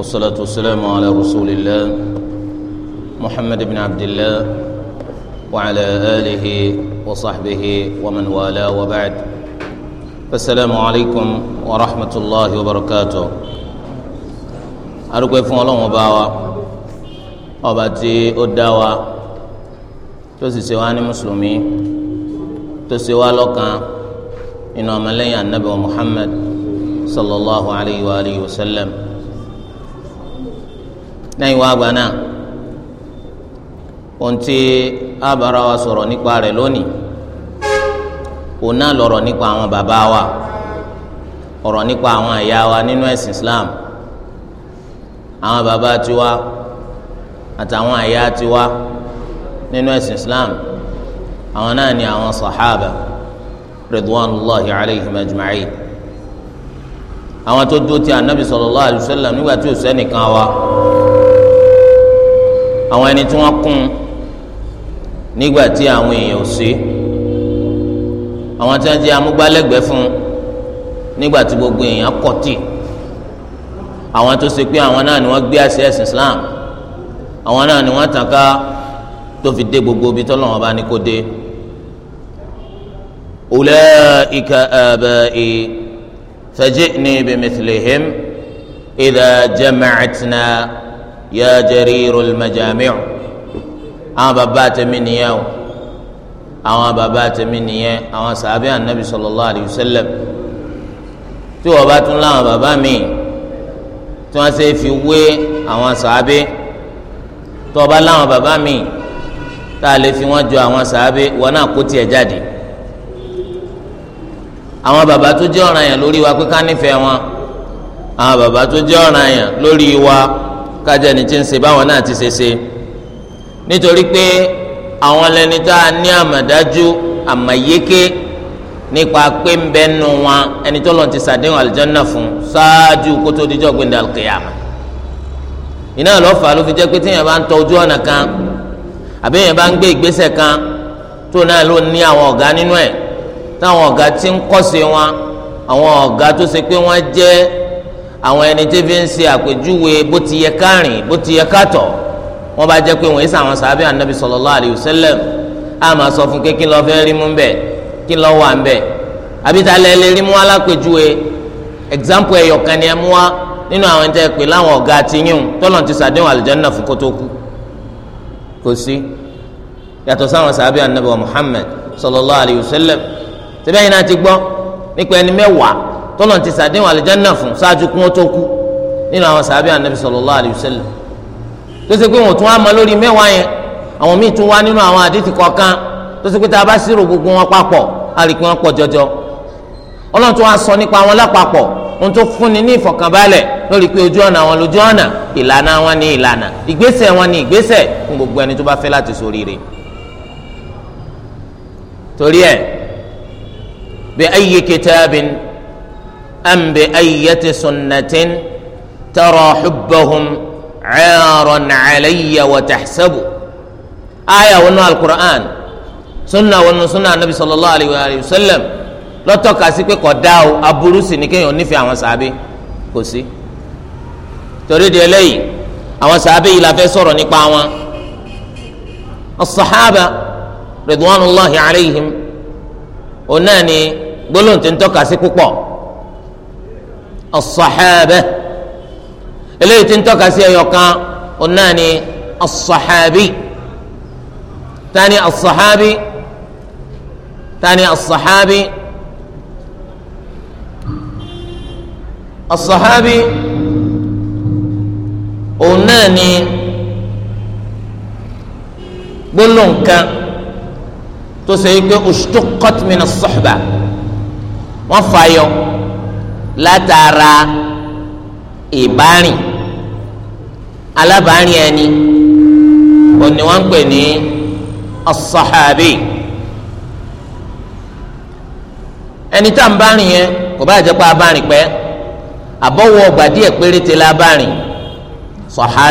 والصلاة والسلام على رسول الله محمد بن عبد الله وعلى آله وصحبه ومن والاه وبعد السلام عليكم ورحمة الله وبركاته أرجو فون الله وباوا أباتي أداوا توسي سواني مسلمي توسي والوكا إنه مليان النبي محمد صلى الله عليه وآله وسلم lẹ́yìn wá àgbà náà ohun tí a bára wa sọ̀rọ̀ nípa rẹ̀ lónìí òun náà lọ̀rọ̀ nípa àwọn bàbá wa ọ̀rọ̀ nípa àwọn ìyá wa nínú ẹ̀sìn Islam àwọn bàbá tiwa àtàwọn ìyá tiwa nínú ẹ̀sìn Islam àwọn náà ni àwọn sàhábà ridwanullahi alayhim ajma'in àwọn tó dúró ti anabi sallallahu alayhi nígbà tí ó sẹ́nìkan wa àwọn ẹni tí wọ́n kún nígbà tí àwọn èèyàn ò sí àwọn tí wọ́n jẹ́ amúgbálẹ́gbẹ̀ẹ́ fún nígbà tí gbogbo èèyàn kọ̀ tì àwọn tó ṣe pé àwọn náà ni wọ́n gbé àṣẹ ẹ̀sìn Islam àwọn náà ni wọ́n tàn ká tó fi dé gbogbo ibi tọ́lọ́run bá ní kó dé. أولئك آبائي فجئني بمثلهم إذا جمعتنا ya jarirul majamiu àwọn bàbá tèmi nìyẹn o àwọn bàbá tèmi nìyẹn àwọn sàbẹ anabi sallallahu alayhi wa sallam tí wọn bá tún láwọn bàbá mi tí wọn ṣe fi wé àwọn sàbẹ tí wọn bá láwọn bàbá mi tá a lè fi wọn jọ àwọn sàbẹ wọn náà kó tiẹ̀ jáde àwọn bàbá tó jẹ́ ọ̀ranyàn lórí wa pé ká nífẹ̀ẹ́ wọn àwọn bàbá tó jẹ́ ọ̀ranyàn lórí wa kájẹ́ ni tí ń ṣe báwọn náà ti ṣe ṣe nítorí pé àwọn lẹni tá a ní àmàdájú àmàyéké nípa pé ń bẹ nù wọn ẹni tó lọ ti sàdéhùn àlùjánnà fún ṣáájú kó tó dijọ́ gbẹ̀ndẹ̀ àlùkìyàmà iná lọ́fà ló fi jẹ́ pé téèyàn bá ń tọ ojú ọ̀nà kan àbí èèyàn bá ń gbé ìgbésẹ̀ kan tó náà ló ní àwọn ọ̀gá nínú ẹ̀ táwọn ọ̀gá ti ń kọ́sẹ̀ wọn àwọn ọ̀gá tó ṣe pé wọ́n jẹ́ àwọn ẹni tí fi ń ṣe àpèjúwe bó ti yẹ kárìn bó ti yẹ kátọ̀ wọ́n bá jẹ́ pé wọ́n yìí sàwọn sàbẹ̀ anabi sallallahu alayhi wa sallam á máa sọ fún kékin lọ́ọ́ fẹ́ rí mú bẹ́ẹ̀ kí lọ́ọ́ wà ń bẹ́ẹ̀ àbíta lẹ́ẹ̀lẹ́ rí mú alápèjúwe example ẹ̀yọ̀kan ni ẹ mú wa nínú àwọn ẹni tẹ́ pé láwọn ọ̀gá ti yún tọ́lọ̀ ti sàdéhùn àlùjánnà fún kótó kú kò sí yàtọ̀ sáwọn sàbẹ̀ anabi wa Muhammad sallallahu alayhi wa sallam tẹ́bẹ́yìn náà ti gbọ́ nípa ẹni mẹ́wàá tọ́lọ̀ ti sàdéhùn àlìjáná fún ṣáájú kí wọ́n tó kú nínú àwọn sàbẹ̀ ànábì sallallahu alayhi wa sallam tó ṣe pé wọ́n tún wá mọ lórí mẹ́wàá yẹn àwọn míì tún wá nínú àwọn àdìtì kọ̀ọ̀kan tó ṣe pé tá a bá ṣírò gbogbo wọn papọ̀ àríkí wọn pọ̀ jọjọ ọlọ́run tún wá sọ nípa àwọn lápapọ̀ ohun tó fúnni ní ìfọ̀kànbalẹ̀ lórí pé ojú ọ̀nà àwọn lójú ọ̀nà ìlànà wọn ní ìlànà ìgbésẹ̀ wọn ní ìgbésẹ̀ fún gbogbo ẹni tó bá fẹ́ láti ṣoríire torí ẹ bi ayyi kitabin أم بأية سنة ترى حبهم عارا علي وتحسب آية ونو القرآن سنة ونو سنة النبي صلى الله عليه وآله وسلم ló tọ́ka sí pé kódà o aburú sì ni kéèyàn nífẹ̀ẹ́ àwọn sàábé kò sí torí di eléyìí àwọn sàábé yìí la fẹ́ sọ̀rọ̀ nípa wọn as-sahaba ridwanullahi alayhim ọ̀nà ni gbólóhùn tí ń tọ́ka sí púpọ̀. as-sahabah eléyìí tí ń tọ́ka sí ẹyọ kan òun náà ni as-sahabi tani as-sahabi tani as-sahabi as-sahabi òun náà ni gbólóhùn kan tó ṣe é pé ushtuqqat min as-suhbah wọ́n fà yọ. látara ìbárìn alábàárìn ẹni òní wọn ń pè ní ẹni tá à ń bárìn yẹn kò bá jẹ́ pé abárìn pẹ́ àbọ̀wọ̀ ọgbà díẹ̀ péréte la bárìn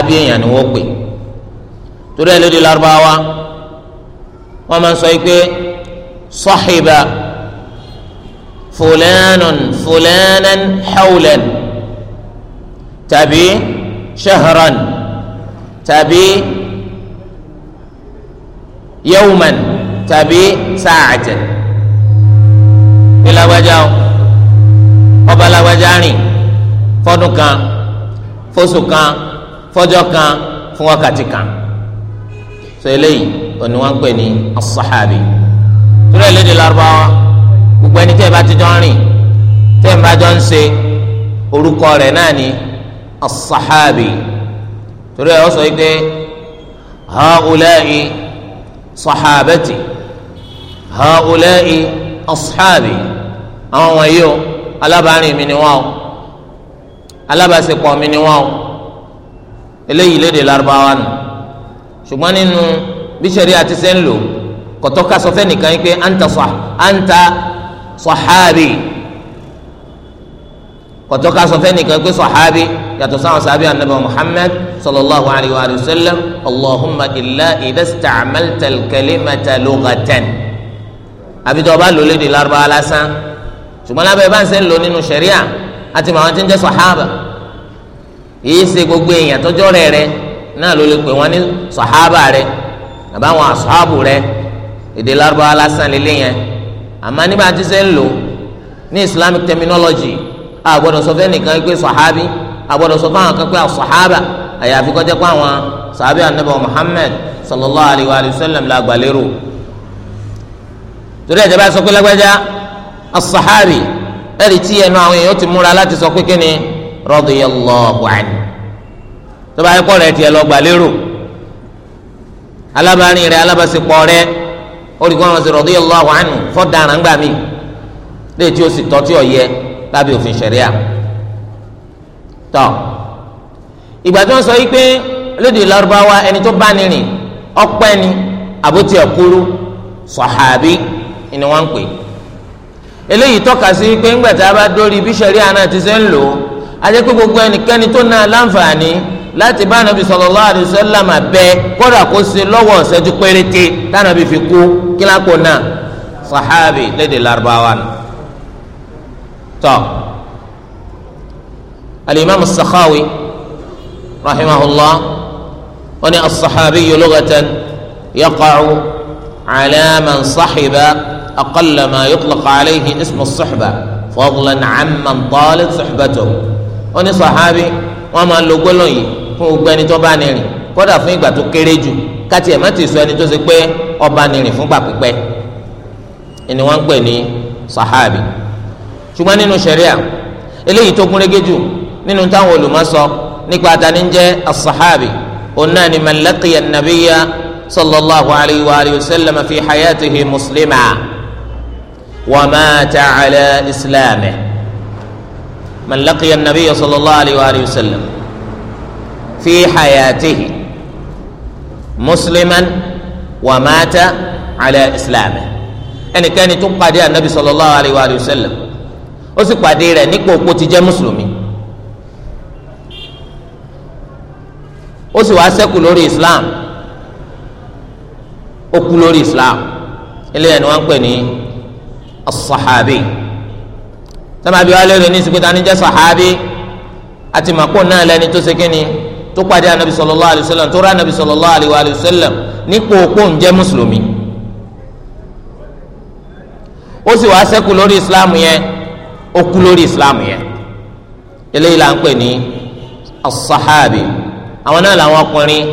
èèyàn ni wọ́n pè torí ẹ lóde Lárúbáwá wọ́n máa ń sọ yìí pé fulanun fulanan hawlan tàbí shahran tàbí yawman tàbí sa'atan ní lágbájá ọba lágbájá rìn fọdún kan fóṣù kan fọjọ́ kan fún wákàtí kan so gbogbo ẹni tẹ́ ẹ bá ti jọ ń rìn tẹ́ ẹ bá jọ ń ṣe orúkọ rẹ̀ náà ni asahabi torí ẹ̀ wọ́n sọ pé haulai sahabati haulai asahabi àwọn wọ̀nyí o alábàárìn mi ni wọ́n o alábàṣepọ̀ mi ni wọ́n o eléyìí léde Lárúbáwá nù ṣùgbọ́n nínú bí sẹ́rí àti sẹ́ńlò kọ̀tọ́ka sọ fẹ́ nìkan yín pé anta sọ anta sọ̀hábì kọ̀tọ́ka sọ fẹ́ nìkan pé sọ̀hábì yàtọ̀ sáwọn sábẹ́ anabi muhammed sallallahu alayhi wa sallam allahumma illa idha ista'malta al-kalimata lughatan àbítọ̀ ọba lò lédè lárúbáwá lásán ṣùgbọ́n lábẹ́ bá ń sẹ́ ń lò nínú sẹ̀ríà àti màwọn tí ń jẹ́ sọ̀hábà yìí ṣe gbogbo èèyàn tọ́jọ́ rẹ̀ rẹ̀ náà ló lè pè wọ́n ní sọ̀hábà rẹ̀ àbáwọn àṣọ́àbù rẹ̀ èdè lárúbáwá lásán lélẹ́yìn àmọ́ nígbà tí ṣe ń lò ní islamic terminology àgbọ̀dọ̀ sọ fẹ́ẹ́ nìkan pé sọ̀hábí àgbọ̀dọ̀ sọ fáwọn kan pé àsọ̀hábà àyàfi kọjá pé àwọn sàbí ànábì muhammed sallallahu alayhi wa sallam la gbàlérò torí ẹ̀jẹ̀ bá sọ pé lágbájá àsọ̀hábì ẹ̀rì tí ẹnu àwọn èèyàn ti múra láti sọ pé kíni radiyallahu anhu tó bá yẹ kọ́ rẹ̀ tiẹ̀ lọ gbàlérò alábàárín rẹ̀ alábàṣepọ̀ rẹ̀ olùkọ́ àwọn ṣe radiyallahu anhu fọ́daràn gbà mí léyìí tí ó sì tọ́ tí ò yẹ lábẹ́ òfin ṣẹ̀ríà tọ́ ìgbà tí wọ́n sọ yìí pé lédè lárúbáwá ẹni tó bá ní rìn ọpẹ́ ni àbótí ẹ̀kúrú sọ̀hábí ni wọ́n ń pè eléyìí tọ́ka sí pé ńgbà tá a bá dórí bí ṣẹ̀ríà náà ti ṣe ń lò á jẹ́ pé gbogbo ẹnikẹ́ni tó náà láǹfààní láti bá anabi sallallahu alaihi wasallam bẹ kódà kó ṣe lọ́wọ́ ṣẹ́jú péréte tànàbí fi kú kílákò náà sahabi lédè Lárúbáwá nù. tọ alimami sakhawi rahimahullah wani asahabi lugatan yaqacu calaaman saxiba aqala ma yutlaq calayhi ismu saxba fadlan caman taalit saxbatahu wani sahabi wọn máa lo gbólóyìn fún gbogbo ẹni tó bá ní rìn kódà fún ìgbà tó kéré jù káti ẹ̀ má ti sọ ẹni tó ṣe pé ọba ní rìn fúngbà pípẹ́ ẹni wọ́n ń pè ní sahabi ṣùgbọ́n nínú ṣẹ̀ríà eléyìí tó gúnrégé jù nínú táwọn olùmọ̀ nípa àtàní jẹ́ asahabi ọ̀nà ni man laqiya sallallahu alayhi wa alihi wa sallam fi hayatihi muslima wa mata ala islamihi man laqiya an sallallahu alayhi wa alihi wa sallam fi hayatihi musliman wa mata ala islami ẹnikẹ́ni tó pàdé anabi sallallahu alayhi wa sallam ó sì pàdé rẹ̀ nípò òpó ti jẹ́ mùsùlùmí ó sì wá ṣẹ́kù lórí islam ó kú lórí islam eléyà ni wọ́n pè ní as sábàbí wa lérò ní sìkúta ní jẹ́ sahabi àti màkó náà lẹ́ni tó ṣe ni tó pàdé anabi sallallahu alayhi wa sallam tó rà anabi sallallahu alayhi wa sallam nípò òpó ń jẹ́ mùsùlùmí ó sì wá ṣẹ́kù lórí islam yẹn ó kú lórí islam yẹn eléyìí là ń pè ní asahabi àwọn náà làwọn ọkùnrin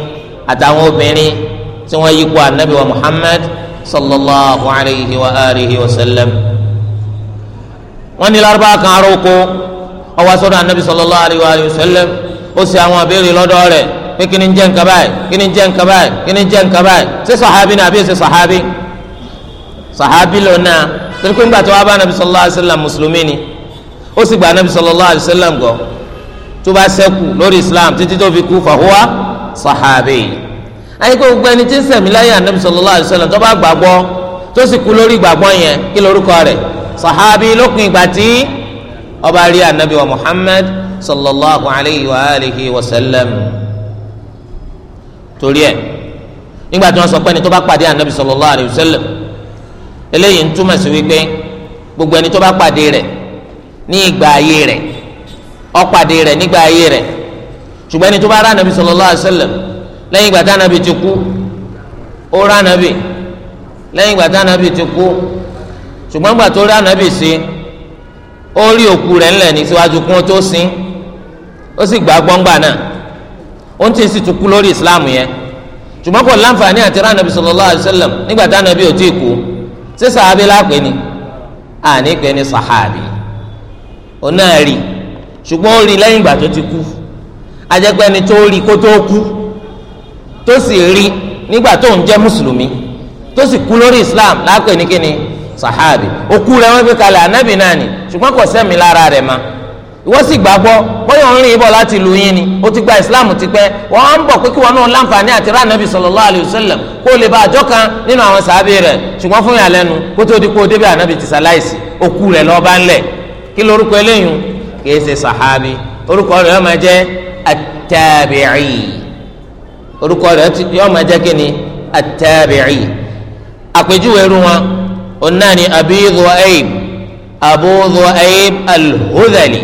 àtàwọn obìnrin tí wọ́n yípo anabi wa muhammad sallallahu alayhi wa alihi wa sallam wọ́n ní lárúbá kan aróko ọwọ́ sọ́dọ̀ anabi sallallahu alayhi wa sallam ó sì àwọn àbẹ̀rẹ̀ lọ́dọ̀ rẹ̀ pé kí ni jẹ́ nǹkan báyìí kí ni jẹ́ nǹkan báyìí kí ni jẹ́ nǹkan báyìí ṣé sàhábì ni àbí ṣe sàhábì sàhábì lò náà torí pé ńgbà tó wá bá nàbì sallallahu alaihi wasallam mùsùlùmí ni ó sì gbà nàbì sallallahu alaihi wasallam gọ̀ tó bá ṣẹ́kù lórí islam títí tó fi kú fàhùwà sàhábì ayé kó gbogbo tí ń sẹ̀mí láyé ànàbì sallallahu alaihi tó bá gbàgbọ́ tó sì kú lórí ìgbàgbọ́ yẹn kí lorúkọ rẹ̀ sàhábì lókun ìgbà tí ọba rí anabi wa muhammad sallallahu alayhi wa alihi wa sallam torí ẹ nígbà tí wọn sọ pé ẹni tó bá pàdé anabi sallallahu alayhi wa sallam eléyìí ń túmọ̀ sí wípé gbogbo ẹni tó bá pàdé rẹ̀ ní ìgbà ayé rẹ̀ ó pàdé rẹ̀ nígbà ayé rẹ̀ ṣùgbọ́n ẹni tó bá rà nàbì sallallahu alaihi wasallam lẹ́yìn ìgbà tánàbì ti kú ó rà nàbì lẹ́yìn ìgbà tánàbì ti kú ṣùgbọ́n ìgbà tó rà nàbì sí o rí òkú rẹ̀ ńlẹ̀ ní síwájú kún ó tó sin ó sì gbà gbọ́ngbà náà ó ń tì sí tukú lórí ìsìláàmù yẹn ṣùgbọ́n kò láǹfààní àti rán anabi sallallahu alayhi nígbà tá anabi ò kú sàábí lápẹ́ ni àní ni sàhábì ó náà rí ṣùgbọ́n ó rí lẹ́yìn ìgbà tó ti kú ajẹ́gbẹ́ni tó rí kó tó kú tó sì rí nígbà tó ń jẹ́ mùsùlùmí tó sì kú lórí islam lápẹ́ ni kíni Sahabi, òkú rẹ̀ wọ́n gbé kalẹ̀ ànábì náà ni ṣùgbọ́n kò sẹ́mi lára rẹ̀ ma ìwọ́n sì gbàgbọ́ bóyá ń rìn bọ̀ láti lu yín ni ó ti gba islam ti pẹ́ wọ́n ń bọ pé kí wọn náà láǹfààní àti rà sallallahu alaihi kó lè bá àjọ kan nínú àwọn sàábì o anabi ti sàláìsì òkú bá ń kí lorúkọ eléyìí kìí ṣe orúkọ máa orúkọ máa onáni Abi Dhu'ayb Abu Dhu'ayb al-Hudhali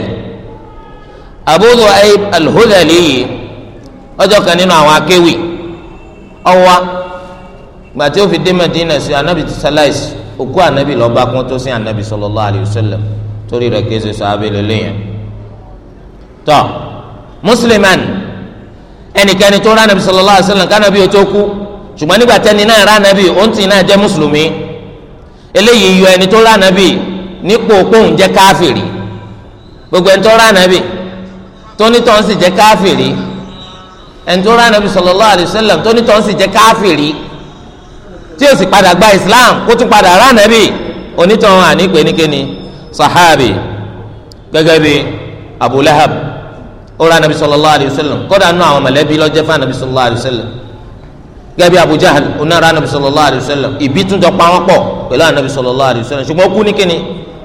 Abu Dhu'ayb al-Hudhali yìí ọjọ́ kan nínú àwọn akéwì ọwa gbàtí ó fi dé Madina sí anabi ti sàlàyé òkú anabi lọ bá kún tó sí anabi sallallahu alayhi wa sallam torí rẹ̀ kí ẹ ṣe sọ abẹ́lẹ̀ lẹ́yìn tọ́ musliman ẹnikẹ́ni tó rán anabi sallallahu alayhi kánabi ó tó kú ṣùgbọ́n nígbà tẹ́ni náà rán anabi ó ń tì náà jẹ́ mùsùlùmí eléyìí yọ ẹni tó rà nàbì nípò kóhùn jẹ́ káfìrí gbogbo ẹni tó rà nàbì tónítọ̀ ń sì jẹ́ káfìrí ẹni tó rà nàbì sallallahu alaihi wasallam tónítọ̀ ń sì jẹ́ káfìrí tí o sì padà gba islam kó tún padà rà nàbì onítọ̀hún àní pẹ̀nikẹ́ni sahabi gẹ́gẹ́ bí abu lahab ó rà nàbì sallallahu alaihi wasallam kódà nù àwọn mọ̀lẹ́bí ló fún ànàbì sallallahu alaihi wasallam gẹ́gẹ́ bí Abu Jahl onára anabi sallallahu alayhi wa sallam ìbí tún jọ pa wọ́n pọ̀ pẹ̀lú anabi sallallahu alayhi wa sallam ṣùgbọ́n ó kú ní kíni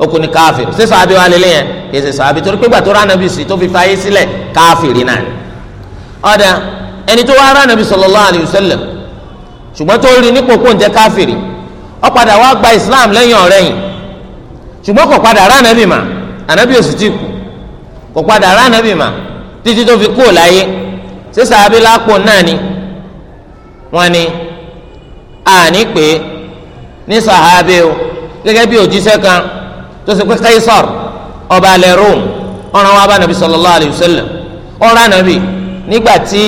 ó kú ní káfíìrì ṣé sàábì wà lélẹ̀ yẹn kì í ṣe sàábì torí pé gbàtọ́ ránàbì sí tó fi fàyè sílẹ̀ káfíìrì náà ọ̀dà ẹni tó wá ránàbì sallallahu alayhi wa sallam ṣùgbọ́n tó rí nípò kó ń jẹ́ káfíìrì ó padà wá gba Islam lẹ́yìn ọ̀rẹ́yìn ṣùgbọ́n kò padà ránàbì mà ànàbì ò ti kù kò padà ránàbì mà títí tó fi kú láyé ṣé sàábì lápò náà wọ́n ní àní pé ní sahabe o gẹ́gẹ́ bí òjíṣẹ́ kan tó ṣe pé kaisar ọba alẹ́ rome ọ̀ràn wa bá nàbí sallallahu alayhi wa sallam ọ̀ràn nàbí nígbà tí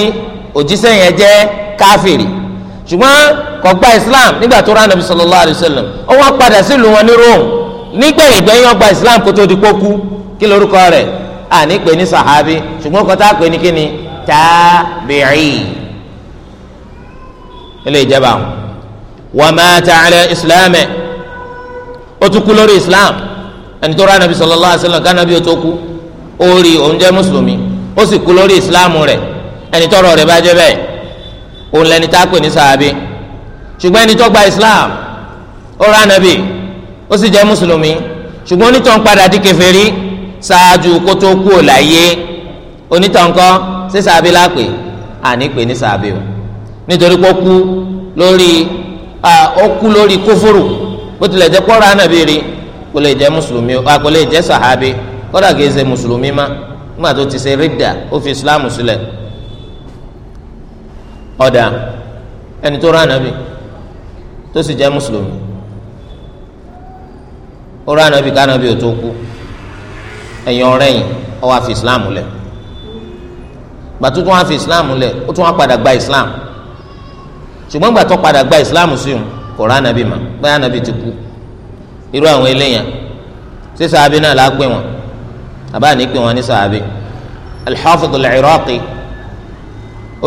òjíṣẹ́ yẹn jẹ́ káfìrì ṣùgbọ́n kò gba islam nígbà tó rán nàbí sallallahu alayhi wa sallam ó wá padà sílùú wọn ní rome nígbà ìgbẹ́yìn ọgbà islam kó tó di pókú kí lorúkọ rẹ̀ àní pé ní sahabi ṣùgbọ́n kọ́tà pé ní kíni tàbíì ilé ìjẹba àwọn wa mata ala islámẹ ó tún kú lórí islam ẹni tó rà nàbí sallallahu alaihi wasallam kánàbí ó tó kú ó rí òun jẹ́ mùsùlùmí ó sì kú lórí islam rẹ̀ ẹni tọrọ rẹ̀ bá jẹ́ bẹ́ẹ̀ òun lẹni tá a pè ní sàábì ṣùgbọ́n ẹni tó gba islam ó rà nàbí ó sì jẹ́ mùsùlùmí ṣùgbọ́n onítàn padà di kèfèrí ṣáájú kó tó kú ò láyé onítàn kọ́ sí sàábì lápè àní pè ní sàábì o nítorí pé ó kú lórí ó kú lórí kófòrò bó tilẹ̀ jẹ́ pọ́ra ànábì rí kò lè jẹ́ mùsùlùmí o kò lè jẹ́ sàhábì kódà kìí ṣe mùsùlùmí má nígbà tó ti ṣe rídà ó fi islam sílẹ̀ ọ̀dà ẹni tó rán ànábì tó sì jẹ́ mùsùlùmí ó rán ànábì kánábì ò tó kú ẹ̀yìn ọ̀rẹ́ yìí fi islam lẹ̀ gbàtú tó fi islam lẹ̀ ó tún wá padà gba islam ṣùgbọ́n gbà tó padà gba islam sí òun kò rá anabi mà pé anabi ti kú irú àwọn eléyàn ṣé sàábì náà la pè wọn àbá ní pè wọn ní sàábì al-Hafiz al-Iraqi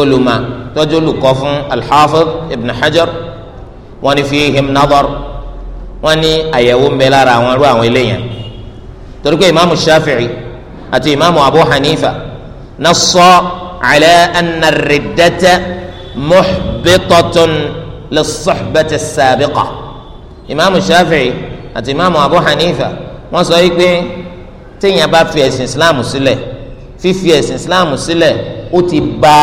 olùmọ̀ tọ́jú olùkọ́ fún al-Hafiz ibn Hajar wọ́n ní fihim nadar wọ́n ní àyẹ̀wò ń bẹ lára àwọn irú àwọn eléyàn torí pé imaamu shafi'i àti imaamu abu hanifa nasọ ala anna riddata muhbitatun lis-suhbati as-sabiqa ìmáàmù shafi'i àti ìmáàmù abu hanifa wọ́n sọ wípé téèyàn bá fi ẹ̀sìn islam sílẹ̀ fífi ẹ̀sìn islam sílẹ̀ ó ti bà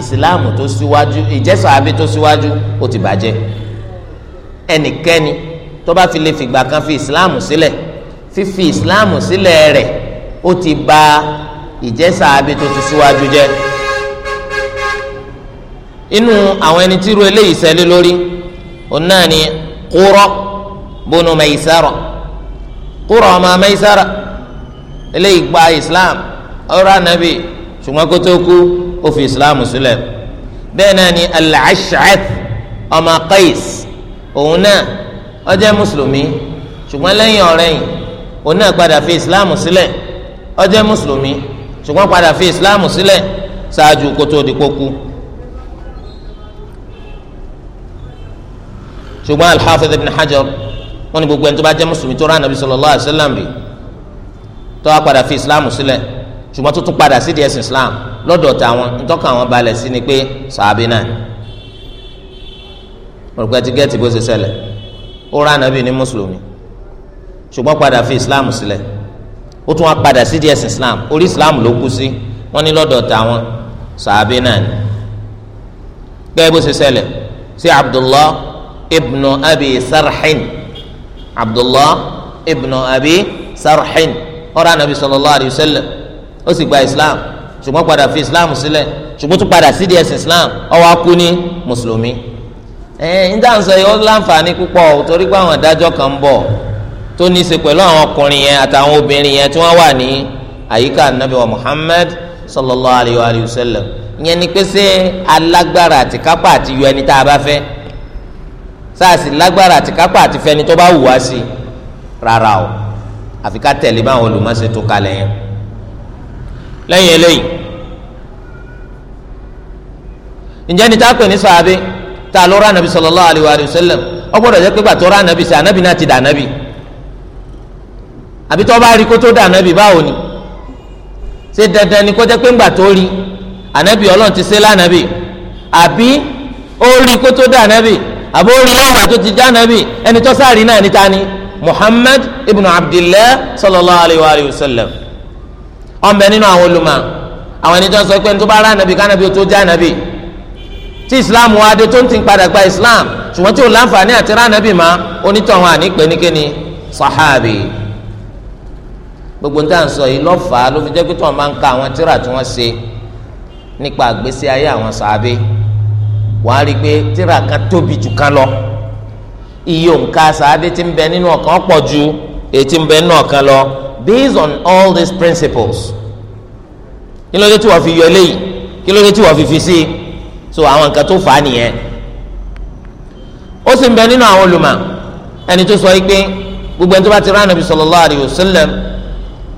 islam tó síwájú ìjẹ́sọ̀ àbí tó síwájú ó ti bàjẹ́ ẹnikẹ́ni tó bá fi lè fìgbà kan fi islam sílẹ̀ fífi islam sílẹ̀ rẹ̀ ó ti bà ìjẹ́sọ̀ tó ti síwájú jẹ́ inú àwọn ẹni tí irú eléyìí ṣẹlẹ̀ lórí òun náà ni Qura bónú Maysara Qura ọmọ Maysara eléyìí gba Islam ọ̀rọ̀ anabi ṣùgbọ́n kó tó kú ó fi Islam sílẹ̀ bẹ́ẹ̀ náà ni Al-Ash'ath ọmọ Qais òun náà ó jẹ́ mùsùlùmí ṣùgbọ́n lẹ́yìn ọ̀rẹ́yìn òun náà padà fi Islam sílẹ̀ ó mùsùlùmí ṣùgbọ́n padà fi Islam sílẹ̀ ṣáájú kó tó di kó kú. ṣùgbọ́n al-Hafiz ibn Hajar wọ́n ní gbogbo ẹni tó bá jẹ́ mùsùlùmí tó rán nàbí sallallahu alayhi wa sallam rí tó wá padà fi islam sílẹ̀ ṣùgbọ́n tó tún padà sí díẹ̀ sí islam lọ́dọ̀ táwọn ntọ́ka àwọn balẹ̀ sí ni pé sàábì náà olùkọ́ ti gẹ́ẹ̀tì bó ṣe ṣẹlẹ̀ ó rán nàbí ní mùsùlùmí ṣùgbọ́n padà fi islam sílẹ̀ ó tún wá padà sí díẹ̀ sí islam orí islam ló kú sí wọ́n ní lọ́dọ̀ táwọn sàábì náà gẹ́ẹ̀ bó ṣe ṣẹlẹ̀ sí Abdullah ibnu abi sarhin abdullah ibnu abi sarhin ọ̀rọ̀ anabi sallallahu alayhi wa sallam ó sì gba islam ṣùgbọ́n padà fi islam sílẹ̀ ṣùgbọ́n tún padà sí díẹ̀ sí islam ó wá kú ní mùsùlùmí. ẹ ẹ ń dáhùn sọ yìí ó láǹfààní púpọ̀ torí pé àwọn ìdájọ́ kan ń bọ̀ tó ní í ṣe pẹ̀lú àwọn ọkùnrin yẹn àtàwọn obìnrin yẹn tí wọ́n wà ní àyíká anabi wa muhammad sallallahu alayhi wa sallam ìyẹn ni pé ṣé alágbára àti kápá àti yọ ẹni tá a bá fẹ́ sáàsì lágbára àti kápá àti fẹni tó bá wù wá sí rárá o àfi ká tẹ̀lé báwọn olùmọ̀ọ́sẹ̀ tó kalẹ̀ yẹn lẹ́yìn eléyìí ǹjẹ́ ni tá a pè ní sàábé tá a lọ rà nàbì sallallahu alaihi wa sallam ó gbọ́dọ̀ jẹ́ pé gbà tó rà nàbì sí ànábì náà ti dà nàbì àbí tó bá rí kó tó dà nàbì báwo ni ṣé dandan ni kó jẹ́ pé ńgbà tó rí ànábì ọlọ́run ti ṣe lánàbì àbí ó rí kó tó dà nàbì àbórí lẹ́yìn àti ti jánàbì ẹni tó sáà rí náà níta ni muhammad ibn abdillah sallallahu alayhi wa alayhi wa sallam ọ̀nbẹ nínú àwọn olùmọ̀ àwọn ẹni tó ń sọ pé ní tó bá rà nàbì kánàbì tó jánàbì tí islam wá dé tó ń ti padà gba islam ṣùgbọ́n tí o láǹfààní àti rà nàbì má onítọ̀hún àní pẹ̀nikẹ́ni sahabi gbogbo nta sọ yìí lọ́fà ló fi jẹ́ pé tó wọn máa ń ka àwọn tíra tí wọ́n ṣe nípa àgbésí ayé àwọn sàábé wàá rí i pé tíra kan tóbi jù kan lọ iye òǹkà sàádé tí ń bẹ nínú ọ̀kan pọ̀ ju èyí tí ń bẹ nínú ọ̀kan lọ based on all these principles kí ló dé tí wọ́n fi yọ eléyìí kí ló dé tí wọ́n fi fi sí i so àwọn nǹkan tó fà á nìyẹn ó sì ń bẹ nínú àwọn olùmọ̀ ẹni tó sọ yìí pé gbogbo ẹni tó bá ti rán anabi sallallahu alaihi wasallam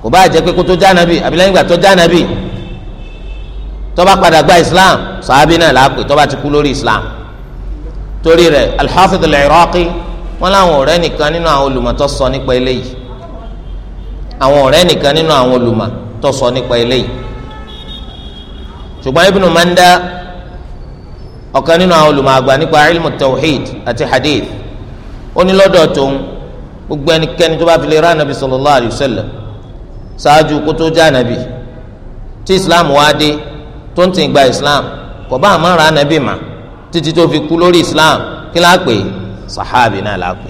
kò bá jẹ́ pé kó tó já anabi àbí lẹ́yìn ìgbà tó já anabi tó bá padà gba islam sàábì náà làápè tó bá ti kú lórí islam torí rẹ̀ al-Hafidh al-Iraqi wọn làwọn ọ̀rẹ́ nìkan nínú àwọn olùmọ̀ tó sọ nípa eléyìí àwọn ọ̀rẹ́ nìkan nínú àwọn olùmọ̀ tó sọ nípa eléyìí ṣùgbọ́n Ibn Manda ọ̀kan nínú àwọn olùmọ̀ àgbà nípa ilmu tawhid àti hadith ó ní lọ́dọ̀ tóun gbogbo ẹnikẹ́ni tó bá fi lè rà nàbì sallallahu alayhi wa ṣáájú kótó já nàbì tí islam wá dé tó ń tì gba islam kò bá àmọ́ ra anabi mà títí tó fi kú lórí islam kí láà pè sahabi náà láà pè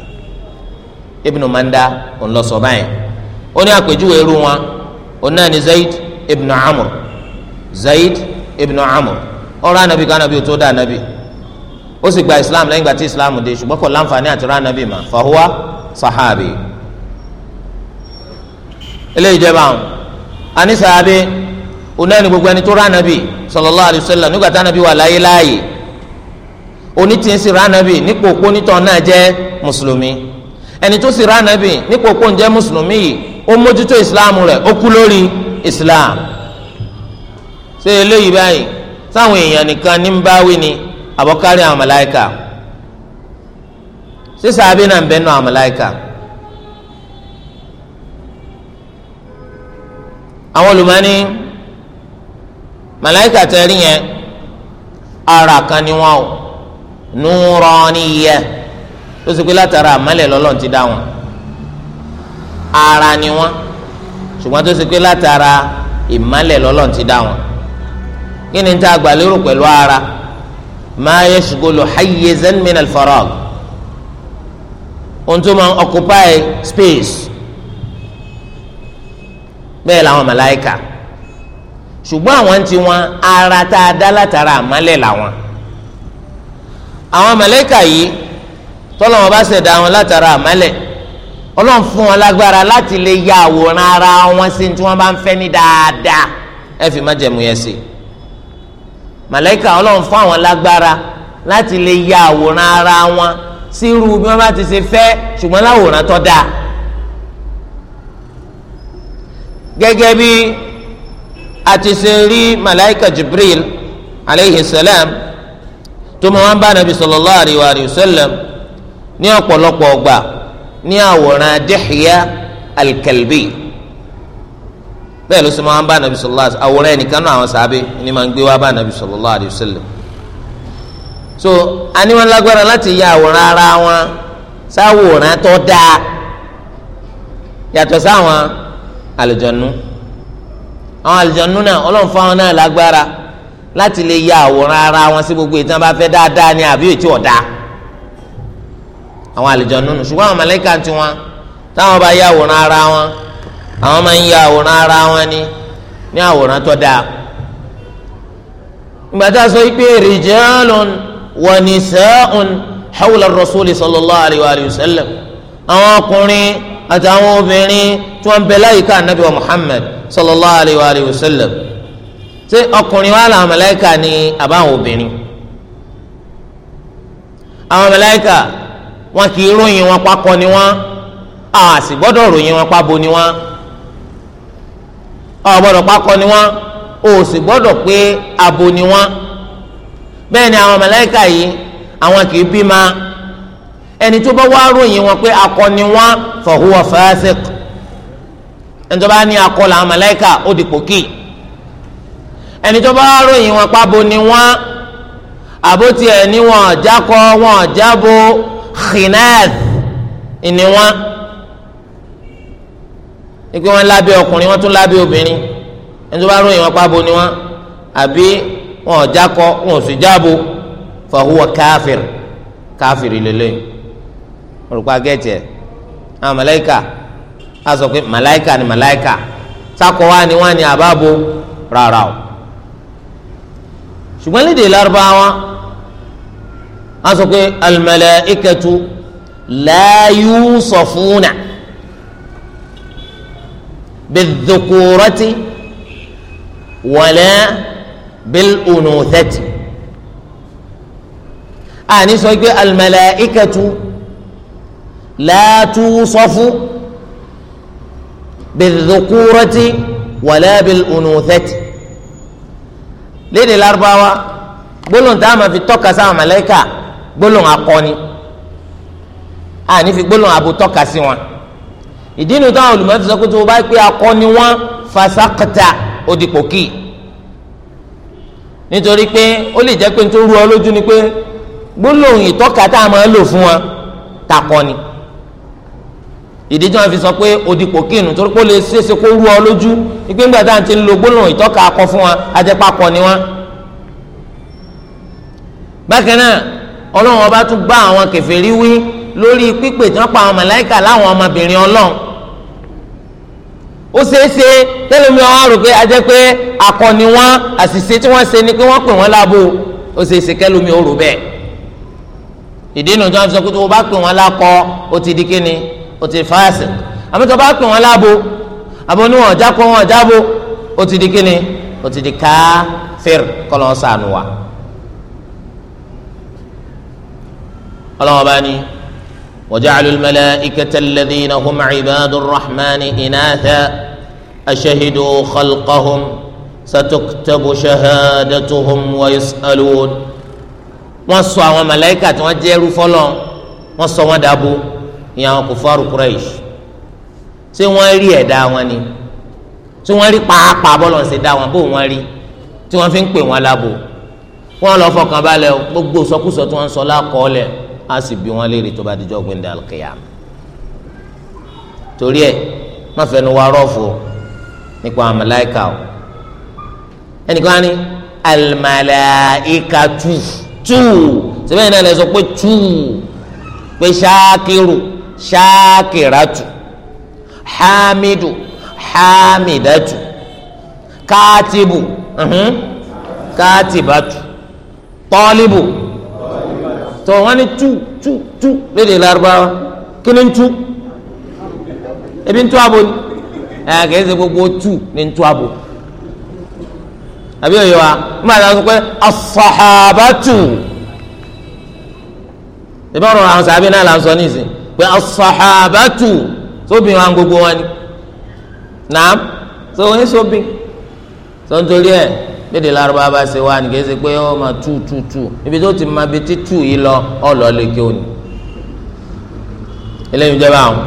ibnu manda ńlọsọ báyìí ó ní àpèjúwe irú wọn òun náà ni zayd ibnu amr zayd ibnu amr ọ̀rọ̀ anabi kan anabi tó dá anabi ó sì gba islam lẹ́yìn ìgbà tí islam dé ṣùgbọ́n kò láǹfààní àti ra anabi mà fahuwa sahabi eléyìí jẹ́ báwọn ani onáni gbogbo ẹni tó ránàbì sallallahu alayhi wa sallam nígbà tánàbì wà láyé láàyè oní tí ń sì ránàbì nípò òpó nítọ̀ náà jẹ́ mùsùlùmí ẹni tó sì ránàbì nípò òpó ń jẹ́ mùsùlùmí yìí ó mójútó islam rẹ̀ ó kú lórí islam ṣé eléyìí báyìí sáwọn èèyàn nìkan ní ń báwí ni àbọ̀kárí àwọn màláíkà sísè abínà ń bẹ́ẹ̀ nù àwọn màláíkà. àwọn olùmọ̀ọ́ni màláìkà tẹ rí yẹn ara kan ni wọn o nùrọ̀ọ́nìyẹ ó sì pé látara àmàlẹ̀ lọ́lọ́run ti dá wọn ara ni wọn ṣùgbọ́n tó sì pé látara ìmàlẹ̀ lọ́lọ́run ti dá wọn kí ni tá a gbà pẹ̀lú ara máa yẹ ṣùgbọ́lù hayyezan min farag ohun tó máa ń occupy space bẹ́ẹ̀ làwọn màláìkà ṣùgbọ́n àwọn ti wọn ara tá a dá látara àmálẹ̀ làwọn àwọn màláíkà yìí tọ́lọ́wọ́n bá ṣẹ̀dá wọn látara àmálẹ̀ ọlọ́run fún wọn lágbára láti lè ya àwòrán ara wọn sí tí wọ́n bá ń fẹ́ ní dáadáa ẹ fi má jẹ̀mú yẹn sí màláíkà ọlọ́run fún àwọn lágbára láti lè ya àwòrán ara wọn sí irú bí wọ́n bá ti ṣe fẹ́ ṣùgbọ́n láwòrán tó dáa gẹ́gẹ́ bíi àti ṣe rí malaika jibril aleyhi salam tó máa wá ń bá nabi sallallahu alayhi wa sallam ní ọ̀pọ̀lọpọ̀ ọgbà ní àwòrán Dihya al-Kalbi bẹ́ẹ̀ ló sì máa ń bá nabi sallallahu alayhi wa sallam àwòrán ẹnìkan náà àwọn sábẹ́ ni máa ń gbé wá bá nabi sallallahu alayhi wa sallam so aníwọ̀n lágbára láti ya àwòrán ara wọn sáwòrán tó dáa yàtọ̀ sáwọn àlùjọ̀nù àwọn àlùjànnú náà ọlọ́run fáwọn náà lágbára láti lè ya àwòrán ara wọn sí gbogbo ìtàn bá fẹ́ dáadáa ni àbí ètò ọ̀dà àwọn àlùjànnú nù ṣùgbọ́n àwọn màláíkà tiwọn táwọn bá ya àwòrán ara wọn àwọn máa ń ya àwòrán ara wọn ni ní àwòrán tó dáa gbàtà sọ pé rìjẹ́lùn wa nisa'un hawla rasuli sallallahu alayhi wa alayhi wa àwọn ọkùnrin àtàwọn obìnrin tí wọ́n bẹ láyìíká sallallahu alayhi wa alayhi wa sallam ṣé ọkùnrin wa làwọn màláíkà ni àbáwọn obìnrin àwọn màláíkà wọn kì í ròyìn wọn pakọ ni wọn a sì gbọ́dọ̀ ròyìn wọn pabo ni wọn ọ gbọ́dọ̀ pakọ ni wọn o sì gbọ́dọ̀ pé abo ni wọn bẹ́ẹ̀ ni àwọn màláíkà yìí àwọn kì í bímọ ẹni tó bá wá ròyìn wọn pé akọ ni wọn fa huwa fasiq ẹni tó bá ní akọlà àwọn màláíkà ó di pòkì ẹni tó bá ròyìn wọn pàbó ni wọn àbótí ẹ ní wọn jákọ wọn jábọ xinaz ni wọn ikú wọn lábẹ́ ọkùnrin wọn tún lábẹ́ obìnrin ẹni tó bá ròyìn wọn pàbó ni wọn àbí wọn jákọ wọn sì jábọ fahuwa káfíìr káfíìr lélẹyìn olùkọ́ agẹ́tì ẹ̀ àwọn màláíkà a sọ pé màláìka ni màláìka sákò wá ni wá ni àbábo rárá o ṣùgbọ́n lédè lárúbáwá a sọ pé al-malā'ikatu lā yūṣafūna bidh-dhukūrati wala bil-unūthati àní sọ pé al-malā'ikatu lā tūṣafu bidhukurati wala bilunuthati lédè Lárúbáwá gbólóhùn tá a máa fi tọ́ka sáwọn màláíkà gbólóhùn akọni a ní fi gbólóhùn abo tọ́ka sí wọn ìdí inú táwọn olùmọ̀tò sọ pé tó o bá pé akọni wọn fasakata odipòkì nítorí pé ó lè jẹ́ pé nítorí rú ọ lójú ni pé gbólóhùn ìtọ́ka tá a máa lò fún wọn takọni ìdí tí wọn fi sọ pé òdìpọ̀ kínu torí pé ó lè ṣeéṣe kó rú ọ lójú ìpín ìgbà tá à ń ti lo gbólóhùn ìtọ́ka akọ fún wa ajẹ́pàkọ ni wọn. bákan náà ọlọ́run ọba tún bá àwọn kèfèrí wí lórí pípè tí wọ́n pa àwọn màláìkà láwọn ọmọbìnrin ọlọ́run. ó ṣeéṣe tẹ́lẹ̀mí ọ̀hún rò pé ajẹ́ pé akọ ni wọn àṣìṣe tí wọ́n ṣe ni pé wọ́n pè wọ́n lábo ó ṣeéṣe kẹ́lẹ́mí ó rò bẹ́ẹ̀ ìdí ó ti fáàsì àmì tó bá pè wọn lábo àbò ní wọn ọjà kó wọn ọjà bo ó ti di kíni ó ti di káfíìr kọlọ́n sànù wa. ọlọ́wọ́n bá ní waja'alul malaikata alladhina hum ibadur rahmani inatha ashahidu khalqahum satuktabu shahadatuhum wa yus'alun wọ́n sọ àwọn màláíkà tí wọ́n jẹ́rú fọlọ́ wọ́n sọ wọ́n dàbò ìyẹn àwọn kufaru Quraysh ṣé wọ́n rí ẹ̀dá wọn ni tí wọ́n rí pàápàá bọ́lọ̀ ṣe dá wọn bó wọ́n rí tí wọ́n fi ń pè wọ́n lábo wọ́n lọ fọkàn balẹ̀ gbogbo sọkúsọ tí wọ́n ń sọ lákọọ́lẹ̀ á sì bí wọ́n léèrè tó bá dijọ́ gbẹ̀ndẹ̀ alqiyam torí ẹ̀ má fẹnu wa rọ́ọ̀fù nípa àmàláìkà o ẹnìkan á àmàláìkà tù tù síbẹ̀ náà lè pé tù pé ṣáàkìrù ṣáàkìrátù hamidu hamidatu katibu uhum, katibatu tọ́líbù tó wọ́n ní tú tú tú lédè lárúbáwá kí ni tú ebi ń tú abo ni ẹ kìí ṣe gbogbo tú ni ń tú abo àbí òye wa nígbà tí a pé asahabatu ìbára àwọn sàbí náà là ń sọ nísìnyí. pé asahabatu sóbìn wa gbogbo ni naam so wọn so nítorí ẹ gbèdè larubá bá ṣe wá ni kì í ṣe pé ọ máa tú tú tú ibi tó ti bi tú yìí lọ ọ lọ lè kí òní eléyìí jẹ báwọn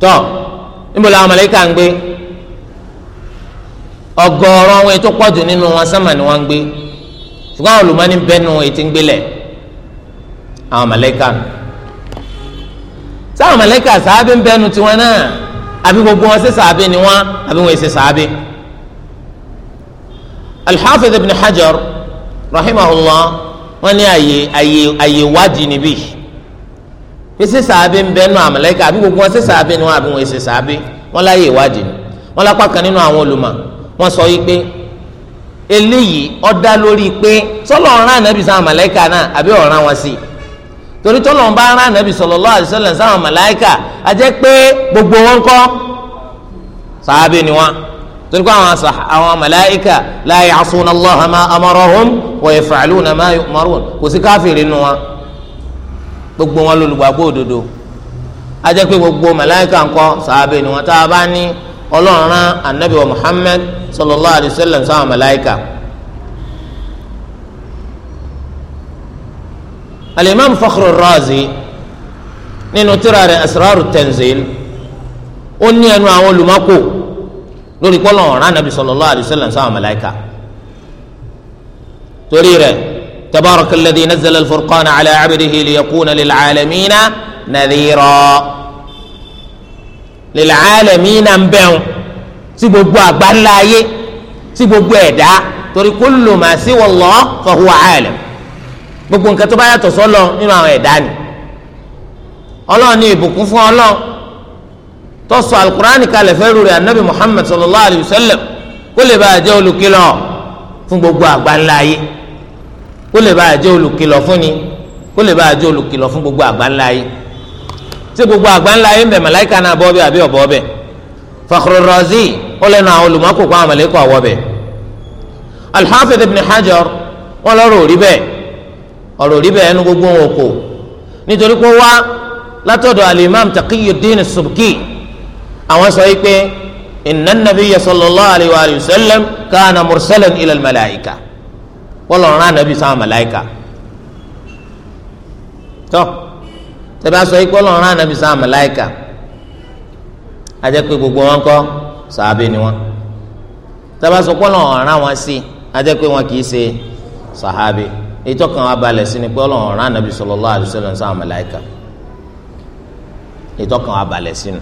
tọ níbo làwọn mọlẹka ń gbé ọgọrọ wọn tó pọ̀jù nínú wọn ni wọn ń gbé àwọn ètí sáwọn mọ̀lẹ́kà sàábé ń bẹnu tiwọn náà àbí gbogbo wọn ṣe sàábé ni wọn àbí wọn ṣe sàábé. Al-Hafiz ibn Hajar rahimahullah wọn ní àyè àyè àyè wádìí níbí fi ṣe sàábé ń bẹnu àmọ̀lẹ́kà àbí gbogbo wọn ṣe sàábé ni wọn àbí wọn ṣe sàábé wọn láyè wádìí ni wọn lápá kan nínú àwọn olùmọ̀ wọn sọ yìí pé eléyìí ó lórí pé sọlọ ọ̀ràn ànábì sáwọn mọ̀lẹ́kà náà àbí ọ̀ràn wọn sí i torí tó lọ́n bá rán nàbì sallallahu alaihi wasallam sáwọn màláìkà a jẹ́ pé gbogbo wọn kọ́ sàábì ni wọn torí pé àwọn màláìkà la ya'suna Allaha ma amarahum wa yaf'aluna ma yu'marun kò sí káfíìrì nu wọn gbogbo wọn lólùgbàgbọ́ òdodo a jẹ́ pé gbogbo màláìkà ńkọ́ sàábì ni wọn tá a bá ní ọlọ́run rán anabi wa Muhammad sallallahu alaihi wasallam sáwọn màláìkà. alimam Fakhrur Razi nínú tírà rẹ̀ asraru tanzil ó ní ẹnu àwọn olùmọ́kò lórí pọ́lọ́ ọ̀rán anabi sallallahu alayhi wa sallam sáwọn màláíkà torí rẹ̀ tabaraka alladhi nazzala al-furqana ala abdihi liyakuna lil'alamina nadhira lil'alamina ń bẹ̀rù sí gbogbo àgbáńlá ayé sí gbogbo ẹ̀dá torí kullu ma siwa Allah fa gbogbo nǹkan tó bá yàtọ̀ sọ́lọ nínú àwọn ẹ̀dá ni ọlọ́run ní ìbùkún fún ọlọ́run tó sọ alukurani kalẹ̀ fẹ́rù rẹ̀ anabi muhammad sallallahu alayhi wa sallam kó lè bá a jẹ́ olùkìlọ̀ fún gbogbo àgbáńlá ayé kó lè bá a jẹ́ olùkìlọ̀ fún ni kó lè bá a jẹ́ olùkìlọ̀ fún gbogbo àgbáńlá ayé tí gbogbo àgbáńlá ayé ń bẹ̀ màláìka náà bọ́ bẹ́ àbí ọ̀bọ̀ bẹ́ Fakhru Razi ó lẹ́nu àwọn olùmọ́kò àwọn màláìka ọ̀wọ́ bẹ́ al ibn Hajar wọn lọ́rọ̀ òrí bẹ́ẹ̀ ọ̀rọ̀ rí bẹ́ẹ̀ nu gbogbo wọn kò nítorí pé wá látọ̀dọ̀ alimami Taqiyuddin Subki àwọn sọ yìí pé inna nabiyya sallallahu alayhi wa sallam kana mursalan ilal malaika wọ́n lọ rán anabi sáwọn malaika tọ́ tẹ́lẹ̀ sọ yìí pé wọ́n lọ rán anabi sáwọn malaika ajẹ́ pé gbogbo wọn kọ́ sàábé ni wọn tẹ́lẹ̀ sọ pé rán wọn sí ajẹ́ pé wọn kì í ṣe sàábé ètò kan abalẹ̀ sí ni pé ọlọ́run ọ̀ràn ànábì sallallahu alaihi wasallam sáwọn màláíkà ètò kan abalẹ̀ sí nu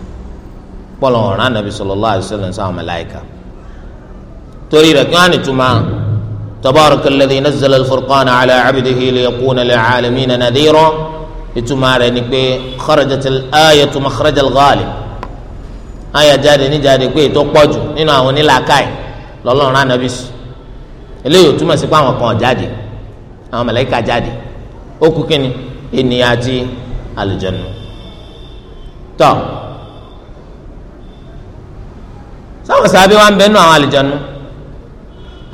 ọlọ́run ọ̀ràn ànábì sallallahu alaihi wasallam sáwọn màláíkà torí rẹ̀ kí wọ́n á nìtúmọ̀ tabaraka alladhi nazzala al-furqana ala abdihi liyakuna lil'alamina nadhira ìtúmọ̀ rẹ̀ ni pé kharajat al-ayatu makhraj al-ghalib ayà pé ètò àwọn màláíkà jáde ó kú kínní ènìyàn àti àlùjànnú tọ sáwọn sàbí wa ń bẹ nínú àwọn àlùjànnú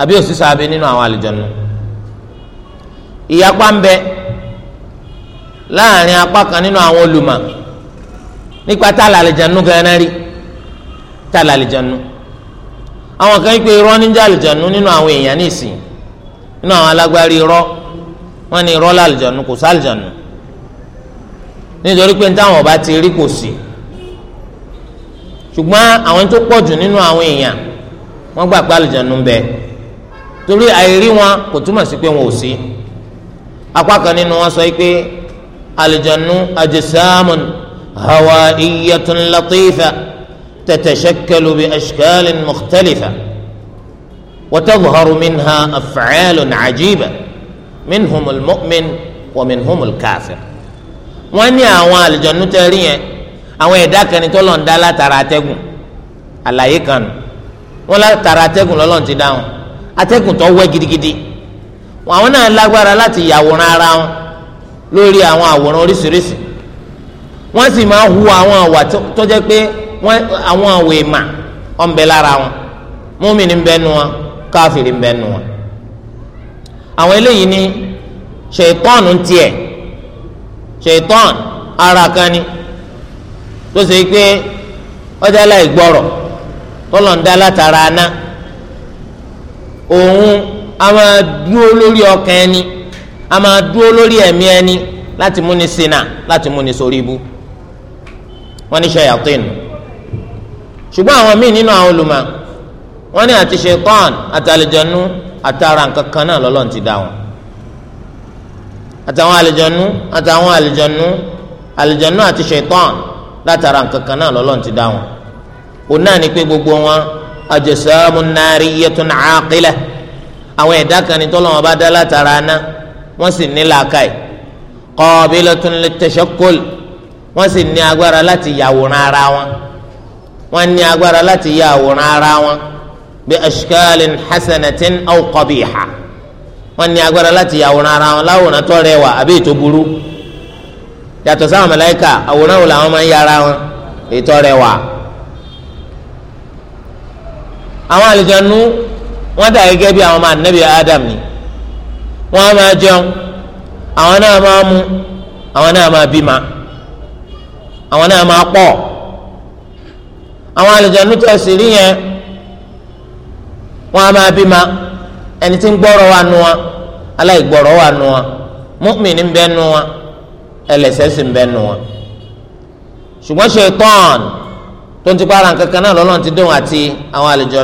àbí òsì sàbí nínú àwọn àlùjànnú ìyapa ń bẹ láàrin apá kan nínú àwọn olùmọ̀ nípa tá àlùjànnú gan-an rí tá àlùjànnú àwọn kan ń pe irọ́ níjà àlùjànnú nínú àwọn èèyàn nísìnyí nínú àwọn alágbárí irọ́ wọ́n ní rọ́lá àlùjọ̀nù kò sálùjọ̀nù nítorí pé táwọn ọba ti rí kò sí ṣùgbọ́n àwọn tó pọ̀ jù nínú àwọn èèyàn wọ́n gbà pé àlùjọ̀nù ń bẹ torí àìrí wọn kò túmọ̀ sí pé wọn ò sí apá kan nínú wọn sọ pé àlùjọ̀nù ajsamun hawa'iyyatun latifa tatashakkalu bi ashkalin mukhtalifa wa tadhharu minha af'alun ajiba. minhumul mu'min wa minhumul kafir wọ́n ní àwọn àlùjọ̀nú tẹ́ rí yẹn àwọn ẹ̀dá kan ni tọ́lọ̀ ń látara atẹ́gùn àlàyé kan wọ́n látara atẹ́gùn lọ́lọ́run ti dá atẹ́gùn tó wẹ́ gidigidi àwọn náà lágbára láti yàwòrán ara wọn lórí àwọn àwòrán oríṣiríṣi wọ́n sì máa hu àwọn àwà tó jẹ́ pé àwọn àwò ìmà ọ̀nbẹ lára wọn múmi ní àwọn eléyìí ni ṣètọ́n ń tiẹ̀ ṣètọ́n ara kan ni tó ṣe pé ọjà láìgbọ́rọ̀ tọ́lọ̀ ń dá látara aná òun a máa dúró lórí ọkàn ẹni a máa dúró lórí ẹ̀mí ẹni láti múni ṣìnà láti múni sórí ibú wọ́n ní ṣayatin ṣùgbọ́n àwọn míì nínú àwọn olùmọ̀ wọ́n ní àti ṣètọ́n àtàlẹ́jọ́nú àtàrà nǹkan kan náà lọ́lọ́run ti dá wọn àtàwọn àlejànú àtàwọn àlejànú àlejànú àti ṣẹtán látara nǹkan kan náà lọ́lọ́run ti dá wọn òun náà ni pé gbogbo wọn àjẹsàmù nàárí yẹtùn àákílẹ àwọn ẹ̀dá kan ní tọ́lọ́wọ́n bá dá látara aná wọ́n sì ní làákàyè qabilatun litashakkul wọ́n sì ní agbára láti yàwòrán ara wọn wọ́n ní agbára láti yàwòrán ara wọn bí ashkalin hasanatin aw qabiha wọn ní agbára láti yàwòrán ara wọn láwòrán tó rẹwà àbí ètò burú yàtọ̀ sáwọn màláíkà àwòrán wo làwọn máa ń yára wọn ètò rẹwà àwọn àlùjànnú wọn dà gẹ́gẹ́ bí àwọn ọmọ ànábì Adam ni wọn máa jẹun àwọn náà máa mú àwọn náà máa bímọ àwọn náà máa pọ̀ àwọn àlùjànnú tó rí yẹn. wọn a máa bí ma ẹni tí ń gbọ́rọ̀ wa aláìgbọ́rọ̀ wà nù wa mọ́mìnì ń bẹ nù wa ẹlẹ́ṣẹ̀ sì ń bẹ nù wa ṣùgbọ́n ṣètọ́n tó ń ti para nǹkan kan náà ti dóhùn àti àwọn àlejò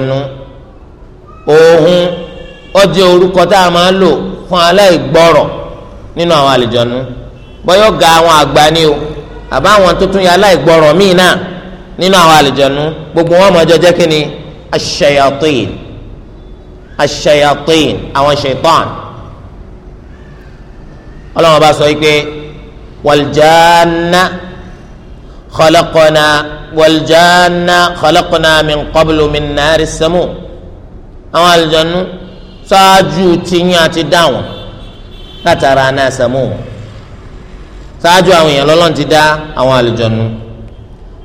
òhun orúkọ tá a máa lò fún aláìgbọ́rọ̀ nínú àwọn àlejò nù ga àwọn àgbà ni o àbá àwọn tó tún yẹ aláìgbọ́rọ̀ míì náà nínú àwọn àlejò gbogbo wọn mọ̀ ọjọ́ jẹ́ aṣayatin àwọn ṣaitan ọlọ́run bá sọ pé wàljáná kọlọ́kọ́nà wàljáná kọlọ́kọ́nà min qablu min nàárí sẹ́mu àwọn àlùjọ́nù ṣáájú tìyín àti dáwọn látara náà sẹ́mu ṣáájú àwọn èèyàn lọ́lọ́run ti dá àwọn àlùjọ́nù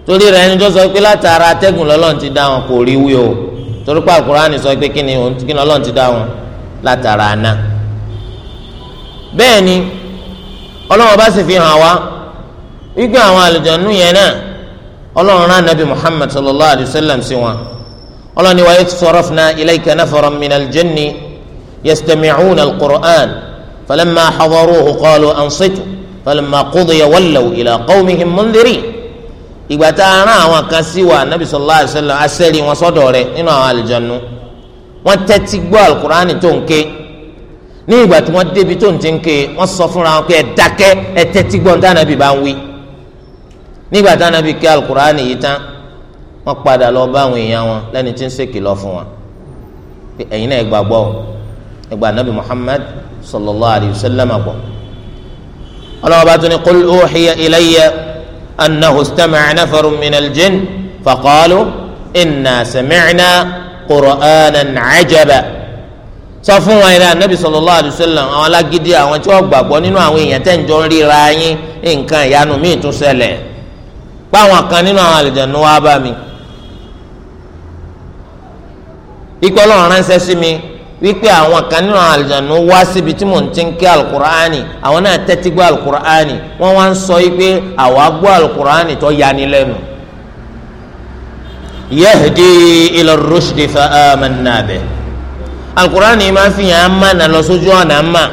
torí rẹ̀ ẹni tó sọ pé látara atẹ́gùn lọ́lọ́run ti dá wọn kò rí wí o torí pé àkùránì sọ pé kí ni kí ni ọlọ́run ti dá wọn látara àná bẹ́ẹ̀ ni ọlọ́run bá sì fi hàn wá wípé àwọn àlùjọ̀nú yẹn náà ọlọ́run rán nabi muhammad sallallahu alayhi wa sallam sí wọn ọlọ́run ni wàá sarafna ilayka nafaran minal jinni yastami'una al-qur'an falamma hadaruhu qalu ansitu falamma qudiya wallaw ila qawmihim mundhirin ìgbà tá a rán àwọn kan sí wa nabi sallallahu alayhi wa sallam asẹ́rì wọn sọ́dọ̀ rẹ̀ nínú àwọn àlùjànnú wọ́n tẹ́tí gbọ́ alukur'ani tó ń ké ní ìgbà tí wọ́n débi tó ń ti ń ké wọ́n sọ fúnra wọn pé ẹ dákẹ́ ẹ tẹ́tí gbọ́ ní tànàbí bá ń wí nígbà tànàbí ké alukur'ani yìí tán wọ́n padà lọ bá àwọn èèyàn wọn lẹ́ni tí ń ṣèkì lọ fún wọn pé ẹ̀yin náà ẹ gbàgbọ́ nabi muhammad sallallahu alayhi wa sallam àgbọ̀ ọlọ́wọ́ bá tún ní qul uhiya أنه استمع نفر من الجن فقالوا إنا سمعنا قرآنا عجبا sọ fún wọn ìlànà nàbì sallallahu àwọn alágídí àwọn tí wọn gbàgbọ́ nínú àwọn èèyàn tẹ́ ń ríra yín nǹkan ìyanu míì tún ṣẹlẹ̀ páwọn kan nínú àwọn àlùjànnú wá bá mi. ikọ́ lọ́run ránṣẹ́ mi wípé àwọn kan nínú àlùjánu wá síbi tí mò ń ti ń ké alukur'ani àwọn náà tẹ́tí gbọ́ alukur'ani wọ́n wá ń sọ wípé àwa gbọ́ alukur'ani tó yani lẹ́nu. yahdi ila rushdi fa amanna bih alukur'ani máa fi hàn án má nà lọ sójú ọ̀nà án má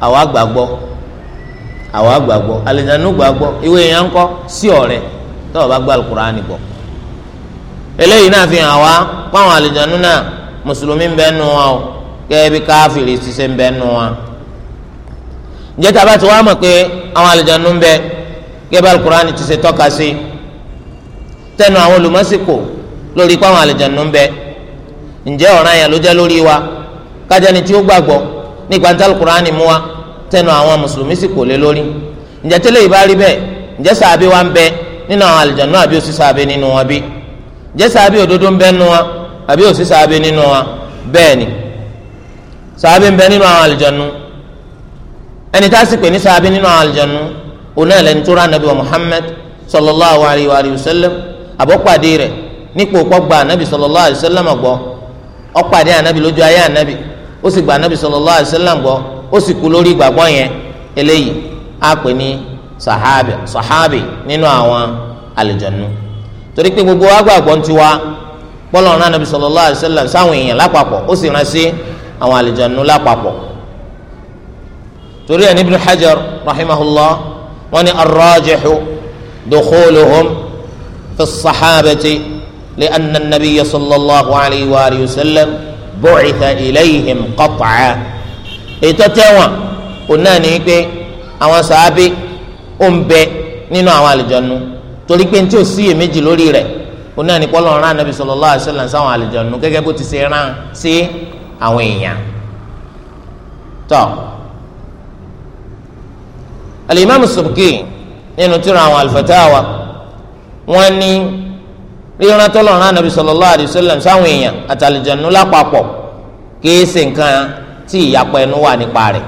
àwa gbàgbọ́ àwa gbàgbọ́ àlùjánu gbàgbọ́ ìwé yẹn ń kọ́ sí ọ̀rẹ́ tó o bá gbọ́ alukur'ani gbọ́. eléyìí náà fi hàn wá pàwọn àlùjánu náà mùsùlùmí ń bẹ́ẹ̀ nù wọn o gẹ́gẹ́ bí káfíìrì ṣiṣẹ́ ń bẹ nù wọn. ǹjẹ́ tá a bá ti wá mọ̀ pé àwọn àlùjànnú ń bẹ gẹ́gẹ́ bí alukuraani ti ṣe tọ́ka sí tẹnu àwọn olùmọ́sìkò lórí pé àwọn àlùjànnú ń bẹ ǹjẹ́ ọ̀ràn yẹn ló jẹ́ lórí wa kájẹni tí ó gbàgbọ́ nípa tí alukuraani mú wa tẹnu àwọn mùsùlùmí sì kò lé lórí ǹjẹ́ tẹ́lẹ̀ yìí bá rí bẹ́ẹ̀ ǹjẹ́ sàbí wa ń bẹ nínú àwọn àlùjànnú àbí sàábì ń bẹ nínú àwọn àlùjànnú ẹni tá a sì pè ní sàábì nínú àwọn àlùjànnú òun náà lẹni tó rà nàbí wa Muhammad sallallahu alayhi wa sallam àbọ̀pàdé rẹ̀ nípò pọ́gbà ànábì sallallahu alayhi wa sallam gbọ́ ọ̀pàdé ànábì lójú ayé ànábì ó sì gba ànábì sallallahu alayhi wa sallam gbọ́ ó sì kú lórí ìgbàgbọ́ yẹn eléyìí á pè ní sàhábì sàhábì nínú àwọn àlùjànnú torí pé gbogbo wa gbàgbọ́ ń tiwa sallallahu alayhi wa sallam sáwọn èèyàn lápapọ̀ ó sì rán sí àwọn àlùjànnú lápapọ̀ torí ẹni Ibn Hajar rahimahullah wọ́n ní arrajihu dukhuluhum fi sahabati li anna nabiyya sallallahu alayhi wa alihi wa sallam bu'itha ilayhim qat'a ètò tẹ́wọ̀n òun náà ní pé àwọn sàábì ó ń bẹ nínú àwọn àlùjànnú torí pé ntí o sí iyèméjì lórí rẹ̀ òun náà ní pé rán Ànábì sallallahu alayhi wa sallam sáwọn àlùjànnú gẹ́gẹ́ bó ti ṣe rán sí àwọn èèyàn tọ alimami subki nínú tíra àwọn alifatawa wọn ní ríran tó lọ́rùn anabi sallallahu alayhi wa sallam sáwọn èèyàn àtàlìjẹ̀nu lápapọ̀ kìí ṣe nǹkan tí ìyapa ẹnu wà nípa rẹ̀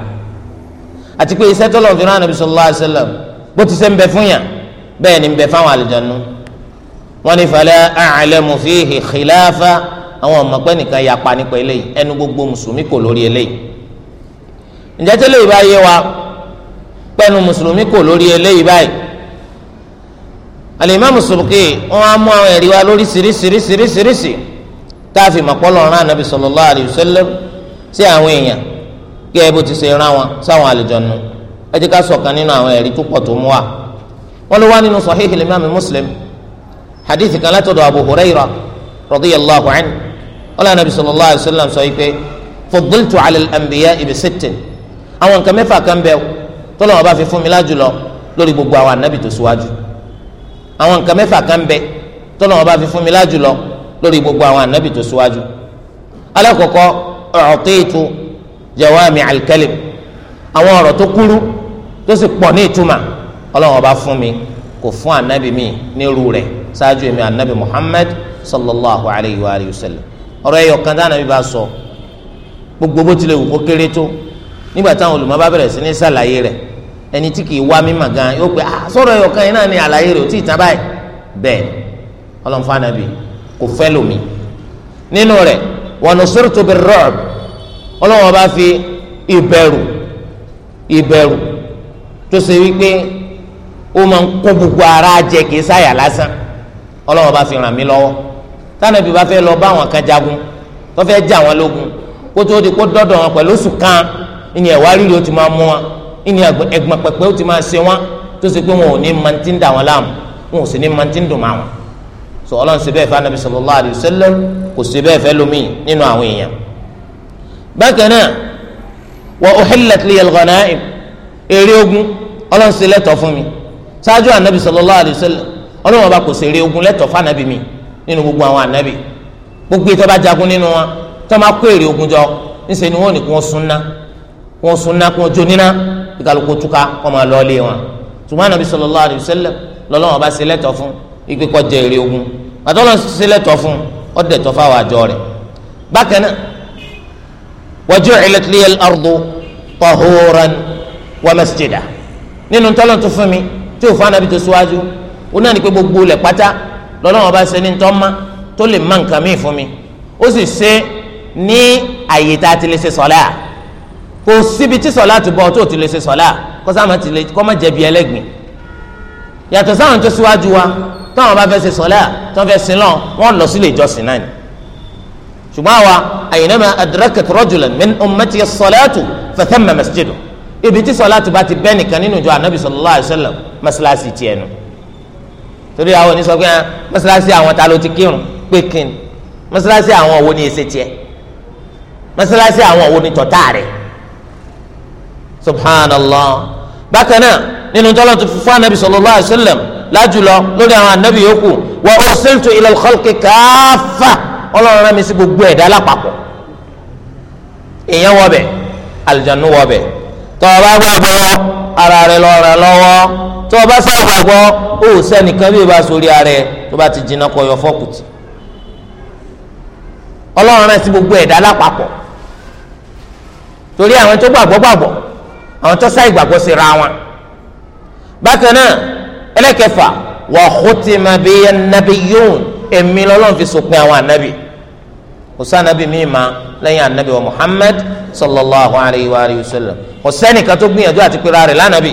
àti pé iṣẹ́ tó lọ́rùn fi rán anabi sallallahu alayhi wa sallam bó ti ṣe ń bẹ fún yàn bẹ́ẹ̀ ni ń bẹ fáwọn àlìjẹ̀nu wọn ní fala a'lamu fihi àwọn ọmọ pẹ́ nìkan yapa nípa eléyìí ẹnu gbogbo mùsùlùmí kò lórí eléyìí ǹjẹ́ tẹ́lẹ̀ yìí bá yé wa pẹ́nu mùsùlùmí kò lórí eléyìí báyìí Al-Imam Subki wọn á mú àwọn ẹ̀rí wa lórí ṣiríṣiríṣiríṣi táàfin mọ̀pọ́lọ̀ rán anabi sallallahu alayhi wa sallam sí àwọn èèyàn kí ẹ bó ti ṣe rán wọn sáwọn àlùjọ̀nù ẹ jẹ́ ká sọ̀kan nínú àwọn ẹ̀rí tó pọ̀ tó mú wa wọn ló wá nínú Sahih al-Imam Muslim hadith kan látọ̀dọ̀ Abu Hurairah radiyallahu anhu ọlọ́run nàbì sallallahu alaihi wasallam sọ wípé fuddiltu ala al-anbiya'i bi sittin àwọn nǹkan mẹ́fà kan bẹ́ẹ̀ tọ́lọ́wọ́n bá fi fún mi lájùlọ lórí gbogbo àwọn ànábì tó síwájú àwọn nǹkan mẹ́fà kan bẹ́ẹ̀ tọ́lọ́wọ́n bá fi fún mi lájùlọ lórí gbogbo àwọn ànábì tó síwájú alákọ̀ọ́kọ́ u'titu jawami' al-kalim àwọn ọ̀rọ̀ tó kúrú tó sì pọ̀ ní ìtumọ̀ ọlọ́wọ́n bá fún mi kò fún ànábì mi nírú rẹ̀ ṣáájú èmi ànábì Muhammad sallallahu alayhi wa sallam ọ̀rọ̀ ẹyọ kan dáná bíbá sọ gbogbo bó tilẹ̀ wù kó kéré tó nígbà táwọn olùmọ̀ bá bẹ̀rẹ̀ sí ní sàlàyé rẹ̀ ẹni tí kìí wá mímọ̀ gan yóò pé ah sọ̀rọ̀ ẹyọ kan yìí náà ni àlàyé rẹ̀ ò tí ì tán báyìí nàbì kò lómi nínú ara jẹ kìí sáyà lásán bá fi ràn tánàbí bá fẹ́ lọ bá àwọn kan jagun tó fẹ́ jà wọn lógun kó tó di kó dọ́dọ̀ wọn pẹ̀lú oṣù kan ìní ẹ̀wá rírì ó ti máa mú wọn ìní ẹ̀gbọ̀n pẹ̀pẹ́ ó ti máa ṣe wọn tó ṣe pé wọn ò ní máa ti ń dà wọn láàmú wọn ò sì ní máa ti ń dùn máa wọn. sọ ọlọ́run ṣe bẹ́ẹ̀ fún anabi sallallahu alayhi wa kò ṣe bẹ́ẹ̀ fẹ́ lómi nínú àwọn èèyàn. bákan náà wa uhillat liya nínú gbogbo àwọn ànábì gbogbo ìtọ́ bá jagun nínú wọn tó máa kó èrè ogun jọ ńṣe ni wọ́n ní kí wọ́n sunná kí wọ́n sunná kí wọ́n jóníná ìkàlùkù túká kọ́ máa lọ́ọ́lé wọn tùmọ̀ nàbí sallallahu alaihi wasallam lọ́lọ́wọ́n bá ṣe lẹ́tọ̀ fún ìpè kó jẹ èrè ogun àtọ́lọ́ ṣe lẹ́tọ̀ fún ọ̀dẹ̀ tó fáwọn àjọ rẹ̀ bákan náà wa ju'ilat liya al-ardu tahuran nínú tọ́lọ́ tó fún mi tí ò fún anabi tó síwájú ó náà ní pé gbogbo lẹ̀ pátá lọ́lọ́wọ́n bá ṣe ní ntọ́ ma tó lè má nǹkan mí fún mi ó sì ṣe ní àyè tá a ti lè ṣe sọ́lá kò síbi tí sọ́lá ti bọ̀ tó ti lè ṣe sọ́lá kó sáà má ti lè kó má jẹ̀bi ẹlẹ́gbìn yàtọ̀ sáwọn tó síwájú wa táwọn bá fẹ́ ṣe sọ́lá tó fẹ́ sin lọ wọ́n lọ sílé ìjọsìn náà ni ṣùgbọ́n àwa aynama adrakat rajulan min ummati as-salatu fa thamma masjiduh ibi tí sọ́lá ti bá ti bẹ́ nìkan nínú ìjọ ànábì sallallahu alaihi wasallam mọ́sálásí tiẹ̀ nù torí àwọn òní sọ pé ah, mọ́sálásí àwọn ta ló ti kírun pé kíni mọ́sálásí àwọn òwò ni èsè tiẹ̀ mọ́sálásí àwọn òwò ni tọ̀tà rẹ̀ subhanallah bákan náà nínú tọ́lọ́ tó fún anabi sallallahu alayhi wa sallam lájùlọ lórí àwọn anabi yòókù wa ursiltu ila al-khalqi kaffa ọlọ́run rán mi sí gbogbo ẹ̀dá lápapọ̀ èèyàn wọbẹ̀ alìjánu wọbẹ̀ tọ́ ọ bá gbàgbọ́ ara rẹ̀ lọ́ọ́ tó o bá ṣàgbàgbọ́ ó sẹ́nìkan bí o bá sórí ara ẹ tó bá ti jìnnà kọ yọ fọ́kùtì ọlọ́run rẹ̀ sí gbogbo ẹ̀dá lápapọ̀ torí àwọn tó gbàgbọ́ gbàgbọ́ àwọn tó sá ìgbàgbọ́ sí ra wọn bákan náà ẹlẹ́kẹfà wà khutima biya nabiyyun èmi lọ́lọ́run fi sòpin àwọn ànábì kò sá ànábì míì ma lẹ́yìn ànábì wa Muhammad sallallahu alayhi wa sallam kò sẹ́nìkan tó gbìyànjú àti pera rẹ̀ lánàbì.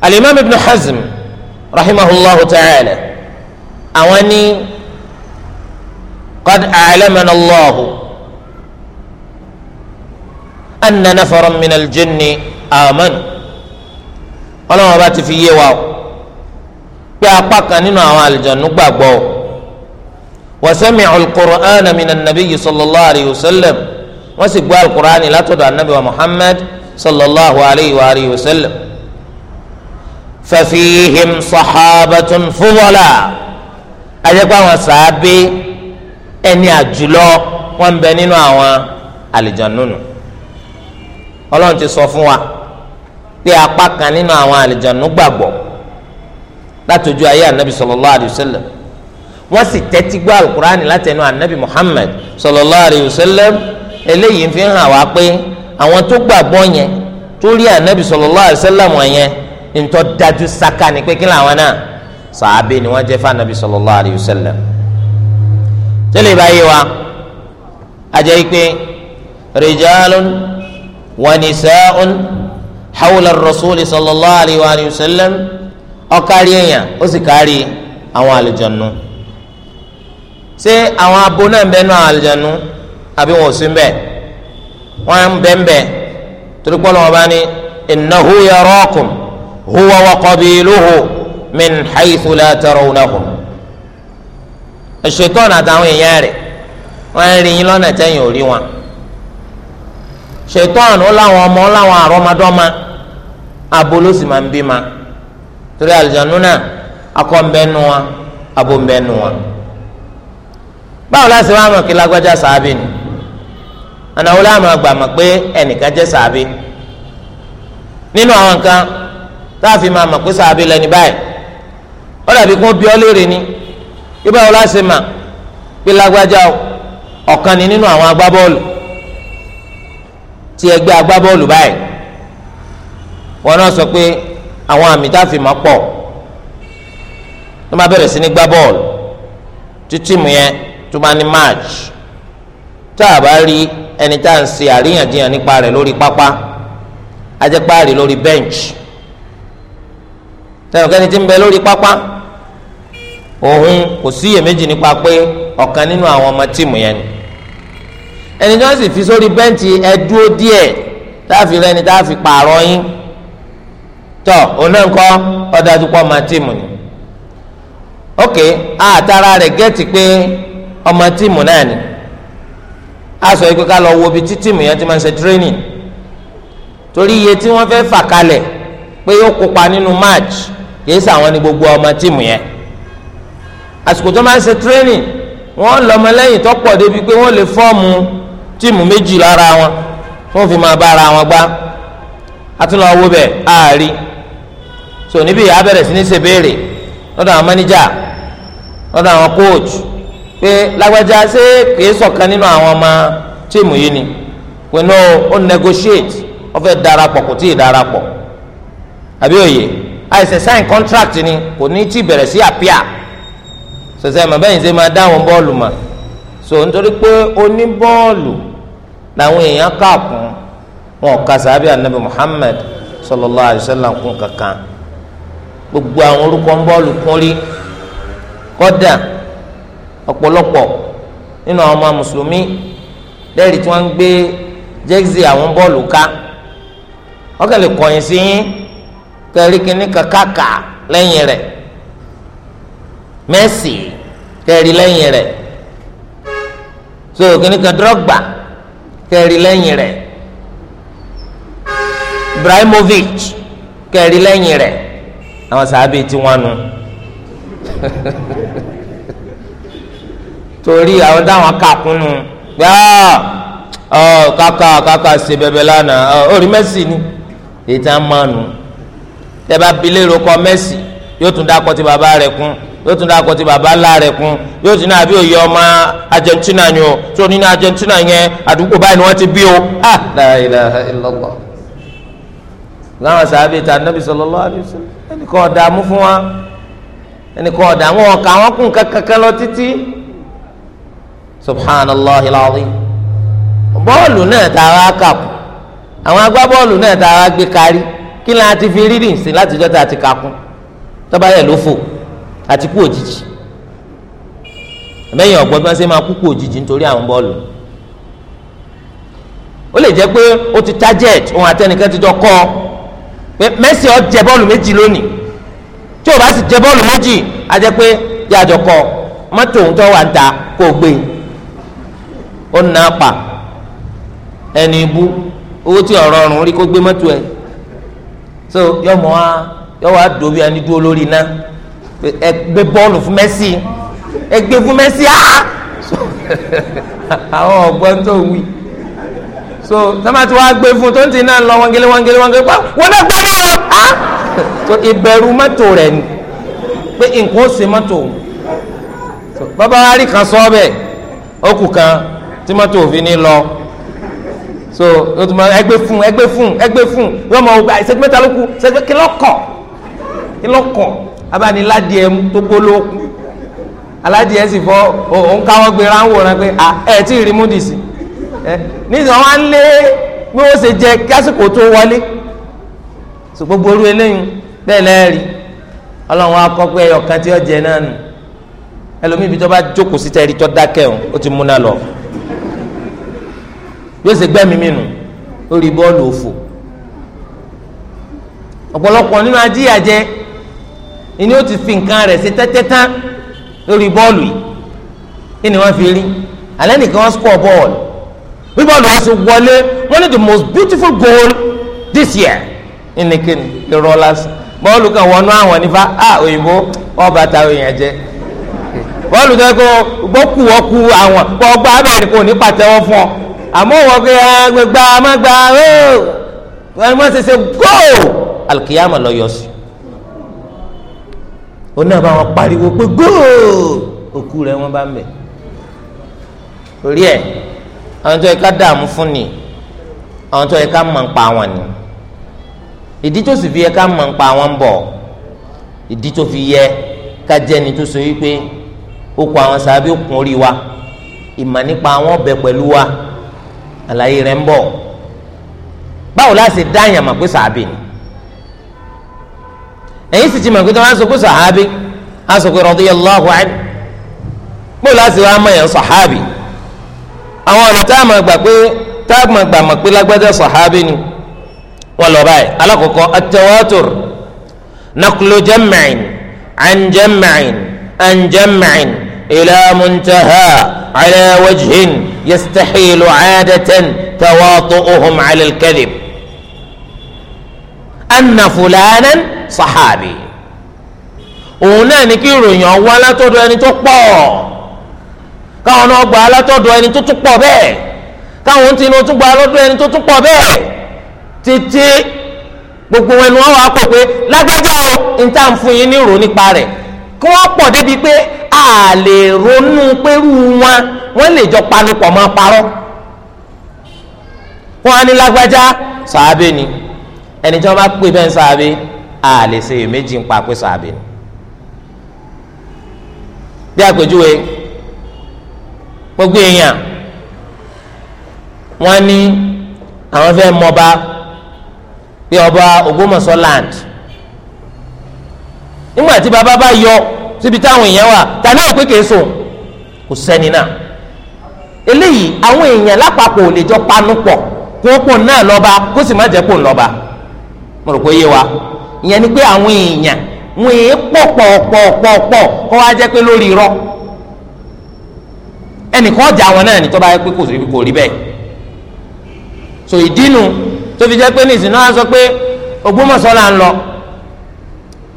alimam ibn hazm rahimahullahu ta'ala àwọn ní qad a'lamana allahu anna nafaran min aljinni amanu ọlọ́run ọba ti fi yé wa pé apá kan nínú àwọn àlùjànnú gbàgbọ́ o wa sami'u alqur'ana min annabiyyi sallallahu alayhi wa sallam wọ́n sì gbọ́ alqur'ani látọ̀dọ̀ anabi wa muhammad sallallahu alayhi wa alihi wa sallam fafihim sahabatun fúbọ́là ajẹ́pẹ́ àwọn sàábé ẹni àjùlọ wọn bẹ nínú àwọn àlìjànnúnù ọlọ́run ti sọ fún wa pé apá kan nínú àwọn àlìjànnú gbàgbọ́ látọjú ayé anabi sallallahu alayhi wa sallam wọ́n sì tẹ́tí gbọ́ alukurani látẹnu anabi muhammad sallallahu alayhi wa sallam eléyìí fi hàn wá pé àwọn tó gbàgbọ́ yẹn tó rí anabi sallallahu alayhi wa sallam wọ̀nyẹn ntọ́ dájú saka ni pé kí làwọn náà sàábé ni wọ́n jẹ́ fanabi sallallahu alayhi wa sallam tẹ́lẹ̀ báyìí wa ajẹ́ pé rijalun wa nisa'un hawla rasuli sallallahu alayhi wa sallam ọ̀kárí èèyàn ó sì kárí àwọn àlùjọ̀nù ṣé àwọn abo náà bẹ nú àwọn àlùjọ̀nù àbí wọn ò sí ń wọn bẹ ń torí pé Ọlọ́hun bá ní innahu yarakum. huwa wa qabiluhu min haythu la tarawnahum ṣètọ́nù àtàwọn èèyàn rẹ̀ wọ́n ń rí yín lọ́nà na ò rí wọn ṣètọ́nù láwọn ọmọ láwọn àrọ́mọdọ́mọ abo ló sì máa ń bí ma torí àlùjánu náà akọ ń wọn abo wọn báwo la wá mọ̀ kí lágbájá sàábì ni ànáwó láàmú àgbà pé ẹnìkan sàábì nínú àwọn táàfi máa mọ̀ pé sàbí lẹni báyìí ó dàbí kó bí ọ léèrè ni bí báwo la ṣe mà pé lágbájá ọ̀kan ni nínú àwọn agbábọ́ọ̀lù tí ẹgbẹ́ agbábọ́ọ̀lù báyìí wọn náà sọ pé àwọn àmì táàfi máa pọ̀ tó máa bẹ̀rẹ̀ sí ní gbá bọ́ọ̀lù títí mu yẹn tó máa ní match tá a bá rí ẹni tá à ń ṣe àríyànjiyàn nípa rẹ̀ lórí pápá ajẹ́páàrí lórí bench sẹ́wọ̀n kẹ́ni tí ń bẹ lórí pápá òun kò síyèméjì nípa pé ọ̀kan nínú àwọn ọmọ tíìmù yẹn ni ẹni tí wọ́n sì fi sórí bẹ́ǹtì ẹdúró díẹ̀ táàfin lẹ́ni táàfin pààrọ̀ yín tọ́ òun náà ń kọ́ ọ̀dájú ọmọ tíìmù ni ok àtàrà rẹ̀ gẹ́tì pé ọmọ tíìmù náà ni a sọ pé ká lọ wo ibi tí tíìmù yẹn ti máa ń ṣe training torí iye tí wọ́n fẹ́ fà kalẹ̀ pé yóò kópa nínú match kìí sàwọn ni gbogbo ọmọ tíìmù yẹn àsìkò tó máa ń ṣe training wọ́n lọ́mọlẹ́yìn tó pọ̀ débi pé wọ́n lè fọ́ọ̀mù tíìmù méjì lára wọn fún fi máa bá ara wọn gbá so níbí yà á sí ní ṣe béèrè àwọn coach pé lágbájá ṣé kìí sọ̀kan nínú àwọn ọmọ tíìmù yìí ni pé no ó negotiate ó fẹ́ darapọ̀ kò àìsè sign contract ni kò ní tí bẹ̀rẹ̀ sí àpíà sọsẹ mọ bẹ́ẹ̀ ṣe máa dáhùn bọ́ọ̀lù mà so nítorí pé oníbọ́ọ̀lù làwọn èèyàn kà kún wọn kà sábẹ́ anabi Muhammad sallallahu alaihi wasallam kún kankan gbogbo àwọn orúkọ bọ́ọ̀lù kún rí kọ́dà ọ̀pọ̀lọpọ̀ nínú àwọn ọmọ mùsùlùmí lẹ́rìí tí wọ́n ń gbé jẹ́gìsì àwọn bọ́ọ̀lù ká wọ́n kàn lè kọ̀yìn sí yín kẹrí kínní kàkàkà lẹ́yìn rẹ̀ Messi kẹrí lẹ́yìn rẹ̀ so kínní kan Drogba kẹrí lẹ́yìn rẹ̀ Ibrahimovic kẹrí lẹ́yìn rẹ̀ àwọn sàábì tí wọ́n nu torí àwọn táwọn kàkúnnù gbáà ah, oh, ọ kaka kaka ṣe bẹbẹ lánàá ọ oh, orí Messi ni èyí tá a tẹ́bà bilérò kọ mẹ́sì yóò tún dákọ̀ ti bàbá rẹ̀ kún yóò tún dákọ̀ ti bàbá ńlá rẹ̀ kún yóò tún náà bí òye ọmọ Argentina yẹn o tó nínú Argentina yẹn àdúgbò báyìí ni wọ́n ti bí o ah la ilaha illallah láwọn sàbẹ̀ tà nàbì sallallahu alaihi wasallam ẹnì kan ọ̀dààmú fún wa ẹnì kan ọ̀dààmú ọ̀kà wọn kún kankan lọ títí subhanallah ilahi bọ́ọ̀lù náà tààrà kàpù àwọn agbábọ́ọ̀lù náà tààrà gbé kárí kí la ti fi rírì sí láti jọ́ta àti kakún tọ́ba yẹ ló fò àti kú òjijì àbẹ́yìn ọ̀gbọ́n bí wọ́n ṣe máa kú kú òjijì nítorí àwọn bọ́ọ̀lù ó lè jẹ́ pé ó ti target òun àtẹnìkan ti jọ kọ́ ọ pé Messi ó jẹ bọ́ọ̀lù méjì lónìí tí o bá sì jẹ bọ́ọ̀lù méjì á jẹ́ pé yàjọ kọ́ mọ́tò òun tó wà ń ta kó o gbé ó nà á pa ẹni ibú owó tí ọ̀rọ̀ ọ̀rùn rí kó gbé mọ́tò ẹ̀ so yọmọ wa yọ wa do bí ẹni dúró lórí iná ẹ gbé bọ́ọ̀lù fún Messi ẹ gbé fún Messi á àwọn ọ̀gbọ́n tó wí so sọ́màtí wàá gbé fún tó ń ti náà lọ wọ́ngélé wọ́ngélé wọ́ngélé pa wọ́n náà gbá ní ọ á so ìbẹ̀rù mọ́tò rẹ̀ ni pé nǹkan ó ṣe mọ́tò òun bàbá wa rí kan sọ bẹ́ẹ̀ ó kù kan tí mọ́tò òfin ní lọ so o tún ma ẹgbẹ́ fún ẹgbẹ́ fún ẹgbẹ́ fún yọọ ma ọgbà ìṣẹ́jú mẹ́ta ló kù ṣẹ́jú kí lọ́kọ̀ kí lọ́kọ̀ abáni ládìẹ tó gbóló kù aládìẹ sì fọ òun káwọn gbéra ń wòran pé ah, ẹ tí ì rí múdì sí ẹ nígbà wọn á lé bí wọ́n ṣe jẹ kásìkò tó wọlé so gbogbo orú eléyìí bẹ́ẹ̀ lẹ́ẹ̀rí ọlọ́run akọ pé ẹyọ kan tí ó jẹ náà nù ẹlòmíbi tó bá jókòó sí tẹ́rí tó dákẹ́ o ó ti múná lọ yóò ṣe gbẹ́mí mi nù lórí bọ́ọ̀lù òfò ọ̀pọ̀lọpọ̀ nínú ajíyàjẹ ni ó ti fi nǹkan rẹ̀ ṣe tẹ́tẹ́tán lórí bọ́ọ̀lù yìí kí ni wọ́n fi rí alẹ́ nìkan wọ́n score bọ́ọ̀lù bí bọ́ọ̀lù wọn ṣe wọlé wọ́n ní the most beautiful goal this year ní kíni irọ́ lásán bọ́ọ̀lù kan wọnú àwọn nífa ah òyìnbó ọba ta òyìn jẹ bọ́ọ̀lù tó yẹ kó gbọ́kùwọ́kù àwọn gbọ́ gbá abẹ́rẹ́ kò ní pàtẹ́wọ́ fún ọ àmọ́ wọ́n fi gbẹgbà amágbà ó wọ́n mọ̀ ṣẹṣẹ góò alikiyama lọ yọ sí ó náà bá wọn pariwo pé góò òkú rẹ̀ wọ́n bá ń bẹ̀ torí ẹ̀ àwọn tó yẹ ká dààmú fún ni àwọn tó yẹ ká mọ̀ ń pa wọn ni ìdí tó sì fi yẹ ká mọ̀ ń pa wọn bọ̀ ìdí tó fi yẹ ká jẹ́ni tó so wípé ó kọ àwọn sàbí òkun orí wa ìmọ̀ nípa àwọn ọbẹ̀ pẹ̀lú wa àlàyé rẹ̀ ń bọ̀ báwo la ṣe dá àyàn mà pé sàábì ni ẹ̀yin sì ti mà pé tí wọ́n á sọ pé sàábì á sọ pé radiyallahu anhu báwo la ṣe wá mọ̀ yẹn sàábì àwọn ọ̀nà tá a máa gbà pé tá a máa gbà mà pé lágbájá sàábì ni wọ́n lọ báyìí alákọ̀ọ́kọ́ at-tawatur naqlu jam'in an jam'in an يستحيل عادة tawaatu'uhum على الكذب أن فلانا saxaabi òun náà kí ìròyìn ọwọ́ alátọ́dọ̀ ẹni tó pọ̀ káwọn náà gba ẹni tó tún pọ̀ bẹ́ẹ̀ káwọn tí tún gba alátọ́dọ̀ ẹni tó tún pọ̀ bẹ́ẹ̀ títí gbogbo ẹnu wọn wà pé lágbájá o n ta n fún yín ní ìrò nípa kí wọ́n pọ̀ débi pé a lè ronú pẹ̀lú wọn wọ́n lè jọ panupọ̀ máa parọ́ wọ́n á ní lágbájá sàábé ni ẹni tí wọ́n bá pè bẹ́ẹ̀ sàábé a lè ṣe èméjì ń pa pé sàábé ni bí àpèjúwe gbogbo èèyàn wọ́n ní àwọn fẹ́ mọba bí ọba Ògbómọ̀ṣọ́ land nígbà tí bàbá bá yọ síbi táwọn èèyàn wà tani àwọn pé kìí sùn kò sẹ́ni náà eléyìí àwọn èèyàn lápapọ̀ ò lè jọ panu pọ̀ kó pò náà lọ́ba kó sì má jẹ́ pò mo rò pé yé wa ìyẹn ni pé àwọn èèyàn wọn èé pọ̀ pọ̀ pọ̀ pọ̀ pọ̀ kó wá jẹ́ pé lórí irọ́ ẹnìkan ọjà náà ní so ìdínú tó fi jẹ́ pé ní ìsìn náà sọ pé là ń lọ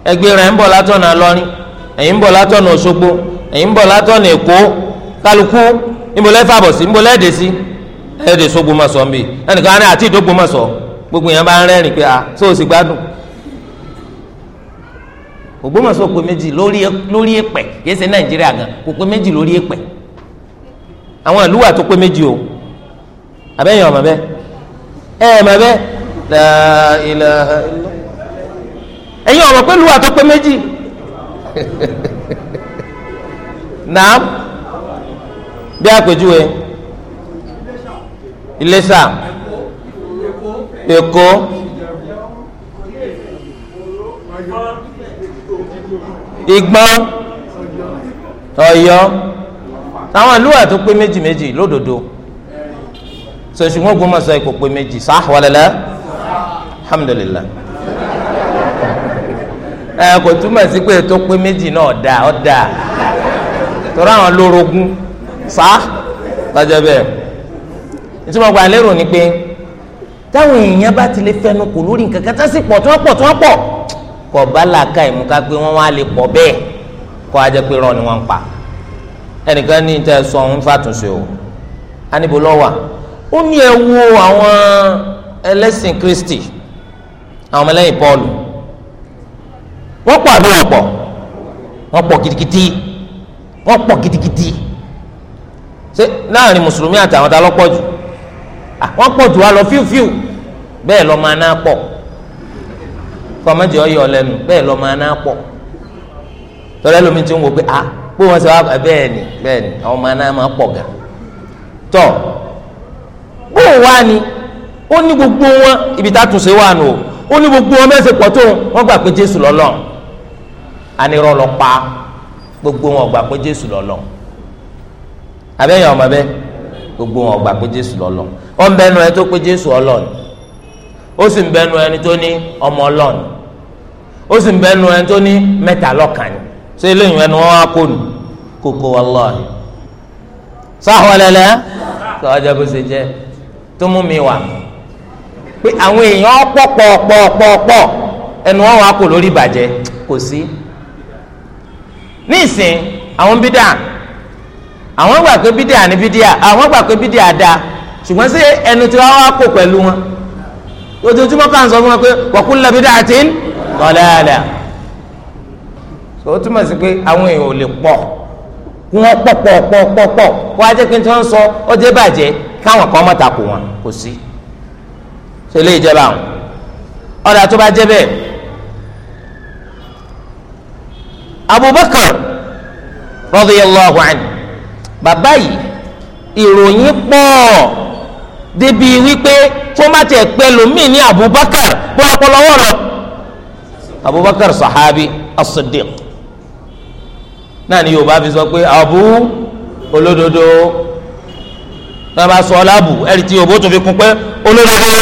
ẹgbẹ́ rẹ̀ ń bọ̀ látọ̀nà lọ́rin ẹ̀yìn ń bọ̀ látọ̀nà Òṣogbo kálukú níbo lẹ́ fàbọ̀ sí níbo lẹ́ dé sí ẹ̀ dé sógun ma sọ ń bì ẹnìkan ní àti ìdógun ma sọ gbogbo yẹn bá ń rẹ́rìn pé a so sì gbádùn Ògbómọ̀ṣọ́ pé méjì lórí èpẹ̀ kìí ṣe Nàìjíríà gan kò pé méjì lórí èpẹ̀ àwọn ìlú wà tó pé méjì o àbẹ́yẹn ọ̀mọ̀ bẹ́ẹ̀ ẹ ẹ̀ mọ̀ bẹ́ẹ̀ ẹ̀yin ọ̀mọ̀ pé ìlú wà tó pé méjì nàá bí àpèjúwe Iléṣà Èkó Ìgbọ́n Ọ̀yọ́ àwọn ìlú àti pé méjì méjì lódodo so ṣùgbọ́n ogun mọ̀sán ikò pé méjì sah walala alhamdulilah ẹ kò túmọ̀ sí pé ètò pé méjì náà ọ̀dà ọ̀dà tọ́ra àwọn lórogún sá lọ́jọ́ bẹ́ẹ̀ tí mo gbà lérò ni pé táwọn èèyàn bá ti lè fẹnu kò lórí nǹkan kan tásì pọ̀ tí wọ́n pọ̀ tí wọ́n pọ̀ kò bá làákà ìmúká pé wọ́n wá lè pọ̀ bẹ́ẹ̀ kó a jẹ́ pé rán ni wọ́n ń pa ẹnìkan ní ìtẹ́ sọ ń fàtúnṣe o a níbo lọ́ wà ó ní ẹ wo àwọn ẹlẹ́sìn Kristi àwọn ọmọlẹ́yìn Pọ́ọ̀lù wọ́n pọ̀ àbí wọ́n pọ̀ wọ́n pọ̀ gidigidi wọ́n pọ̀ gidigidi ṣé láàrin mùsùlùmí àtàwọn ta lọ́pọ̀ jù wọ́n pọ̀ jù wá lọ fíufíu bẹ́ẹ̀ lọ́ máa ná pọ̀ kọ́mẹ́jì ọ̀yọ́ lẹ́nu bẹ́ẹ̀ lọ́ máa ná pọ̀ tọ́lá lómi ti ń wo pé a pé wọ́n ṣe wá bẹ́ẹ̀ ni bẹ́ẹ̀ ni àwọn máa ná máa pọ̀ gan tọ́ bó wá ni ó ní gbogbo wọn ibi tá a tún ṣe wà nù ó ní gbogbo wọn mẹ́sẹ̀ pọ̀ tó wọ́n gbà pé Jésù lọ́lọ́run anirọ́ lọ pa gbogbo wọn gbà pé Jésù lọ́lọ́run abẹ́yẹn ọmọ bẹ́ẹ̀ gbogbo wọn gbà pé jésù lọ́lọ́ ó ń bẹnu ẹni tó pé jésù ọlọ́ọ̀ni ó sì ń bẹnu ẹni tó ní ọmọ ọlọ́ọ̀ni ó sì ń bẹnu ẹni tó ní mẹ́ta lọ́kàn ṣé eléyìí ẹni wọn wá kónú kókó wallahi sáhọ́lẹ́lẹ́ tó bó ṣe jẹ́ tó mú mi wá pé àwọn èèyàn pọ̀ pọ̀ pọ̀ pọ̀ pọ̀ ẹnu wọn wá kó lórí ìbàjẹ́ kò sí nísìn àwọn bídà àwọn gbà pé bídíà ní bídíà àwọn gbà pé bídíà da ṣùgbọ́n sí ẹnu tí wọ́n wá kó pẹ̀lú wọn ojoojúmọ́ kan sọ fún wọn pé wa kullu bid'atin dalalah so ó túmọ̀ sí pé àwọn èèyàn ò lè pọ̀ kí pọ̀ pọ̀ pọ̀ pọ̀ pọ̀ wọ́n á jẹ́ pé tí wọ́n sọ ó jẹ́ bàjẹ́ káwọn kan mọ̀ta kò wọn kò sí ṣe ilé ìjọba àwọn ọ̀dà tó bá jẹ́ bẹ́ẹ̀ Abubakar radiyallahu anhu bàbá yìí ìròyìn pọ̀ débi wípé tó má tẹ̀ pẹ́ lómi ní Abubakar pọlọpọlọwọ́ rẹ Abubakar sahabi as-Siddiq náà ni Yorùbá fi sọ pé abu olódodo náà bá sọ ọlábù ẹ̀rí tí Yorùbá ó tún fi kún pé olódodo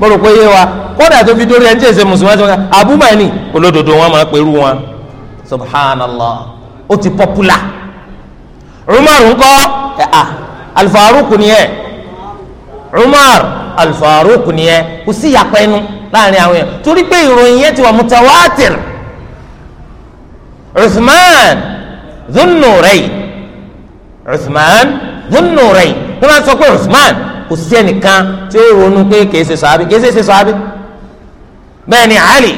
bọ́rọ̀ pé yé wa kódà tó fi dórí ẹni tí èsè mùsùlùmí àti wọn abu mani olódodo wọn máa pẹ̀lú wọn subhanallah ó ti pọ́pùlà Umar ńkọ́ ẹ̀ à Al-Faruq ni ẹ̀ Umar Al-Faruq ni ẹ̀ kò sí ìyapa ẹnu láàrin àwọn èèyàn torí pé ìròyìn yẹn ti wà mutawatir Uthman Dhunnurayn Uthman Dhunnurayn tó máa sọ pé Uthman kò sí ẹnìkan tí ó ronú pé kìí ṣe sàábì kìí ṣe ṣe sàábì bẹ́ẹ̀ ni Ali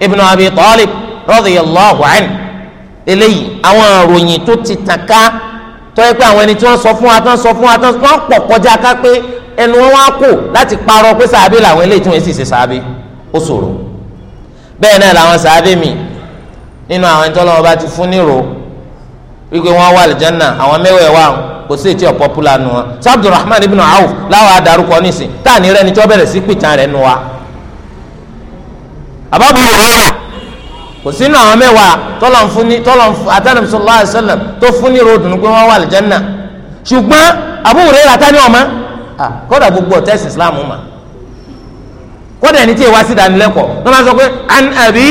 ibn Abi Talib radiyallahu anhu eléyìí àwọn àròyìn tó ti tàn ká tọ́yẹ pé àwọn ẹni tí wọ́n sọ fún wa tán sọ fún wa tán wọ́n pọ̀ kọjá ká pé ẹnu wọn wá kò láti parọ́ pé sàábé làwọn eléyìí tí wọ́n sì ṣe sàábé ó ṣòro bẹ́ẹ̀ náà làwọn sàábé mi nínú àwọn ẹni tọ́lọ́wọ́ bá ti fún nírò wípé wọ́n wà lìjánná àwọn mẹ́wẹ̀ẹ́ wà kò sí ètí ọ̀pọ̀pùlà nu wọn sọ Abdulrahman ibn Awf láwọn adarúkọ nísìn táà ní rẹni tí wọ́n bẹ̀rẹ̀ sí pìtàn rẹ̀ nu wa àbábọ̀ wò kò sínú àwọn mẹ́wàá tọ́lọ̀ ń fún ní tọ́lọ̀ ń fún àtàlùm sallallahu alaihi wasallam tó fún ní ròdù ní pé wọ́n wà lìjánná ṣùgbọ́n Abu Hurairah tani ọ̀ma kódà gbogbo ọ̀tẹ́sì Islam ma kódà ẹni tí ì wá sí ìdánilẹ́kọ̀ọ́ ló máa sọ pé an àbí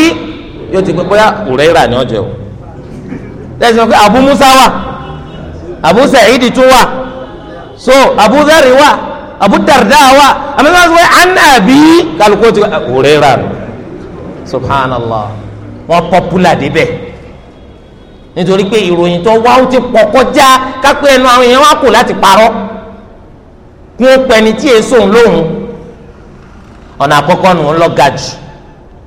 yóò ti pé bóyá Hurairah ni ọjọ́ o tẹ́sí sọ Musa wà Abu Sa'id tún wà so Abu Dharr wà Abu Darda wà àmì sọ pé an àbí kálukó ti Hurairah subhanallah. wọn popular débẹ̀ nítorí pé ìròyìn tó wá ó ti pọ̀ kọjá kápẹ́ ẹnu àwọn èèyàn wá kò láti parọ́ kí wọ́n pẹ́ni tí èso ń lóhùn ọ̀nà àkọ́kọ́ nù ń lọ jù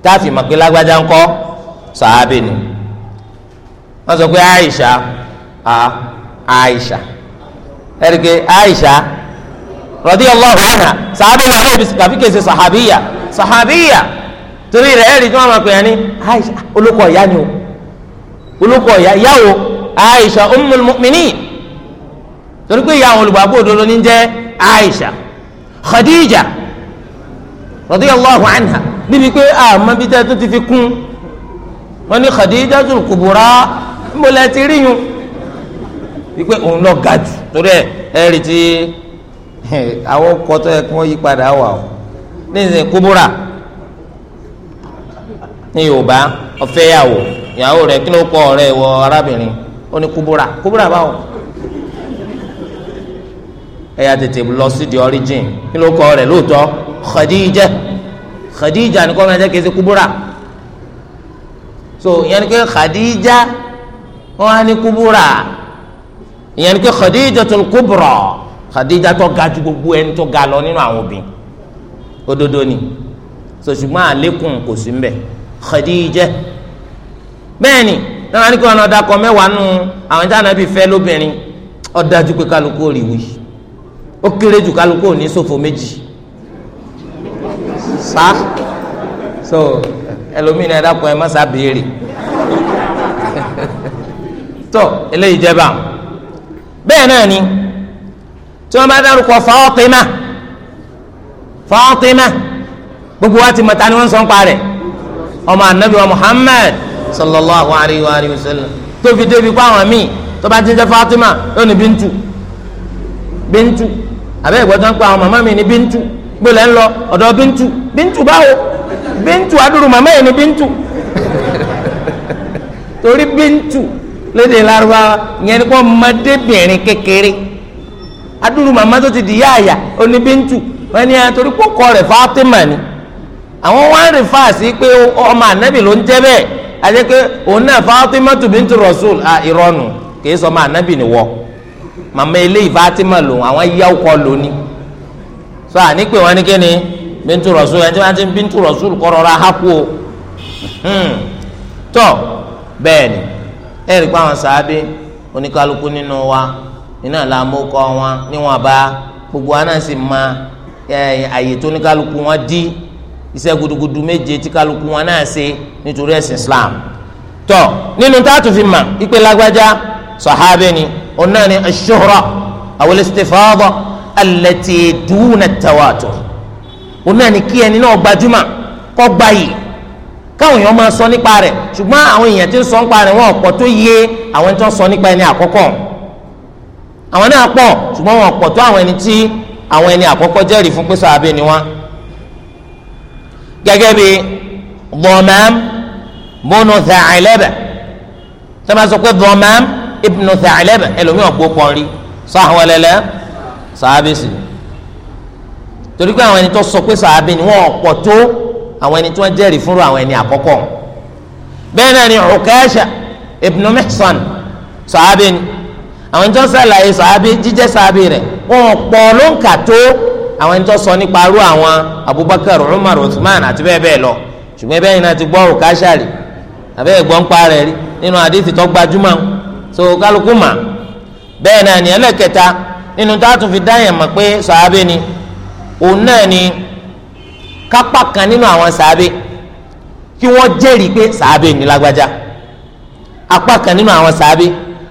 táàfin mọ̀ lágbájá ń kọ́ sàábì ni sọ pé a Aisha ẹ̀ríkẹ́ Aisha sàábì torí rẹ̀ ẹ̀rí tí wọ́n máa pè é ní Aisha olóko ọ̀yá ni o olóko ọ̀yá ìyàwó Aisha ummul mu'minin torí pé ìyá àwọn olùgbàgbọ́ òdodo ní jẹ́ Aisha Khadija radiyallahu anha níbi pé àmọ́ bí tẹ́ tó ti fi kún wọ́n ní Khadijatul kubura mọ́lẹ́ ti rí yun wípé òun lọ ga jù torí ẹ ẹ̀rí ti àwọn kọ́tọ́ ẹ̀ kí yí padà wà ó ní ìsìn kubura ní yorùbá ọ̀fẹ́ yàwó ìyàwó rẹ̀ kí ló kọ ọ̀rẹ́ wọ arábìnrin ó ní kúbúrà kúbúrà báwo ẹ̀yà tètè lọ sí di origin kí ló kọ ọ̀rẹ́ lóòótọ́ Khadija Khadija ni kọ́mọ ẹ̀jẹ̀ kẹsẹ̀ kúbúrà so ìyẹn ni pé Khadija wọn á ní kúbúrà ìyẹn ni pé Khadijatul Kubra Khadija tó ga ju gbogbo ẹni tó ga lọ nínú àwọn obìnrin òdodo ni so ṣùgbọ́n àlékún kò sí mbẹ́. Khadija bẹ́ẹ̀ni náà ní kí wọn ọdà kọ mẹ́wàá nù àwọn táwọn àbí fẹ́ lóbìnrin ọdájú pé kálukú ò rí wí ó kéré jù kálukú ò ní ṣòfò méjì sá so ẹlòmíín náà dàpọ̀ ẹ má sá béèrè tó eléyìí jẹ́ báwọn bẹ́ẹ̀ náà ni tí wọ́n bá dárúkọ Fatima Fatima gbogbo wa ti mọ̀ ni wọ́n sọ ń pa ọmọ anabi wa muhammad sallallahu alayhi wa alayhi wa sallam tó fi débi kó àwọn míì tó bá ti jẹ́ fatima lónìí bintu bintu àbẹ́ ìgbọ́dọ̀ ń pa àwọn màmá mi ní bintu gbélé ńlọ ọ̀dọ̀ bintu bintu báwo bintu adúrú màmá yẹn ní bintu torí bintu lédè Lárúbáwá yẹn ni kò mọdébìnrin kékeré adúrú màmá tó ti di yáàyà ó ní bintu wọ́n ní àtòrí kókó rẹ̀ fatima ni àwọn wá ń rìfà pé ọmọ ànábì ló ń jẹ́ bẹ́ẹ̀ àti pé òun náà Fatimatu bintu Rasul à ìrọ̀nù kìí sọ ọmọ ànábì nìwọ màmá eléyìí Fatima lòun àwọn yá ọkọ lóní sọ àní pé wọn ní kí ni bintu Rasul ẹni tí wọn ti ń bintu Rasul kọ́ rọra hákú o hmm. tọ́ bẹ́ẹ̀ ni ẹ rí pé àwọn sàábé oníkálukú nínú wa iná là mú kọ́ wọn níwọ̀n bá gbogbo wa sì máa àyè tó wọn dí iṣẹ́ gudugudu méje tí kálukú wọn náà ṣe nítorí ẹ̀sìn Islam tọ nínú táàtù fi mà ìpè lágbájá sọ̀hábẹ́ ni òun náà ni ash-shuhra awil istifada allati duna tawatur òun náà ni kí ẹni náà gbajúmọ̀ kọ́ gbayì káwọn èèyàn máa sọ nípa rẹ̀ ṣùgbọ́n àwọn èèyàn tí ń sọ nípa rẹ̀ wọn ọ̀pọ̀ tó yé àwọn tí wọ́n sọ nípa ẹni àkọ́kọ́ àwọn náà pọ̀ ṣùgbọ́n wọn ọ̀pọ̀ tó àwọn ẹni tí àwọn ẹni àkọ́kọ́ jẹ́rìí fún pé sọ̀hábẹ́ ni gẹ́gẹ́ bí Dhamam bunu Tha'laba tó máa sọ pé Dhamam ibnu Tha'laba ẹlòmíràn gbó pọ̀ rí sọ́hàwọ́lẹ́lẹ́ sàábẹ́sì torí pé àwọn ẹni tó sọ pé sàábẹ́ ni wọ́n pọ̀ tó àwọn ẹni tó ń jẹ́rìí fúnra àwọn ẹni àkọ́kọ́ bẹ́ẹ̀ náà ni Ukasha ibnu Mihsan sàábẹ́ ni àwọn ẹni tó ń sàlàyé sàábẹ́ jíjẹ́ sàábẹ́ rẹ̀ wọ́n pọ̀ ló ń kà tó àwọn ẹni tó sọ nípa arú àwọn Abubakar Umar Uthman àti bẹ́ẹ̀ bẹ́ẹ̀ lọ ṣùgbọ́n bẹ́ẹ̀ náà ti gbọ́ òkàṣàrì àbẹ́ ẹ̀gbọ́n pa rẹ̀ rí nínú àdìsí tó gbajúmọ̀ so kálukú mà bẹ́ẹ̀ náà ní ẹlẹ́kẹta nínú táàtún fi dáyẹ̀ mọ̀ pé sàábé ni òun náà ni kápá kan nínú àwọn sàábé kí wọ́n jẹ́rìí pé sàábé ni lágbájá apá kan nínú àwọn sàábé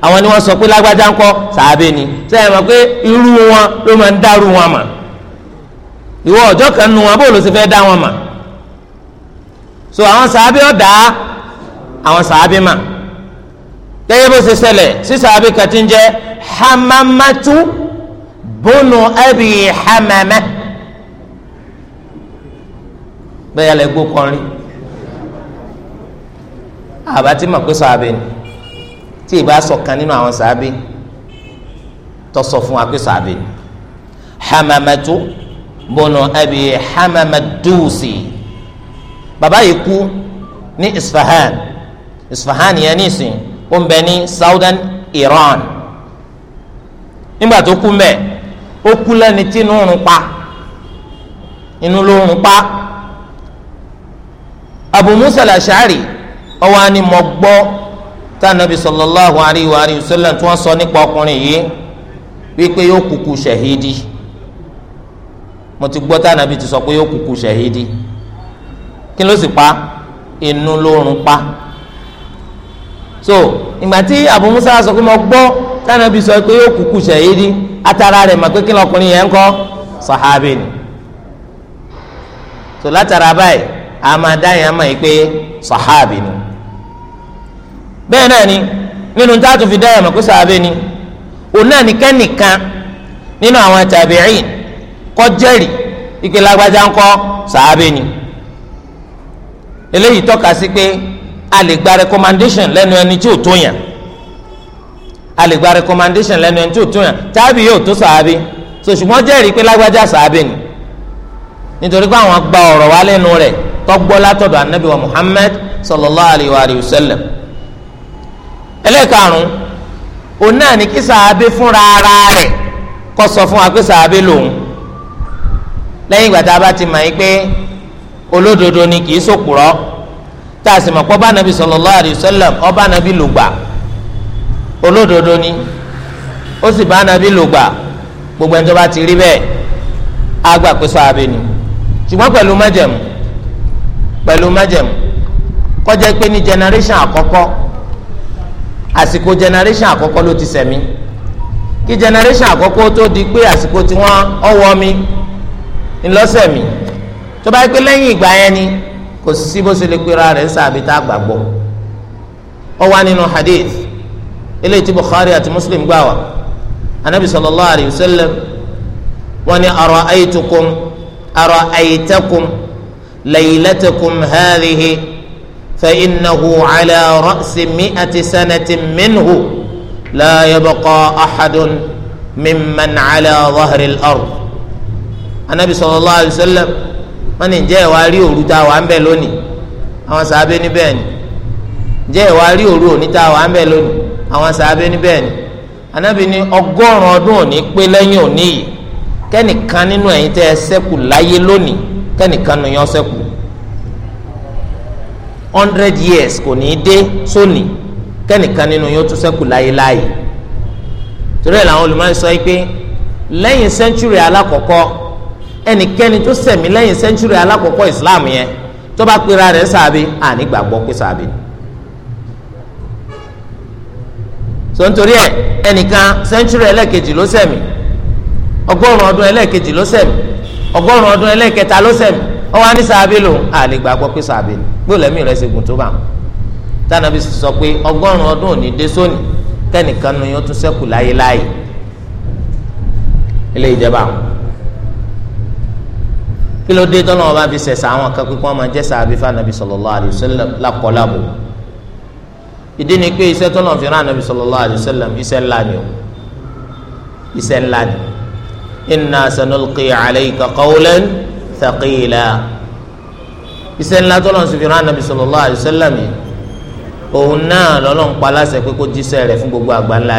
àwọn ni wọ́n sọ pé lágbájá ńkọ́ sàábé ni sẹ́yìn mọ̀ pé irú wọn ló máa ń dárú wọn mọ̀ ìwọ ọjọ́ kan nu wọn bó ló ṣe fẹ́ dá wọn mà so àwọn sàábì ọ̀dà àwọn sàábì mà gẹ́gẹ́ bó ṣe ṣẹlẹ̀ sí sàábì kan tí ń jẹ́ hamamatu bunu abi hamama bẹ́ẹ̀ yàrá ẹgbó kọrin àbá tí mà pé sàábì ni tí ìbá sọ̀kan nínú àwọn sàábì tó sọ fún wa pé sàábì hamamatu bọ́nù abi hamamadusi bàbá yìí kú ní isfahan isfahan yẹn nísìn ó ń bẹ ní southern iran nígbà tó kú mbẹ ó kú lẹ́ni tí inú ń pa inú ló ń pa abu musa al-ashari ọwọ́ á ní mọ̀ gbọ́ tánàbí sallallahu alayhi wa sallam tí wọ́n sọ nípa ọkùnrin yìí wípé yóò kúkú ṣahidi mo ti gbọ́ tànàbí ti sọ pé yóò kúkú ṣẹ̀hídì kí ló sì pa inú lórun pa so ìgbà tí Abu Musa sọ pé mo gbọ́ tànàbí sọ pé yóò kúkú ṣẹ̀hídì atara rẹ̀ mà pé kí lọkùnrin yẹn ń kọ́ sahabi ni so látara báyìí a máa dá yẹn a máa yí pé sahabi ni bẹ́ẹ̀ náà ni nínú táàtù fi dá yẹn mà pé sahabi ni òun náà ni kẹ́nìkan nínú àwọn tàbíìn kọjẹ́rì ike lágbájá ńkọ́ sàábẹ́ ni eléyìí tọ́ka sí pé a lè gba recommendation lẹ́nu ẹni tí ò tó yàn a lè gba recommendation lẹ́nu ẹni tí ò tó yàn tàbí yóò tó sàábẹ́ so ṣùgbọ́n jẹ́rìí pé lágbájá sàábẹ́ ni nítorí pé àwọn gba ọ̀rọ̀ wa lẹ́nu rẹ̀ tọ́gbọ́ látọ̀dọ̀ anabi wa Muhammad sallallahu alayhi wa sallam ẹlẹ́ẹ̀karùn-ún òun náà ní kí sàábẹ́ fúnra ara rẹ̀ kó sọ fún wa pé sàábẹ́ lòun lẹ́yìn ìgbà tá a bá ti mọ̀ yín pé olódodo ni kì í sòkùrọ́ tá a sì mọ̀ pé ọba nàbí sallallahu alaihi wasallam ọba nàbí lùgbà olódodo ni ó sì bá nàbí lùgbà gbogbo ẹni tó bá ti rí bẹ́ẹ̀ á gbà pé sọ abẹ ni ṣùgbọ́n pẹ̀lú májẹ̀mú pẹ̀lú májẹ̀mú kó pé ní generation àkọ́kọ́ àsìkò generation àkọ́kọ́ ló ti ṣẹ̀mí kí generation àkọ́kọ́ tó di pé àsìkò tí wọ́n ọwọ́ mi ńlọ́sẹ̀ mi tó bá yẹ pé lẹ́yìn ìgbà yẹn ni kò sí bó ṣe lè pera rẹ̀ sàbí tá a gbàgbọ́ ọ wá nínú hadith eléyìí tí Bukhari àti Muslim gbà wá anabi sallallahu alayhi wa sallam wọ́n ní ara'aytukum ara'aytakum laylatakum hadhihi fa innahu ala ra'si mi'ati sanatin minhu la yabqa ahadun mimman ala dhahri al anabi sallallahu alaihi wasallam wọn ní ǹjẹ́ ìwà rí òru tá a wà ń bẹ̀ lónìí àwọn sàábé ní bẹ́ẹ̀ ni ǹjẹ́ ìwà rí òru òní tá a wà ń bẹ̀ lónìí àwọn sàábé ní bẹ́ẹ̀ ni anabi ní ọgọ́rùn ọdún òní pé lẹ́yìn òní yìí kẹ́nìkan nínú ẹ̀yin tẹ́ ẹ ṣẹ́kù láyé lónìí kẹ́nìkan nínú yẹn ṣẹ́kù hundred years kò ní í dé sóni kẹ́nìkan nínú yẹn ó tún ṣẹ́kù láyé láyé torí ẹ̀ làwọn olùmọ̀ sọ yìí pé lẹ́yìn sẹ́ńtúrì alákọ̀ọ́kọ́ ẹnikẹ́ni tó sẹ̀mí lẹ́yìn sẹ́ńtúrì alákọ̀ọ́kọ́ islam yẹn tó bá pera rẹ̀ sàbí pé sàbí. sọ nítorí ẹ ẹnìkan sẹ́ńtúrì ẹlẹ́kejì ló sẹ̀mí ọgọ́rùn ọdún ẹlẹ́ẹ̀kejì ló sẹ̀mí ọgọ́rùn ọdún ló sẹ̀mí wá ní pé sàbí rẹ̀ ṣe gùn tó bá sọ pé ọgọ́rùn kí ló dé tọ́lọ́ wọn bá fi sẹ̀sà àwọn kan pé kí wọ́n máa jẹ́ sàbí fún anabi sallallahu alaihi wasallam lákọ̀ọ́lábò ìdí ni pé iṣẹ́ tọ́lọ́ fi rán anabi sallallahu alaihi wasallam iṣẹ́ ńlá ni o iṣẹ́ ńlá ni inna sanulqi alayka qawlan thaqila iṣẹ́ ńlá tọ́lọ́ fi rán anabi sallallahu alaihi wasallam òun náà lọ́lọ́ ń pa láṣẹ pé kó jíṣẹ́ rẹ̀ fún gbogbo àgbáńlá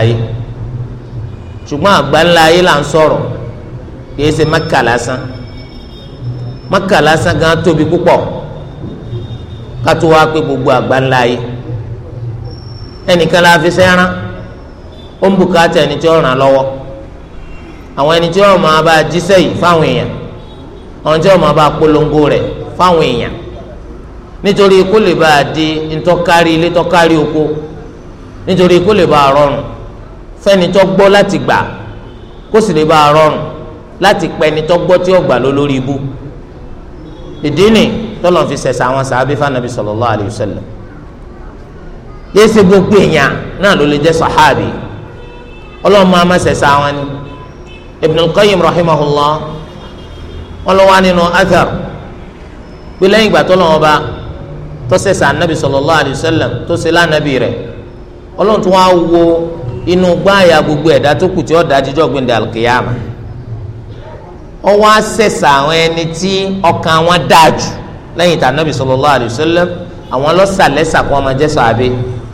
maka lásán gan tóbi púpọ̀ kátó wá pé gbogbo àgbáńlá yìí ẹnìkan la fi sẹ́ran ó ń bùkátà ẹni tí ó ràn lọ́wọ́ àwọn ẹni tí ó máa bá jíṣẹ́ yìí fáwọn èèyàn àwọn tí ó máa bá polongo rẹ̀ fáwọn èèyàn nítorí kó lè bá a di ntọ́kárí ilé tọ́kárí oko nítorí kó lè bá a rọrùn fẹ́ni tó gbọ́ láti gbà kó sì lè bá a rọrùn láti pẹ́ni tó gbọ́ tí ó gbà lọ ibú ìdí ni tọ́lọ̀ fi sẹ̀sẹ̀ àwọn sàábí fanabi sallallahu alayhi wa sallam yéésì gbogbo èèyàn náà ló lè jẹ́ sàhábì ọlọ́run máa ma sẹ̀sẹ̀ àwọn ni Ibn al-Qayyim rahimahullah ọlọ́wà nínú athar pé lẹ́yìn ìgbà tọ́lọ̀ wọn bá tọ́sẹ̀sẹ̀ anabi sallallahu alayhi wa sallam tó ṣe lánàbì rẹ̀ tó wá wo inú gbáàyà gbogbo ẹ̀dá tó kù tí ó dájú jọ́gbìn ó wá sẹ̀sà àwọn ẹni tí ọkàn wọn dáa jù lẹ́yìn tá anabi sallallahu alayhi wa sallam àwọn lọ́sàlẹ́sà kó wọn máa jẹ́ sàábé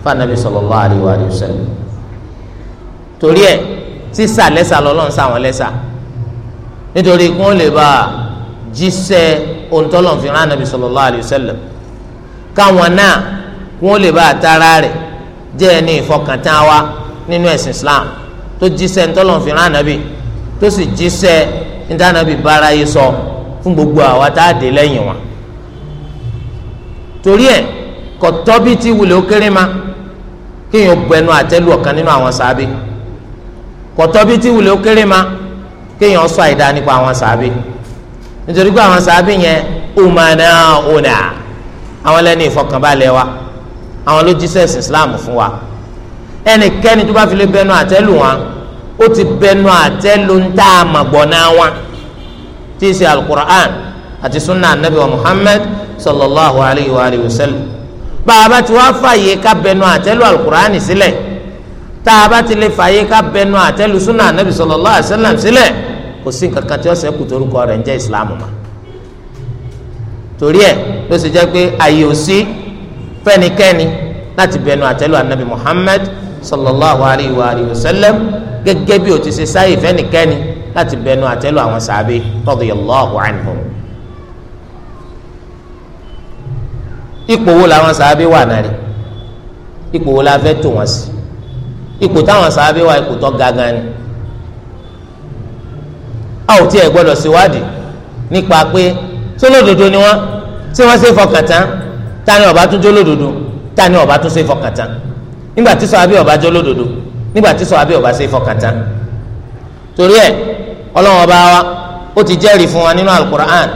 fún anabi sallallahu alayhi wa sallam torí ẹ̀ sísàlẹ́sà lọ́lọ́run sàwọn lẹ́sà nítorí kí wọ́n lè bá a jíṣẹ́ fi rán anabi sallallahu alayhi wa sallam káwọn náà kí wọ́n lè bá a tara rẹ̀ jẹ́ ẹni ìfọkàntán wa nínú ẹ̀sìn Islam tó jíṣẹ́ ntọ́lọ́n fi rán anabi níta ànábì bára yìí sọ fún gbogbo àwa tá a dé lẹ́yìn wọn torí ẹ̀ kọtọ bíi ti wulẹ̀ ó kéré ma kéèyàn bẹnu àtẹ́lù ọ̀kan nínú àwọn sàábé kọtọ bíi ti wulẹ̀ ó kéré ma kéèyàn sọ àìdá nípa àwọn sàábé nítorí pé àwọn sàábé yẹn ọmọdé ọ̀nà àwọn lẹ́ni ìfọkànbalẹ̀ wa àwọn ló jíṣẹ́ Islam fún wa ẹnikẹ́ni tó bá fi lè bẹnu àtẹ́lù wọn ó ti bẹnu àtẹ́ ló ń tá a mà gbọ́ náà wá tí í ṣe alukur'an àti sunna anabi wa muhammad sallallahu alayhi wa alayhi wa sallam bàbá tí wàá fààyè ká bẹnu àtẹ́ lu alukur'an sílẹ̀ tá a bá ti lè fààyè ká bẹnu àtẹ́ lu sunna anabi sallallahu alayhi wa sallam sílẹ̀ kò sí nǹkan kan tí ó ṣẹ́kù torúkọ rẹ̀ ń jẹ́ ìsìlámù ma torí ẹ̀ ló ṣe jẹ́ pé àyè ò sí fẹ́nikẹ́ni láti bẹnu àtẹ́ lu anabi muhammad sallallahu alayhi wa sallam gẹ́gẹ́ bí o ti ṣe sáyè fẹ́nikẹ́ni láti bẹnu àtẹ́lu àwọn sàbẹ radiyallahu anhum. ipò wo làwọn sàbẹ wà náà rí ipò wo la fẹ́ tó wọn sí ipò táwọn sàbẹ wà ipò tó gángan ni. a ò tiẹ̀ gbọ́dọ̀ ṣèwádìí nípa pé sólódodo ni wọ́n tí wọ́n ṣe fọkàn tán ta ọba tún jólódodo ta ni ọba tún ṣe fọkàn nígbà tí sàbẹ ọba jólódodo. So nígbà tí sọ abẹ́ ọba ṣe fọkàntán torí ẹ ọlọ́wọ́n bá wa ó ti jẹ́rìí fún wa nínú alukur'an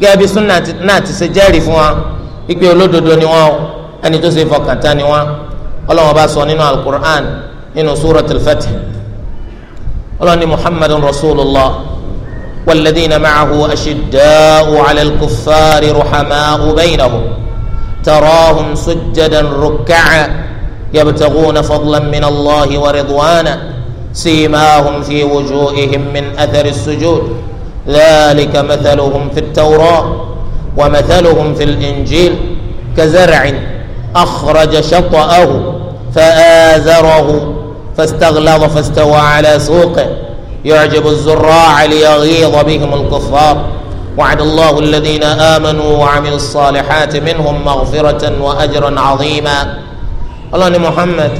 gẹ́gẹ́ bí sunna náà ti ṣe jẹ́rìí fún wa ìpè olódodo ni wọn ẹni tó ṣe fọkàntán ni wọn ọlọ́wọ́n bá sọ nínú alukur'an nínú suratul Fath ọlọ́ni muhammadun rasulillah والذين معه أشداء على الكفار رحماء بينهم تراهم سجدا ركعا يبتغون فضلا من الله ورضوانا سيماهم في وجوههم من اثر السجود ذلك مثلهم في التوراه ومثلهم في الانجيل كزرع اخرج شطاه فازره فاستغلظ فاستوى على سوقه يعجب الزراع ليغيظ بهم الكفار وعد الله الذين امنوا وعملوا الصالحات منهم مغفره واجرا عظيما ọlọ́run ní muhammed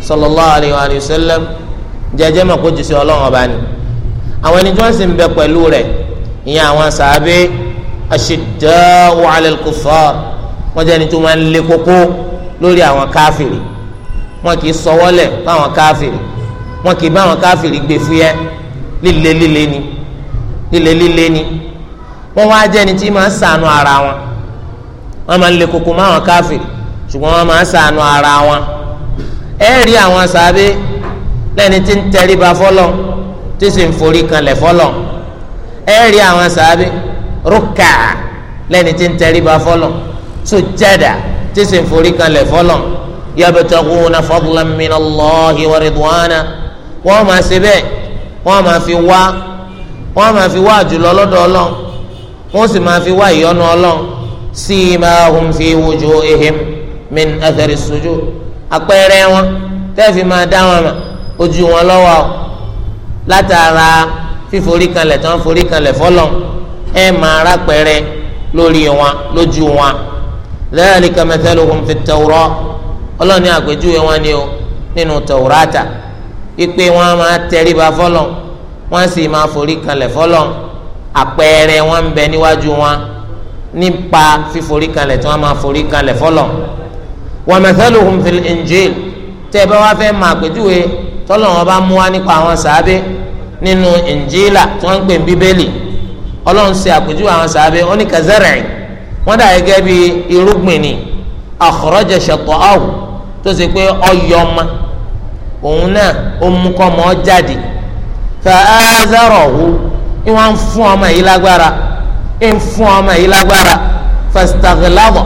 sallallahu alayhi wa sallam jẹjẹ mọ̀ kó jùsí ọlọ́run ọba ni àwọn ẹni tí wọ́n sì ń bẹ pẹ̀lú rẹ̀ ìyẹn àwọn sàábé ashidda'u 'ala al-kuffar wọ́n jẹ́ ẹni tó máa ń lé kókó lórí àwọn káfìrì wọn kì í sọwọ́lẹ̀ báwọn káfìrì wọn kì í báwọn káfìrì gbé fúyẹ́ líle líle ni líle líle ni wọ́n wá jẹ́ ẹni tí máa ń ṣàánú ara wọn wọ́n máa ń lé kókó máwọn káfìrì ṣùgbọ́n wọ́n máa ń sànù ara wọn ẹ rí àwọn sàbẹ lẹ́ni tí ń tẹríba fọlọ́ tí sì ń forí kanlẹ̀ fọlọ́ ẹ rí àwọn sàbẹ rúkà lẹ́ni tí ń tẹríba fọlọ́ sùjádà tí sì ń forí kanlẹ̀ fọlọ́ yabtaguna fadlan minallahi wa ridwana wọ́n máa ṣe bẹ́ẹ̀ wọ́n máa fi wá wọ́n máa fi wá àjùlọ lọ́dọ̀ Ọlọ́run wọ́n sì máa fi wá ìyọ́nú Ọlọ́run simahum fi wujuhihim min athari sujud àpẹẹrẹ wọn tẹ́ẹ̀fì máa dá wọn mà ojú wọn lọ́wọ́ o látara fíforí kanlẹ̀ tí wọ́n forí kanlẹ̀ fọlọ́ ẹ máa rà pẹ̀rẹ̀ lórí wọn lójú wọn dhalika mathaluhum fi at-Tawrah ọlọ́ọ̀ni àpèjúwe wọn ni o nínú Tawrata ipe wọn máa tẹríba fọlọ́ wọn sì máa forí kanlẹ̀ fọlọ́ àpẹẹrẹ wọn ń níwájú wọn nípa fíforí kanlẹ̀ tí wọ́n máa forí kanlẹ̀ fọlọ́ wa mathaluhum fil injil tẹ́ ẹ bá wá fẹ́ máa pèjúwe tọ́lọ́wọ́n bá mú wá nípa àwọn sàábé nínú injila tí wọ́n ń pè bíbélì ọlọ́run ṣe àpèjúwe àwọn sàábé ó ní kazar'i wọ́n dà gẹ́gẹ́ bí irúgbìn ni akhraja shata'ahu tó ṣe pé ọyọ òun náà ó mú kọ́ ọmọ jáde fa'azarahu ni fún ọmọ yìí lágbára ń fún ọmọ yìí lágbára fastaghlaba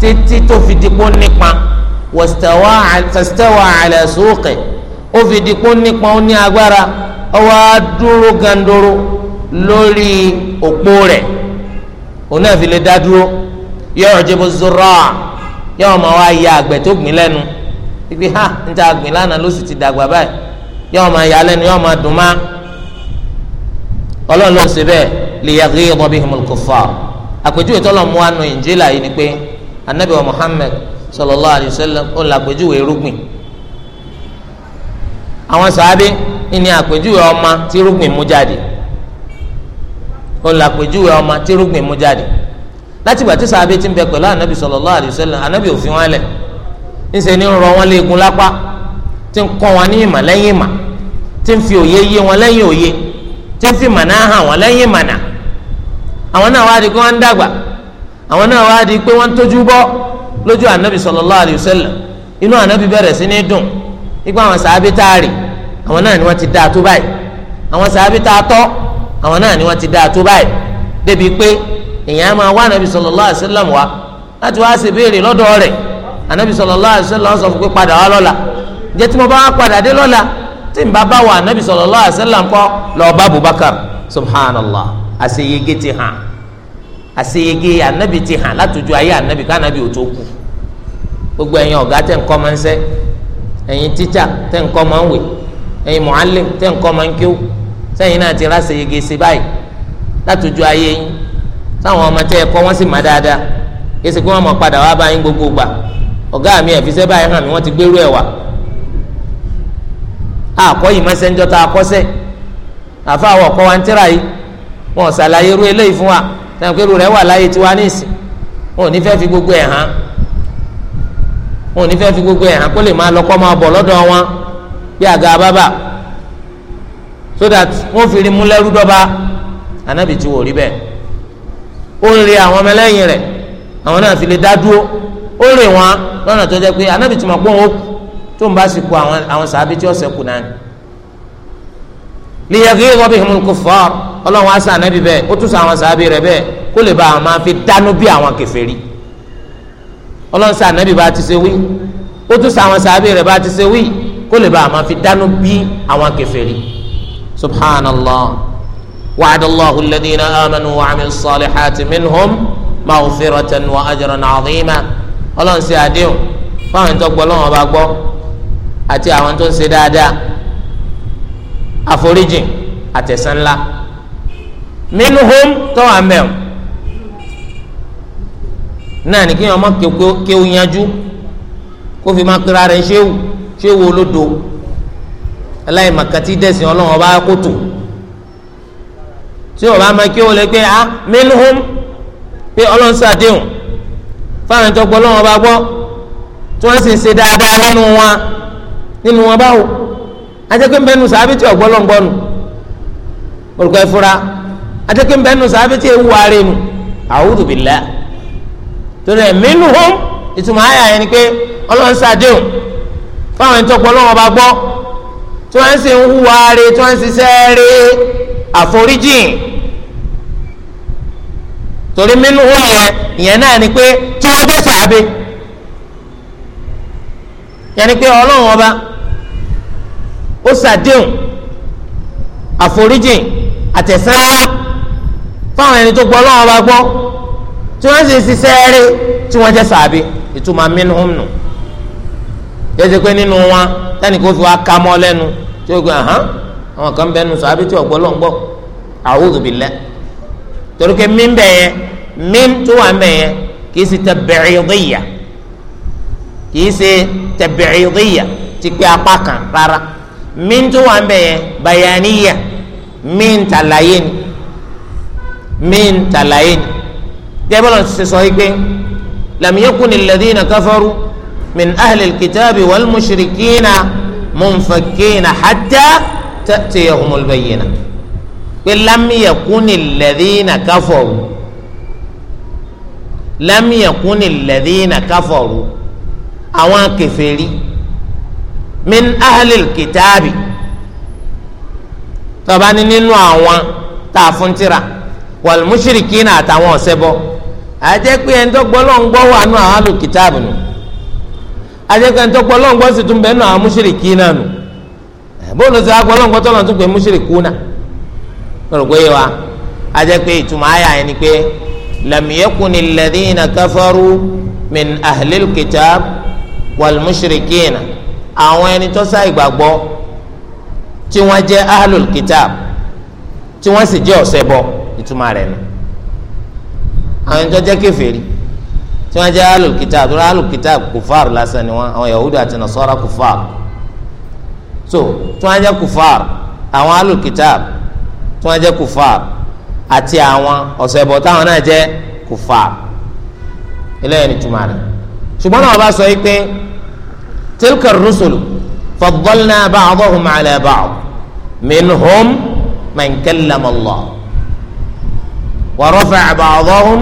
títí tó fi dikpó nípa wàstáwà àlẹ sókè ó fi dikpó nípa ó ní agbára ó wá dúró gandoro lórí òpó rẹ̀ òun náà fi lè dá dúró yóò jẹ́ bó zoro yóò máa wá ya àgbẹ̀ tó gbìn lẹ́nu ibi ha ń ta gbìn lánàá ló sì ti dàgbà báyìí yóò máa ya lẹ́nu yóò máa dùn má ọlọ́run ló ń ṣe bẹ́ẹ̀ lè yàgé ọmọ bíi himul kò fà àpèjúwe tọ́lọ̀ mú wa nù yìí ni pé anabi wa muhammed sallallahu alayhi wa sallam ó làpèjúwe irúgbìn àwọn sàábé ní àpèjúwe ọmọ tí irúgbìn mú jáde ó làpèjúwe ọmọ tí irúgbìn mú jáde láti ìgbà tí sàábé ti ń bẹ pẹ̀lú anabi sallallahu alayhi wa sallam anabi òfin wọn lẹ̀ ńṣe ní rọ wọn léegun lápá tí ń kọ́ wọn ní ìmọ̀ lẹ́yìn ìmọ̀ tí ń fi òye yé wọn lẹ́yìn òye tí ń fi mànà hàn wọn lẹ́yìn mànà àwọn náà wá di kí wọ́n ń dàgbà àwọn náà wá di pé wọ́n ń tójú bọ́ lójú ànábì sallallahu alayhi wa sallam inú ànábì bẹ̀rẹ̀ sí ní dùn nígbà àwọn sàábí tá a rì àwọn náà ni wọ́n ti dá a tó báyìí àwọn sàábí tá a tọ́ àwọn náà ni wọ́n ti dá a tó báyìí débi pé èèyàn á máa wá ànábì sallallahu alayhi wa wá láti wá ṣe béèrè lọ́dọ̀ rẹ̀ ànábì sallallahu alayhi wa sallam sọ fún pé padà wá lọ́la àṣeyege anabi ti hàn látọjú ayé anabi kánabi ò tó kù gbogbo ẹ̀yin ọ̀gá tẹ̀ ń kọ́ máa ń sẹ́ ẹ̀yin títsà tẹ̀ ń kọ́ máa ń wè ẹ̀yin mu'allim tẹ̀ ń kọ́ máa ń kíw sẹ́yìn náà ti rà àṣeyege sí báyìí látọjú ayé yín táwọn ọmọ tẹ́ ẹ kọ́ wọ́n sì má dáadáa kí ẹsẹ̀ kí wọ́n mọ̀ padà wá báyìí gbogbo gbà ọ̀gá mi ẹ̀ fi sẹ́ báyìí hàn mí wọ́n ti gbérú ẹ̀ wà àkọ́yìí mẹ́sẹ̀ńjọ́ tá a kọ́sẹ̀ àfa àwọn ọ̀kọ́ wa ń tẹ́ra yìí wọ́n ṣàlàyé irú eléyìí fún wa náà pẹ̀lú rẹ̀ wà láyé tiwa nísìn wọn ò ní fẹ́ fi gbogbo ẹ̀ hàn wọn ò ní fẹ́ fi gbogbo ẹ̀ hàn kó lè máa lọ́kọ́ máa bọ̀ lọ́dọ̀ wọn bí àga bábà so that wọn fi rí múlẹ́rú dọ́ba ànábì tí wò rí bẹ́ẹ̀ ó ń rí àwọn ọmọlẹ́yìn rẹ̀ àwọn náà fi lè dá dúró ó rè wọn lọ́nà tó jẹ́ pé ànábì tí mo gbọ́ wọn ó kú tó ń bá sì kú àwọn sàábí tí ó sẹ́kù náà ni liyaghiza bihimul kuffar ọlọ́run á sàn nábì bẹ́ẹ̀ ó tún sàn àwọn sàábì rẹ̀ bẹ́ẹ̀ kó lè ba àwọn máa fi dánú bí àwọn kèfèrí ọlọ́run sàn nábì bá ti ṣe wí ó tún sàn àwọn sàábì rẹ̀ bá ti ṣe wí kó lè ba àwọn máa fi dánú bí àwọn kèfèrí subhanallah wa'adallahu alladhina amanu wa 'amilus salihati minhum maghfiratan wa ajran 'azima ọlọ́run ṣe àdéhùn fáwọn ìtọ́gbọ́ ọlọ́run ọba gbọ́ àti àwọn tó ń ṣe dáadáa àforíjìn àtẹ̀sán ńlá minhum tó wà mẹ́ o náà ní kí wọn má kéwú yanjú kó fi máa pera rẹ̀ ṣéwù ṣéwù olódo aláìmọ̀kàtí dẹ̀sìn ọlọ́run ọba kótó tí wọn bá máa kéwú lẹ pé ah minhum pé ọlọ́run ṣàdéhùn fáwọn ìjọgbọ́ ọlọ́run ọba gbọ́ tí wọ́n sì ń ṣe dáadáa nínú wọn nínú wọn báwo àtẹkùn bẹnu sàbí tí ọgbọlọgbọnu olùkọ́ ìfura àtẹkùn bẹnu sàbí tí ewu ààrẹ nu a'udhu billah torí ẹ̀ minhum ìtumọ̀ ayà yẹn ni pé ọlọ́run ṣàdéhùn fáwọn ìtọ́pọ̀ ọlọ́run ọba gbọ́ tí wọ́n ń sìn hùwà rè tí wọ́n ń ṣiṣẹ́ rè àforíjìn torí minhum yẹn ìyẹn náà ni pé tí wọ́n dé sàbí yẹn ni pé ọlọ́run ọba ó ṣàdéhùn àforíjìn àtẹ̀sánlá fáwọn ẹni tó gbọ́ lọ́wọ́ bá gbọ́ tí wọ́n sì ń ṣiṣẹ́ eré tí wọ́n jẹ́ sàbí ìtumọ̀ minhum nù yẹ́sẹ̀ pé nínú wọn tani kò fi wá ka mọ́ lẹ́nu tí ó gbé ahán àwọn kan bẹ́ẹ̀ nù sàbí tí ọ̀gbọ́ lọ́n gbọ́ a'udhu billah torí pé mí bẹ̀ yẹn mí tó wà bẹ̀ yẹn kì í ṣe tab'idiyya kì í ṣe tab'idiyya ti pé apá kan rárá min tó wà ń bẹ̀ yẹn bayaniya min tàlàyé ni min tàlàyé ni jẹ́bọ́lọ́ ti sọ yìí pé lam yakuni alladhina kafaru min ahli alkitabi wal mushrikina munfakina hatta ta'tiyahumul bayyina pé lam yakuni kafaru lam yakuni kafaru àwọn kèfèrí min ahlil kitaabi tọba ni nínú àwọn tá a fún tira wal mushrikina àtàwọn ọ̀sẹ̀bọ àjẹpẹ́ ẹni tó gbọ́ lọ́n gbọ́ wà nù àwọn ahlil kitaabi nù àjẹpẹ́ ẹni tó gbọ́ lọ́n gbọ́ sì tún bẹ́ẹ̀ nù àwọn mushrikina nù bóòlù sí agbọ́ lọ́n tún pé mushrikuna lọ́rọ̀ wa àjẹpẹ́ ìtumọ̀ ayà yẹn ni pé lam yakuni alladhina min ahlil kitaab wal mushrikina àwọn ẹni tó sá ìgbàgbọ́ tí wọ́n jẹ́ ahlul kitab tí wọ́n sì jẹ́ ọ̀sẹ̀ bọ ìtumọ̀ rẹ̀ nù àwọn ẹni tó jẹ́ kèfèrí tí wọ́n jẹ́ ahlul kitab tó ahlul kitab kufar lásán ni wọ́n àwọn yahudu àti nasara kufar so tí wọ́n jẹ́ kufar àwọn ahlul kitab tí wọ́n jẹ́ kufar àti àwọn ọ̀sẹ̀ bọ táwọn náà jẹ́ kufar ilé ẹni túmọ̀ rẹ̀ ṣùgbọ́n náà wọ́n bá sọ yìí pé tilka rusulu faddalna ba'dahum ala ba'd minhum man kallama Allah wa rafa'a ba'dahum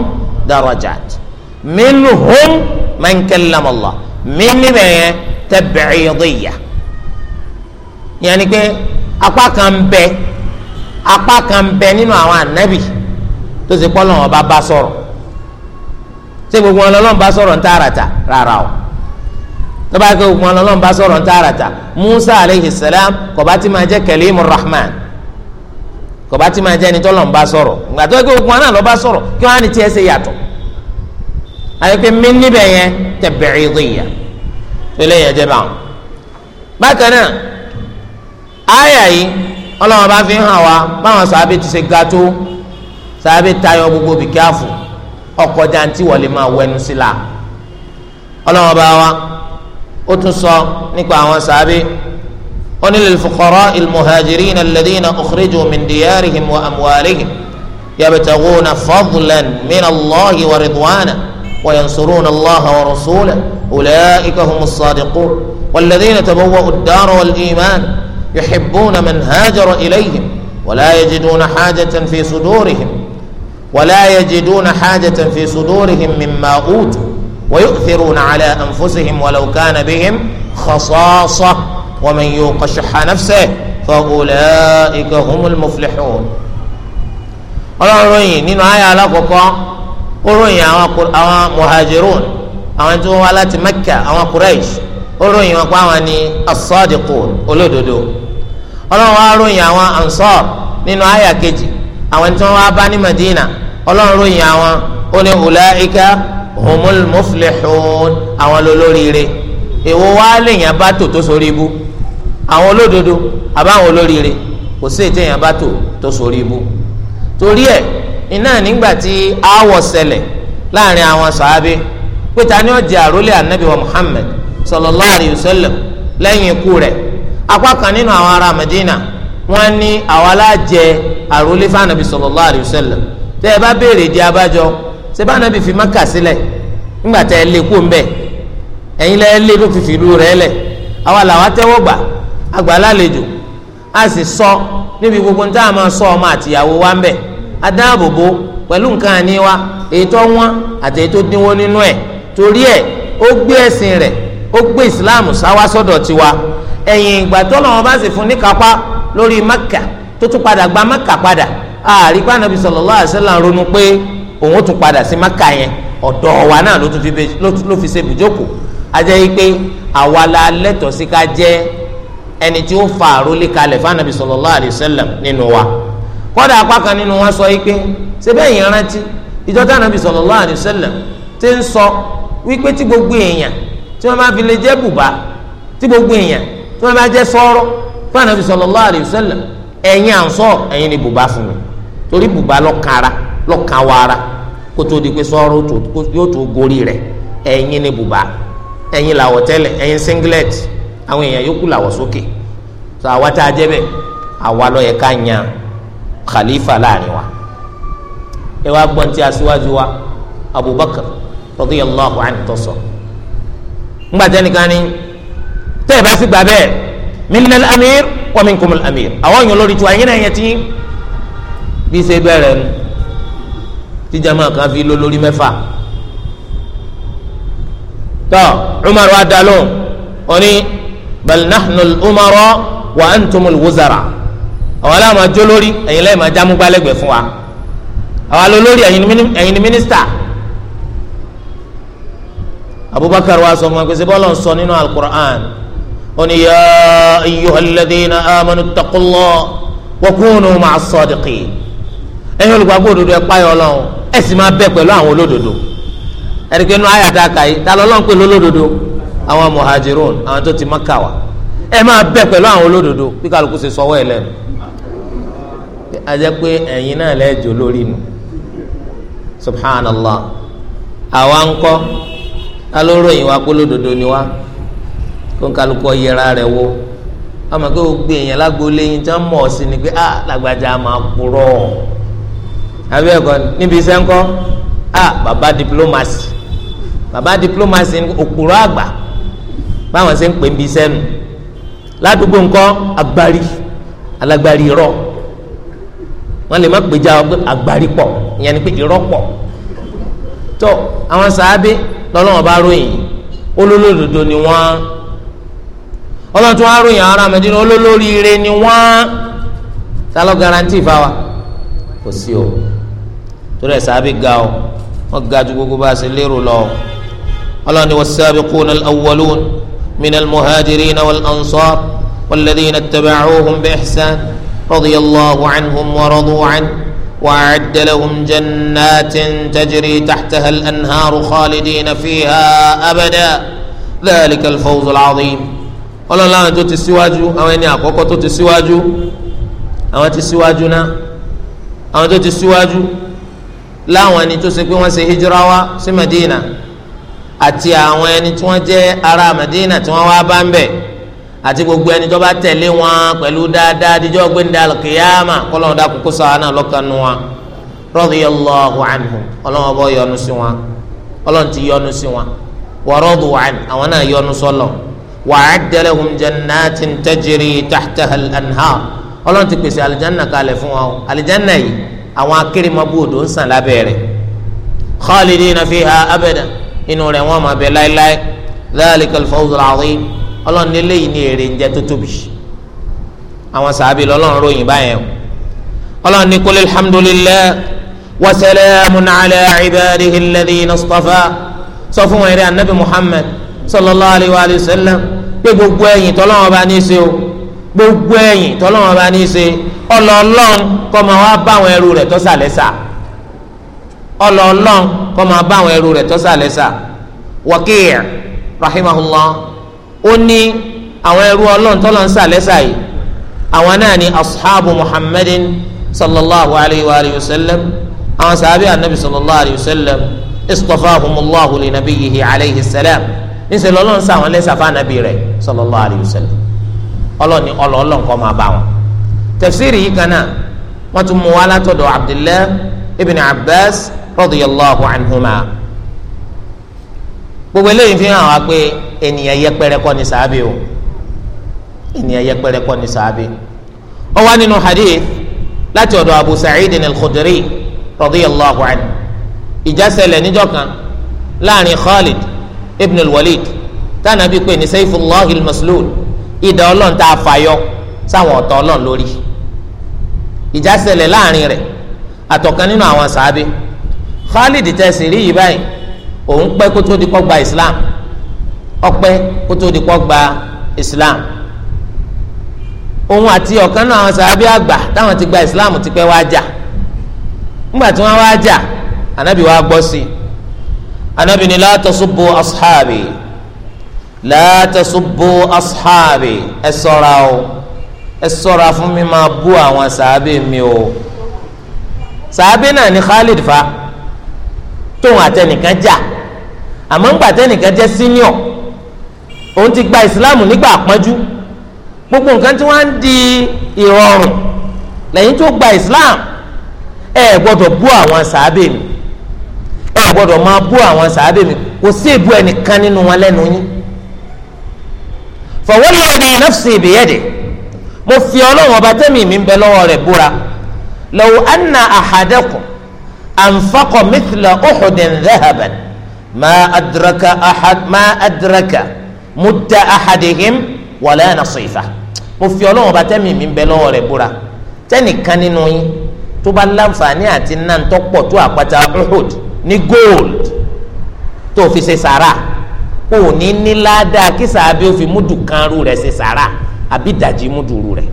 darajat minhum man kallama Allah min níbẹ̀ yẹn tab'idiyya yẹn ni pé apá kan ń bẹ apá kan ń bẹ nínú àwọn ànábì tó ṣe pé Ọlọ́run bá bá sọ̀rọ̀ ṣé gbogbo Ọlọ́run bá sọ̀rọ̀ ń tààràtà rárá o tọ́ba kẹ́ ogun ọlọ́run bá sọ̀rọ̀ tààràtà musa aleyhi salam kò bá ti máa jẹ́ kẹlímù rahman kò bá ti máa jẹ́ ẹni tọ́lọ̀ ń bá sọ̀rọ̀ ìgbà tó kẹ́ ogun ọlọ́run bá sọ̀rọ̀ kí wọ́n á ní tiẹ̀ ṣe yàtọ̀ àyẹ̀pẹ̀ mi níbẹ̀ yẹn tẹ̀bẹ̀rẹ̀ ìdíyà ilé yẹn jẹ́ báwọn. bákan náà àyà yìí ọlọ́run bá fi hàn wá báwọn sàábẹ̀ ti ṣe ga tó sàábẹ̀ tayọ gbogbo bìkẹ́ àfọ̀ ọkọ̀ jantí wọlé máa wẹnu sí ọlọ́run bá wa. ó tún sọ nípa àwọn sàábé ó ní lil fuqara'i al-muhajirina alladhina ukhriju min diyarihim wa amwalihim yabtaghuna fadlan min Allahi wa ridwana wa yansuruna Allaha wa rasulahu ulaika humus sadiqun walladhina tabawwa'u ad-dara wal-iman yuhibbuna man hajara ilayhim ولا يجدون حاجة في صدورهم ولا يجدون حاجة في صدورهم مما أوتوا ويؤثرون على أنفسهم ولو كان بهم خصاصة ومن يوق شح نفسه فأولئك هم المفلحون Ọlọ́run yìí nínú àyà alákọ̀ọ́kọ́ ó ròyìn àwọn muhajirun àwọn tí wọ́n wá láti Mẹ́kà àwọn Quraysh ó ròyìn wọn pé àwọn ni as-sadiqun olódodo Ọlọ́run wá ròyìn àwọn ansar nínú àyà kejì àwọn tí wá bá ní Madina Ọlọ́run ròyìn àwọn ó ní ulaika humul muflihun àwọn olóríire èwo wá lèèyàn bá tò tó sórí ibú àwọn olódodo àbáwọn olóríire kò sí ètò èèyàn bá tò tó sórí ibú torí ẹ iná nígbà tí aáwọ̀ ṣẹlẹ̀ láàrin àwọn sàábé pé ta ni ó jẹ àrólé ànábì wa Muhammad sallallahu alayhi wa sallam lẹ́yìn ikú rẹ̀ apá kan nínú àwọn ará Madina wọ́n ní àwa la jẹ fún ànábì sallallahu alayhi wa sallam tẹ́ ẹ bá béèrè di abájọ sẹbẹ fi maka sílẹ̀ ńgbà tẹ ẹ lé kó ń ẹ̀yin lẹ lé tó fi fìlú rẹ̀ lẹ àwa làwa tẹ́wọ́ gbà àgbà lálejò a sì sọ níbi gbogbo ní tá sọ ọmọ àtìyàwó wa ń bẹ adáàbòbò pẹ̀lú nǹkan àní ètò wọn àti ètò dínwó nínú ẹ̀ torí ẹ̀ ó gbé ẹ̀sìn rẹ̀ ó gbé ìsìláàmù sáwá tiwa ẹ̀yìn ìgbà tó lọ́wọ́ bá sì fún maka tó maka padà nàbì òun tún padà sí maka yẹn ọ̀dọ̀ ọ̀wà náà ló tún fi ló fi ṣe bùjókò ajẹ́ yìí pé àwa la lẹ́tọ̀ọ́ sí ká jẹ́ ẹni tí ó fa àrólé kalẹ̀ fún anabi sallallahu nínú wa kọ́dà apá kan nínú wa sọ yìí pé ṣe bẹ́ẹ̀ yẹn rántí ìjọ tí anabi sallallahu alayhi ti gbogbo èèyàn tí wọ́n fi lè jẹ́ bùbá gbogbo lọ́kàn wàrà kó tó di pé sọ́ọ́rọ́ yóò tó gorí rẹ̀ ẹ̀yin ni bùbá ẹ̀yin làwọ̀ tẹ́lẹ̀ ẹ̀yin singlet àwọn èèyàn yòókù làwọ̀ sókè tó àwa tá a jẹ́ bẹ́ẹ̀ àwa ló ká yan khalifa láàrin wa ẹ wá gbọ́n tí aṣíwájú wa abubakar radiyallahu anhu tó sọ ńgbàtẹ́ nìkan ni tẹ́ ẹ bá sì gbà bẹ́ẹ̀ minna amir wa minkum amir àwọn yòó lórí tiwa ẹ̀yin náà yẹ ti bí ṣe bẹ̀rẹ̀ nu tíjàmá kan fi ló lórí mẹ́fà tọ́ umar wa dá lóhùn oní bal nahnu al-umara wa antumul wuzara àwọn aláwọ̀ máa jó lórí ẹ̀yin lẹ́yìn máa jámú gbálẹ́gbẹ̀ fún wa àwọn alólórí ẹ̀yin ni mínísítà abubakar wa sọ fún wa pé sẹ́bọ́ lọ́n sọ nínú al-Qur'an oní ya ayyuhalladhina amanu ttaqullah wa kunu maas ẹ̀yin olùgbàgbọ́ òdodo ẹ páyọ Ọlọ́run ẹ sì máa bẹ pẹ̀lú àwọn olódodo ẹnikẹ́ni nù ta lọ́lọ́run pẹ̀lú olódodo àwọn muhajirun àwọn tó ti Mákà wá ẹ máa bẹ pẹ̀lú àwọn olódodo bí kálukú ṣe sọwọ́ ẹ lẹ́nu ajẹ́ pé ẹ̀yin náà lẹ́jọ́ lórí nu subhanallah àwa ń kọ́ wá polódodo ni wá kó kálukú wo gbé lágbo àbí ẹ̀kọ́ níbi iṣẹ́ ńkọ́ ah baba diplomasi baba diplomasi òpùrọ̀ àgbà báwọn ṣe ń pè níbi iṣẹ́ nu ládùúgbò ńkọ́ agbárí alágbárí irọ́ wọ́n lè má gbèjà agbárí pọ̀ ìyẹn ni pé irọ́ pọ̀ tó àwọn sàábé lọ́lọ́wọ́n bá ròyìn olólòdodo ni wọ́n ọlọ́run tó wá ròyìn ara mẹ́tẹ́ni ni wọ́n sálọ́ garanti fáwa kò sí o torí ẹ̀ sábẹ́ ga o wọ́n ga ju gbogbo bá a ṣe lérò lọ o ọlọ́ni was-sabiquna al-awwalun mina al-muhajirina wal-ansar والذين اتبعوهم بإحسان رضي الله عنهم ورضوا عنه وأعد لهم جنات تجري تحتها الأنهار خالدين فيها أبدا ذلك الفوز العظيم ولا لا أنتو تسواجو أو إني أقوكو تسواجو أو تسواجنا أو تسواجو láwọn ẹni tó ṣe pé wọ́n ṣe hijira wá sí Madina àti àwọn ẹni tí wọ́n jẹ́ ará Madina tí wọ́n wá bá ń bẹ̀ àti gbogbo ẹni tó bá tẹ̀lé wọn pẹ̀lú dáadáa díjọ́ gbẹ̀ndà kìyàmà kọ́lọ́n dà kókó sàánà lọ́kànnù wọn radiyallahu anhum ọlọ́wọ́n bọ́ yọ́nú sí wọn ọlọ́run ti yọ́nú sí wọn wa radu àwọn náà yọ́nú sọ́lọ̀ wa'adda lahum jannatin tajri tahtaha al-anhar ọlọ́run ti pèsè alìjánná kalẹ̀ fún wọn alìjánná yìí àwọn akérèmọbù odò ń sàn lábẹ́ rẹ̀ khalidina fiha abadan inú rẹ̀ wọ́n máa bẹ láéláé dhalikal fawzul azim Ọlọ́run ní eléyìí ní èrè ń jẹ tó tóbi àwọn sàábì lọ́lọ́run ròyìn báyẹn o Ọlọ́run ní kulil hamdulillahi wa salamun ala ibadihi alladhina istafa sọ fún wọn eré anabi Muhammad sallallahu alayhi wa sallam gbogbo ẹ̀yìn tọ́lọ́wọ́n bá ní í ṣe o gbogbo ẹ̀yìn tọ́lọ́wọ́n bá ní í ṣe ọlọ́ọ̀lọ́n kọ́ máa wá bá àwọn ẹrú rẹ̀ tọ́sà lẹ́sà ọlọ́ọ̀lọ́n kọ́ máa bá àwọn ẹrú rẹ̀ tọ́sà lẹ́sà wọ́kìyà rahimahullah ó ní àwọn ẹrú ọlọ́ọ̀n tọ́lọ́ọ̀n sà lẹ́sà yìí àwọn náà ni ashabu muhammadin sallallahu alayhi wa sallam àwọn sàbẹ̀ anabi sallallahu alayhi wa sallam istafahumullahu li nabiyyihi alayhi salam ní sẹ́lọ́ọ̀lọ́n sà àwọn lẹ́sà fún anabi rẹ̀ sallallahu alayhi wa sallam ọlọ́ni ọlọ́ ọlọ́ nǹkan máa bá wọn. tafsiri yìí kan náà wọ́n tún mú wa látọ̀dọ̀ abdullah ibn abbas radiyallahu anhuma. gbogbo eléyìí fi hàn wá pé ènìyàn yẹpẹrẹ kọ́ ni sàábì o ènìyàn yẹpẹrẹ kọ́ ni sàábì. ó wá nínú hadith láti ọ̀dọ̀ abu sa'id al-khudri radiyallahu anhu. ìjà ṣẹlẹ̀ níjọ́ kan láàrin khalid ibn al-walid tánàbí pé ní sayfullahi al-maslul ìdá ọlọ́run tá a fàyọ sáwọn ọ̀tọ̀ ọlọ́run lórí ìjà ṣẹlẹ̀ láàrin rẹ̀ àtọ̀kan nínú àwọn sàábé Khalid tẹ̀sí rí yìí báyìí òun pẹ́ kó tó di kọ́ gba Islam ọpẹ́ kó tó di kọ́ gba Islam òun àti ọ̀kan náà àwọn sàábé àgbà táwọn ti gba Islam ti pẹ́ wá jà ńgbà tí wọ́n wá jà ànábì wá gbọ́ sí i ni la tasubbu ashabi la tasubbu ashabi ẹ ṣọ́ra o ẹ ṣọ́ra fún mi máa bú àwọn sàábì mi o sàábì náà ni Khalid fa tóun àtẹnìkan jà àmọ́ ńgbà tẹnìkan jẹ́ senior òun ti gba ìsìláàmù nígbà àpọ́njú gbogbo nǹkan tí wọ́n ń di ìrọ̀rùn lẹ́yìn tó gba ìsìláàmù ẹ gbọ́dọ̀ bú àwọn sàábì mi ẹ gbọ́dọ̀ máa bú àwọn sàábì mi kò sí èbú ẹnìkan nínú wọn lẹ́nu yín fọwọ́lẹ́dì nafsi ìbíyẹ̀dẹ̀ mo fi ọlọ́run ọba tẹ́mi mi ń bẹ lọ́wọ́ rẹ̀ búra lọ́wọ́ anna ahadakum anfaqa mithla uhudin dhahaban ma adraka ahad ma adraka mudda ahadihim wala nasifa mo fi ọlọ́run ọba tẹ́mi mi ń bẹ lọ́wọ́ rẹ̀ búra tẹ́nìkan nínú yín tó bá láǹfààní àti náà tó àpáta uhud ní gold tó fi ṣe sàrà o ní ní ládàá kí sàábé ó fi múdù kan ru rẹ̀ ṣe sàrà àbí dàjí múdù ru rẹ̀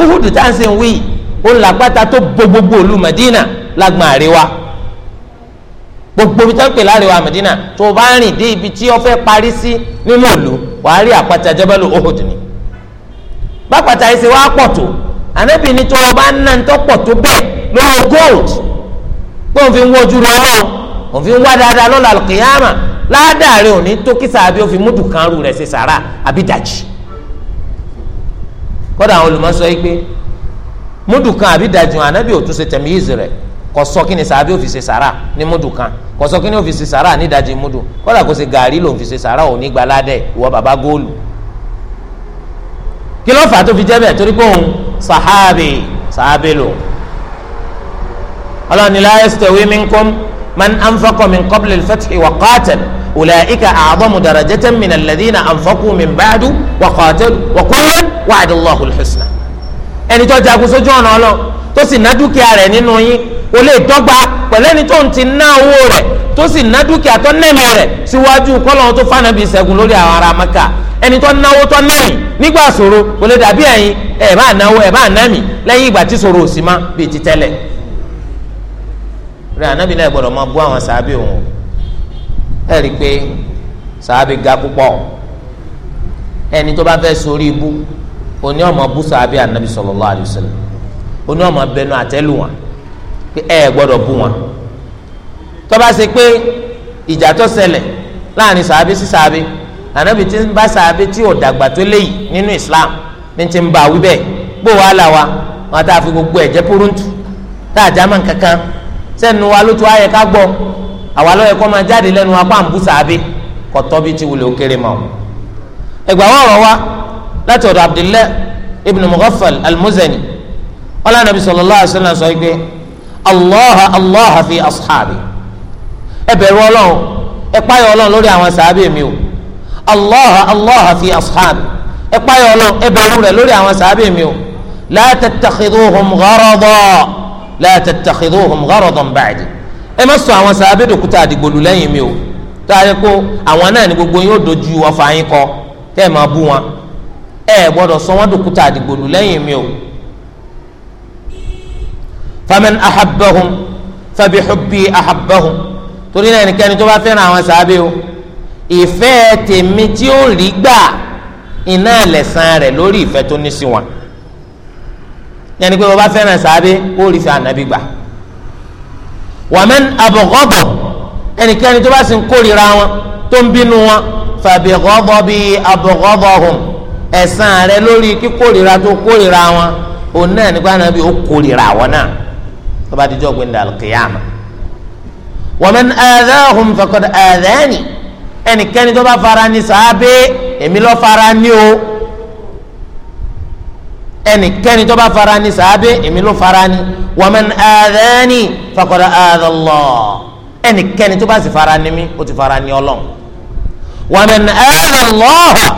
uhudu tá à ń sìn wí ó làgbàtà tó bo gbogbo ìlú Madina lágbọn àríwá gbogbo ibi tó ń pè láríwá Madina tó bá rìn dé ibi tí ó fẹ́ parí sí nínú ìlú wàá rí àpáta jabalu uhud ni bápàtà ẹsẹ̀ wàá pọ̀ tó ànábì ní tó o bá ń nà ń pọ̀ tó bẹ́ẹ̀ lọ́wọ́ gold pé òun fi ń wojú rẹ̀ ọlọ́run òun fi ń wá dáadáa lọ́la al-qiyama ládàáre òní tó kí sàbí ó fi múdù kan rú rẹ̀ ṣe sàrà àbí dàjì kódà àwọn olùmọ̀sọ yìí pé múdù kan àbí dàjì wọn ànábì òtún ṣe tẹ̀mí yìí rẹ̀ kò sọ kí ni sàbí ó fi ṣe sàrà ní múdù kan kò sọ kí ni ó fi ṣe sàrà ní dàjì múdù kódà kò ṣe gàrí ló ń fi ṣe sàrà òní gba ládẹ̀ ìwọ bàbá góòlù kí ló fà á tó fi jẹ́ bẹ́ẹ̀ torí pé òun sàhábì sàhábì lò ọlọ́ni la yastawi minkum من أنفق من قبل الفتح وقاتل، أولئك أعظم درجة من الذين أنفقوا من بعد وقاتلوا ba'du وعد الله wa kullan wa'ada Allahu al-husna ẹni tó jagun sójú ọ̀nà ọlọ́ tó sì ná dúkìá rẹ̀ nínú yín ó lè dọ́gba pẹ̀lú ẹni tó ń ti ná owó rẹ̀ tó sì ná dúkìá tó nẹ́mi rẹ̀ síwájú kọ́lọ́hún tó fànàbí ṣẹ́gun lórí àwọn ará Mẹ́kà ẹni tó náwó tó nẹ́mi nígbà ṣòro kò lè dàbí ẹ̀yin ẹ̀ bá náwó ẹ̀ bá nẹ́mi lẹ́yìn ìgbà tí ṣòro ò sí má bíi ti tẹ́lẹ̀ rẹ anabi náà gbọ́dọ̀ máa bú àwọn sàábì òun ẹ rí i pé sàábì ga púpọ̀ ẹni tó bá fẹ sórí ibú oní ọmọ bú sàábì anabi sọlọ lọ wasallam oní ọmọ bẹnu àtẹlù wọn pé ẹ gbọ́dọ̀ bú wọn tó bá ṣe pé ìjà tó ṣẹlẹ̀ láàrin sàábì sí sàábì anabi ti ń bá sàábì tí ò dàgbà islam ní ti ń bá wí wa wọn àtàfi gbogbo púrúǹtù tá sẹ́nu wa ló tún ayẹ ká gbọ́ àwa lọ́yẹ kọ́ máa jáde lẹ́nu apá ń bú sàábé kọ́tọ́ bí ti wulẹ̀ òkèrè mọ́. ẹgbà wọ́n rọ̀ wá láti ọ̀dọ̀ Abdullah ibn Mughaffal al-Muzani ọlá nàbí sallallahu alaihi wasallam sọ pé allah allah fi ashabi ẹ bẹ̀rù ọlọ́run ẹ páyọ̀ ọlọ́run lórí àwọn sàábé mi o allah allah fi ashabi ẹ páyọ̀ ọlọ́run ẹ bẹ̀rù rẹ̀ lórí àwọn sàábé mi o la tattakhiduhum la tattakhiduhum gharadan ba'di ẹ má sọ àwọn sàábẹ́ dòkúta àdìgbòlù lẹ́yìn mi o tó a yẹ kó àwọn náà ní gbogbo yín ó dojú ọfà yín kọ tẹ́ ẹ máa bú wọn ẹ gbọ́dọ̀ sọ wọn dòkúta àdìgbòlù lẹ́yìn mi o. faman ahabbahum fabi hubbi ahabbahum torí náà ẹnikẹ́ni tó bá fẹ́ràn àwọn sàábẹ́ o ìfẹ́ tèmi tí ó rí gbà iná ẹ̀lẹ́sàn rẹ̀ lórí ìfẹ́ tó ní sí wọn yẹnni pé bàbá fẹ́ràn sàábé ó rí fẹ́ ànábì gbà wàmẹ́n abọ̀gọ́bọ̀ ẹnikẹ́ni tó bá sì ń kórìíra wọn tó ń bínú wọn fàbíọ́gọ́bọ̀ bíi abọ̀gọ́bọ̀ hùn ẹ̀sán rẹ lórí kíkórìíra tó kórìíra wọn òun náà nípa ànábì ó kórìíra wọn náà tó bá dijọ́ gbé ndàlùkìyàmù wàmẹ́n àdáhùn fàkọ́dọ̀ àdáhìnì ẹnikẹ́ni tó bá fara ní sàábé èmi lọ́ fara ní o ẹnikẹ́ni tó bá fara ni sàábé èmi ló fara ni waman adani faqad adha Allah ẹnikẹ́ni tó bá sì fara ni mí ó ti fara ni ọlọ́run waman adha Allah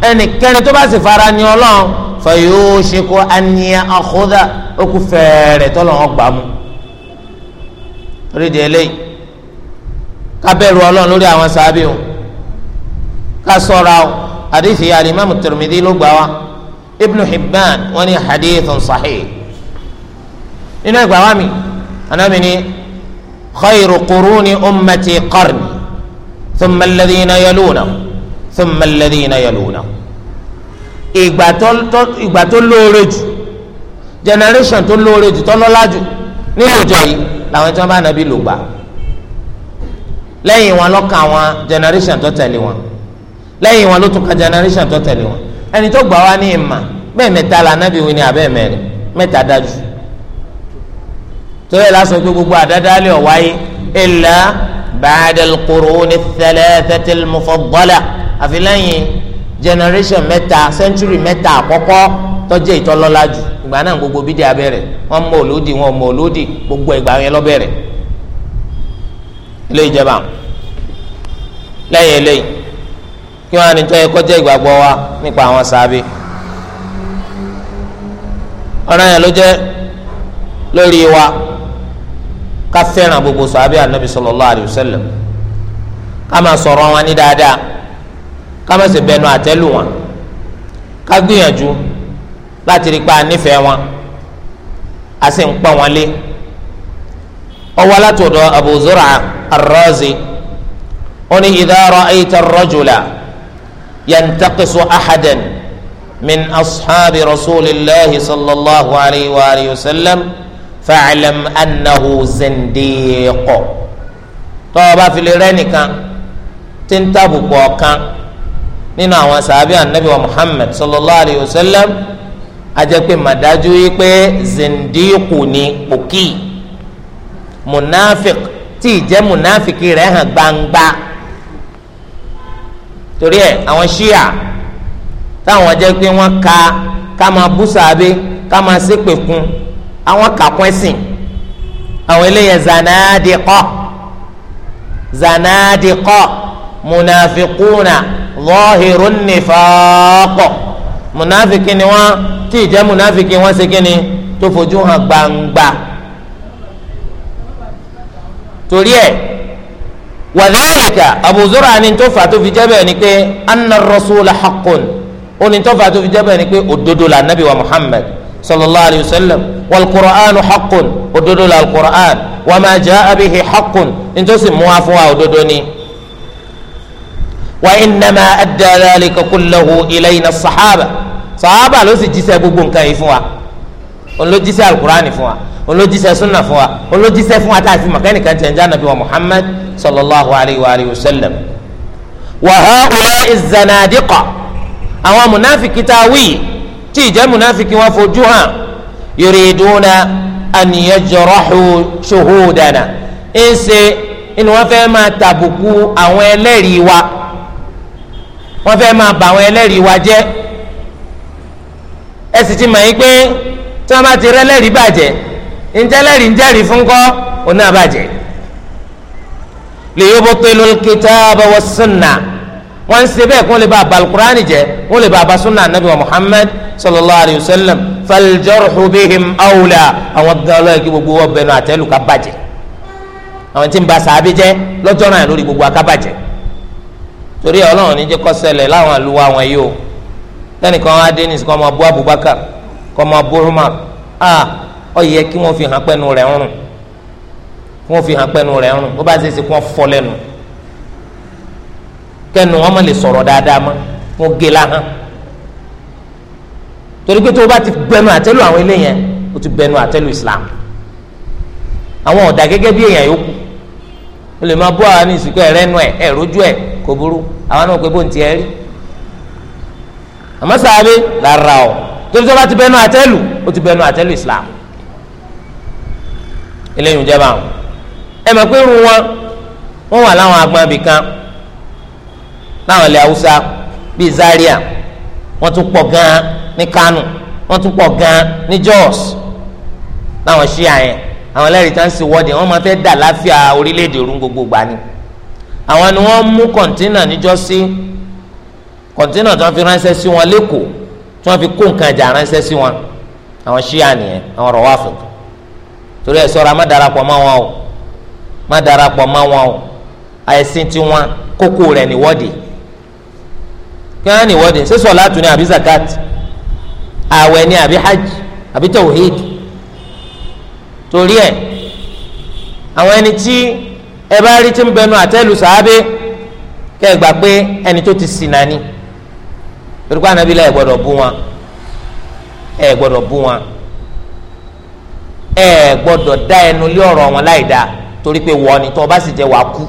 ẹnikẹ́ni tó bá sì fara ni ọlọ́run fayushiku an ya'khudha ó kú fẹ́ẹ̀rẹ̀ tọ́lọ̀ wọn gbà lórí ìdílé yìí ká lórí àwọn sàábé o ká àdìsí Al-Imam ló gbà wá ibn hibban wọn ni hadithun sahih nínú ìgbà wa mi anabi ni khayru quruni ummati qarni thumma alladhina yaluna thumma alladhina yaluna ìgbà tó ìgbà tó lóore jù generation tó lóore jù tó lọ́lá jù nínú ìjọ yìí làwọn tí wọn bá gbà lẹ́yìn wọn lọ́kàn àwọn generation tó tẹ̀lé wọn lẹ́yìn wọn ló tún ka generation tó tẹ̀lé wọn ẹni tó gbà wá ní ìmà bẹ́ẹ̀ mẹ́ta la nábì wí ni abẹ́ mẹ́rin mẹ́ta dájú torí ẹ̀ lásán pé gbogbo àdádálẹ̀ ọ̀wáyé illa ba'dal quruni thalathatil mufaddala àfi lẹ́yìn generation mẹ́ta century mẹ́ta àkọ́kọ́ tó jẹ́ ìtọ́lọ́lá jù ìgbà náà gbogbo bídìí abẹ́rẹ̀ wọ́n mọ òlódì wọ́n mọ òlódì gbogbo ìgbà yẹn lọ́bẹ̀rẹ̀ ilé ìjẹba lẹ́yìn eléyìí kí wọn á ní tó yẹ kó jẹ́ ìgbàgbọ́ wa nípa àwọn sàábì ọ̀ràn yẹn ló jẹ́ lórí wa ká fẹ́ràn gbogbo sàábì ànábì sallallahu alayhi wa sallam ká máa sọ̀rọ̀ wọn ní dáadáa ká má ṣe bẹnu àtẹ́lù wọn ká gbìyànjú láti rí pa nífẹ̀ẹ́ wọn a sì ń pọ́n wọn lé ọwọ́ látọ̀dọ̀ Abu Zur'a ar ó ní idha ra'ayta ar-rajula yantaqisu ahadan min asxaabi rasulillahi sallallahu alayhi wa alayhi wa sallam fa'lam annahu zindiqo tọ́ọ̀bá fi lè rẹ́ nìkan tí ń tàbùkù ọ̀kan nínú àwọn sàbí anabi wa muhammad sallallahu alayhi wa sallam ajẹ́pẹ́ màdájú yìí pé zindiqu ni òkì munafik tí ìjẹ́ munafik rẹ̀ hàn gbangba torí ẹ àwọn ṣíà táwọn jẹ́ pé wọ́n ka ká máa bú sàbẹ ká máa ṣépè kún àwọn kàkún ẹ̀sìn àwọn eléyẹ zanadiqọ zanadiqọ munafikuna lọhìrún nìfọkọ munafiki ni wọ́n tí ìjẹ munafiki wọ́n ṣe kíni tó fojú hàn gbangba torí ẹ wàdálìkà Abu Zur'a ni tó fà tó fi jẹ́ bẹ́ẹ̀ ni pé anna rasula haqqun ó ní tó fà tó fi jẹ́ bẹ́ẹ̀ ni pé òdodo la nabi wa muhammad sallallahu alayhi wa sallam wal qur'anu haqqun òdodo la qur'an wa ma jaa bihi haqqun ní tó fún wa òdodo ni. wa innama adda dhalika ilayna sahaba sahaba ló sì jíṣẹ́ gbogbo nǹkan yìí fún wa ló jíṣẹ́ al-qur'an fún wa olójíṣẹ́ súnà fún wa olójíṣẹ́ fún wa tá a fi màkà ẹnìkan tẹ̀ ń já nàbí wa Muhammad sallallahu alayhi wa alayhi wa sallam. wa haula izzanadiqa àwọn munafiki tá a wí tí ìjẹ́ munafiki wọn fojú hàn yuriduna an yajrahu shuhudana ń ṣe inú wọn fẹ́ máa tàbùkù àwọn ẹlẹ́rìí wa wọn fẹ́ máa bà àwọn ẹlẹ́rìí wa jẹ́ ẹ sì ti mọ̀ yín pé tí wọ́n bá ti rẹ́lẹ́rìí bàjẹ́ ntẹlẹri ntẹri fúnkọ oní abajẹ lè yóò bó pélé kitaaba wa sunna wọn ń ṣe bẹ́ẹ̀ kó lè ba abalukurani jẹ kó lè ba aba sunna anabi wa muhammad sallallahu alayhi wa sallam faljarhu bihim awla àwọn dọlọ yìí gbogbo wọn bẹnu àtẹlù ká bàjẹ́ àwọn tí ń ba sàábí jẹ lọ́jọ́ náà lórí gbogbo akábàjẹ torí Ọlọ́run ní jẹ láwọn àlùwà wọn yìí o tẹnìkan adé ní kọ ọmọ abu abubakar kọ ọmọ abu umar ah ó yẹ kí wọ́n fi hàn pẹ́nu rẹ̀ ń rùn kí wọ́n fi hàn pẹ́nu rẹ̀ ń rùn bó bá ṣe ṣe kí wọ́n fọ́ lẹ́nu kẹ́nu wọn má lè sọ̀rọ̀ dáadáa mọ́ wọ́n gé láhàn torí pé tó o bá ti bẹnu àtẹ́lù àwọn eléyẹn o ti bẹnu àtẹ́lù Islam àwọn ọ̀dà gẹ́gẹ́ bí èèyàn yòókù o lè máa bọ́ àwọn ní ìsìnkú ẹ̀rẹ́ nu ẹ̀ ẹ̀ rójú ẹ̀ kò burú àwọn náà pé bó ń tiẹ̀ rí àmọ́ sàábé lára ọ̀ torí tó o bá ti bẹnu àtẹ́lù o ti bẹnu àtẹ́lù Islam eléyìí ń jẹba àwọn ẹ mọ̀ pé irun wọn wọn wà láwọn agbọn ibì kan láwọn ilẹ̀ haúsá bíi Zaria wọn tún pọ̀ gan-an ní Kánò wọn tún pọ̀ gan-an ní Jos láwọn ṣíà yẹn àwọn ẹlẹ́rìí tá ń ṣe wọ́de wọ́n máa fẹ́ dà láfíà orílẹ̀-èdè òrùn gbogbo gbà ni àwọn ni wọ́n mú kọ̀ǹtínà níjọ́ sí kọ̀ǹtínà tí wọ́n fi ránṣẹ́ sí wọn lẹ́kọ̀ọ́ tí wọ́n fi kó nǹkan ẹ̀jà ránṣẹ́ sí wọn àwọn ṣíà nìyẹn àwọn rọ̀wáfẹ̀tọ̀ torí ẹ ṣọ́ra má darapọ̀ mọ́ wọn o má darapọ̀ mọ́ wọn o àìsìn tiwọn kókó rẹ̀ níwọ́de kí wọ́n á níwọ́de ni àbí zakat àwẹ̀ ni àbí hajj àbí tawhid torí ẹ àwọn ẹni tí ẹ bá rí tí ń bẹnu àtẹ́lù sàábé kẹ́ ẹ gbà pé ẹni tó ti sìn náà ni torí pé ànábìlẹ̀ gbọ́dọ̀ bú wọn gbọ́dọ̀ bú wọn. ẹ gbọ́dọ̀ dá ẹnu lé ọ̀rọ̀ wọn láì dáa torí pé wọ́n ni tó o bá sì jẹ́ wàá kú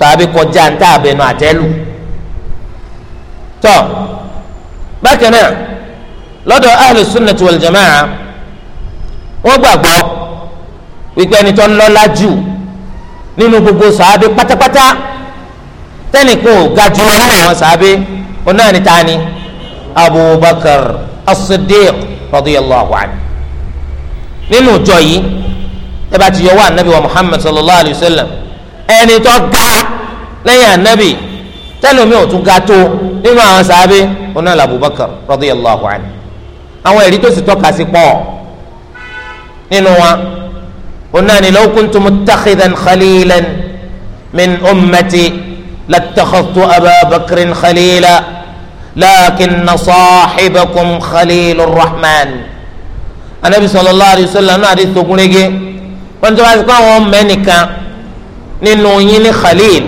sàbí kọjá ń tá abẹnú àtẹ́lù tọ́ bákan náà lọ́dọ̀ ahlu sunnati wal jamaa wọ́n gbàgbọ́ wípé ẹni tó ń lọ́lá jù nínú gbogbo sàbí pátápátá tẹ́nìkan ò ga jù nínú àwọn sàbí ọ̀nà ni ta ni abubakar as-siddiq radiyallahu anhu nínú ìjọ yìí ẹ bá ti yọ wá anabi wa muhammad sallallahu alayhi wa sallam ẹni tó ga lẹ́yìn anabi tẹlifíwọ̀n mi ò tún ga tó nínú àwọn sàábé ọ̀nà làbùbakar radiyallahu anhu àwọn ẹ̀rí tó sì tọ́ka sí pọ̀ nínú wa ọ̀nà ni law kuntu muttakhidan khalilan min ummati lattakhadtu ababakrin khalila lakinna sahibakum khalilur rahman anabi sallallahu alayhi wa sallam náà àdìsí ogunrege wọn tó bá ti kọ́ àwọn mẹ́nìkan nínú yín ní khalil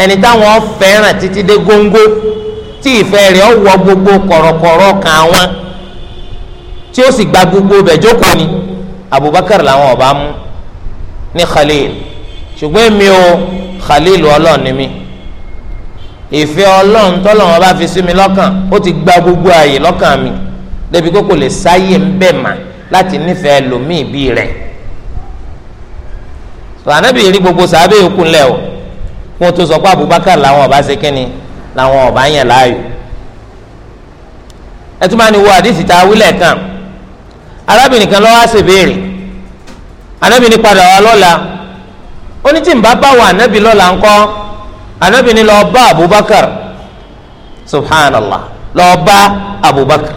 ẹni táwọn fẹ́ràn títí dé góńgó tí ìfẹ́ rẹ̀ ọ wọ gbogbo kọ̀rọ̀kọ̀rọ̀ kan wọn tí ó sì gba gbogbo bẹ̀ jókòó ni abubakar làwọn ọba mú ní khalil ṣùgbọ́n èmi o khalil ọlọ́ọ̀ni mi ìfẹ́ ọlọ́run tọ́lọ́run bá fi sí mi lọ́kàn ó ti gba gbogbo ààyè lọ́kàn mi débi kó kò lè sáyè ń bẹ̀ mà láti nífẹ̀ẹ́ lòmíì bí rẹ̀ sọ̀rọ̀nàbì rí gbogbo sàábẹ̀ yòókù ńlẹ̀ o kí wọ́n tó sọ pé Abubakar làwọn ọba ṣe kínni làwọn ọba yàn láàyò ẹ tún máa ní wo àdìsí ta wílẹ̀ kan arábìnrin kan lọ́wọ́ àṣèbéèrè anábìnrin padà wá lọ́la ó ní tí ń bá bá wà ànábì lọ́la ńkọ́ anabi ni lọ bá abubakar subhanallah lọ bá abubakar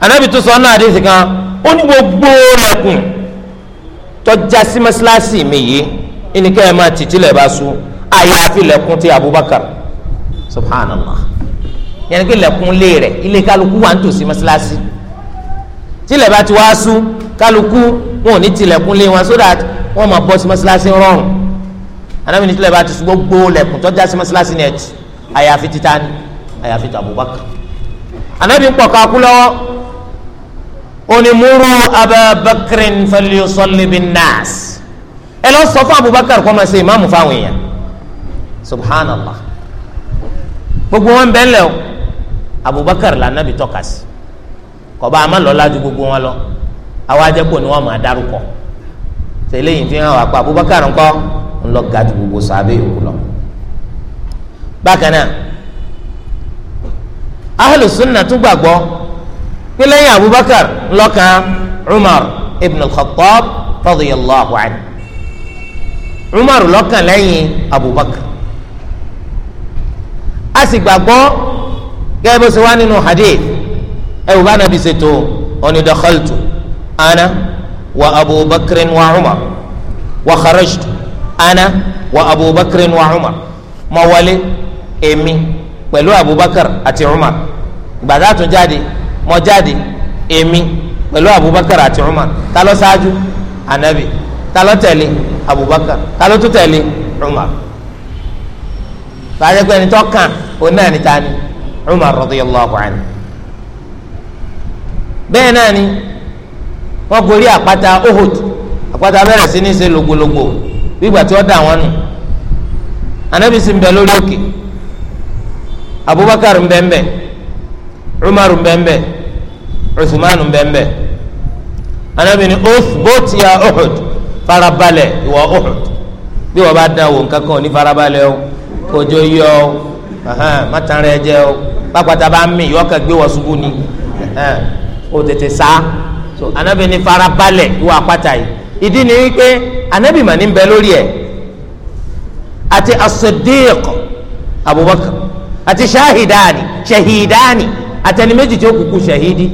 anabi tó sọ ọ́nà àdéhùn kan ó ní gbogbo lẹ́kùn tọ́já sí mọ́sálásí mi yìí ẹnikẹ́ ẹ̀ máa tìtí lẹ̀ bá sùn àyàfi lẹ́kùn ti abubakar subhanallah yẹn ni pé lẹ́kùn lé rẹ̀ ilé kálukú wà ń tòsí mọ́sálásí tílẹ̀ bá ti wá sùn kálukú wọn ò ní tilẹ̀kùn lé wọn so that wọ́n máa bọ́ sí mọ́sálásí rọrùn anábìíní tilẹ̀ bá ti sùn gbogbo lẹ̀kùn tọ́jà sí mọ́sálásí ni ẹ̀ tì àyàfi títa ni àyàfi tó Abubakar anábìíní pọ̀ kakú lọ́wọ́ onímúrú ababakrin falyusallibin nas ẹ lọ sọ fún Abubakar kọ́ máa ṣe ìmáàmù fáwọn èèyàn subhanallah gbogbo wọn bẹ́ẹ̀ lẹ́wọ̀ Abubakar la anábì tọ́ka sí kọba àmà lọ́la ju gbogbo wọn lọ àwọn ajẹ́pọ̀ ni wọ́n máa dárúkọ tẹ̀lé yìí fi hàn wá pa Abubakar ńkọ́ ńlọ ga ju gbogbo sàbẹ̀ yòókù lọ. bákan náà ahlu sunna tún gbàgbọ́ pé lẹ́yìn abubakar ńlọ́kàn umar ibn al-khattab radiyallahu anhu umar lọ́kàn lẹ́yìn abubakar a sì gbàgbọ́ gẹ́gẹ́ bó ṣe wá nínú hadith ẹ̀wù bá nàbí ṣètò onídàkọ́lùtù ana wa abubakar wa umar wa kharajtu ana wa abubakar wa umar mo wọlé èmi pẹ̀lú abubakar àti umar gbàdá tún jáde mo jáde èmi pẹ̀lú abubakar àti umar ta ló ṣáájú anabi ta ló tẹ̀lé abubakar ta ló tún tẹ̀lé umar bàtà pé ẹni tó kàn ó náà ní tani umar radiyallahu anhu bẹ́ẹ̀ náà ni wọ́n gorí àpáta ohud àpáta bẹ̀rẹ̀ sí ní ṣe lògbòlògbò bí ìgbà tí wọ́n dà wọ́n nù anabi sì ń bẹ lórí òkè abubakar ń bẹ ń bẹ umar ń bẹ ń bẹ usman ń bẹ ń bẹ anabi ni uthbut ya uhud farabalẹ̀ ìwọ uhud bí wọ́n bá dán wò nǹkan kan ò ní farabalẹ̀ o kojú yọ o mátàrin ẹ jẹ o pápátá bá ń mì yọ ọkàn gbé wọ ṣubú ni o tètè sá anabi ni farabalẹ̀ ìwọ àpáta yìí ìdí ni wípé anabi mà ní bẹ lórí ẹ̀ àti as-siddiq abubakar àti shahidani shahidani àtẹni méjì tí ó kúkú shahidi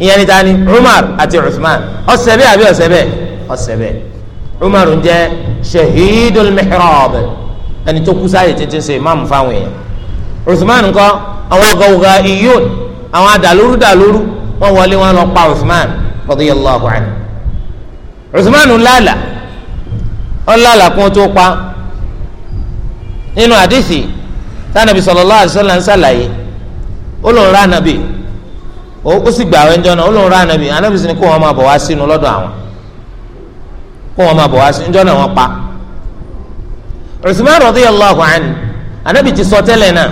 ìyẹn ni tani umar àti usman ọsẹ bẹ́ẹ̀ àbí ọsẹ bẹ́ẹ̀ ọsẹ bẹ́ẹ̀ umar ń jẹ shahidul mihrab ẹni tó kú sáyè tètè ṣe imam fáwọn èèyàn usman ńkọ́ àwọn gawuga iyun àwọn adàlúrú dàlúrú wọn wọlé wọn lọ pa usman radiyallahu anhu usman lálà ọlọ́lá kún tó pa nínú àdìsí tánàbí sallallahu alaihi wasallam ń sàlàyé ó lòun rà nàbì ó sì gbà wẹ́njọ́ náà ó lòun rà nàbì ànábì sì ni kó wọn máa bọ̀ wá sínú lọ́dọ̀ àwọn kó wọn máa bọ̀ wá sínú njọ́ náà wọ́n pa usman radiyallahu anhu ànábì ti sọ tẹ́lẹ̀ náà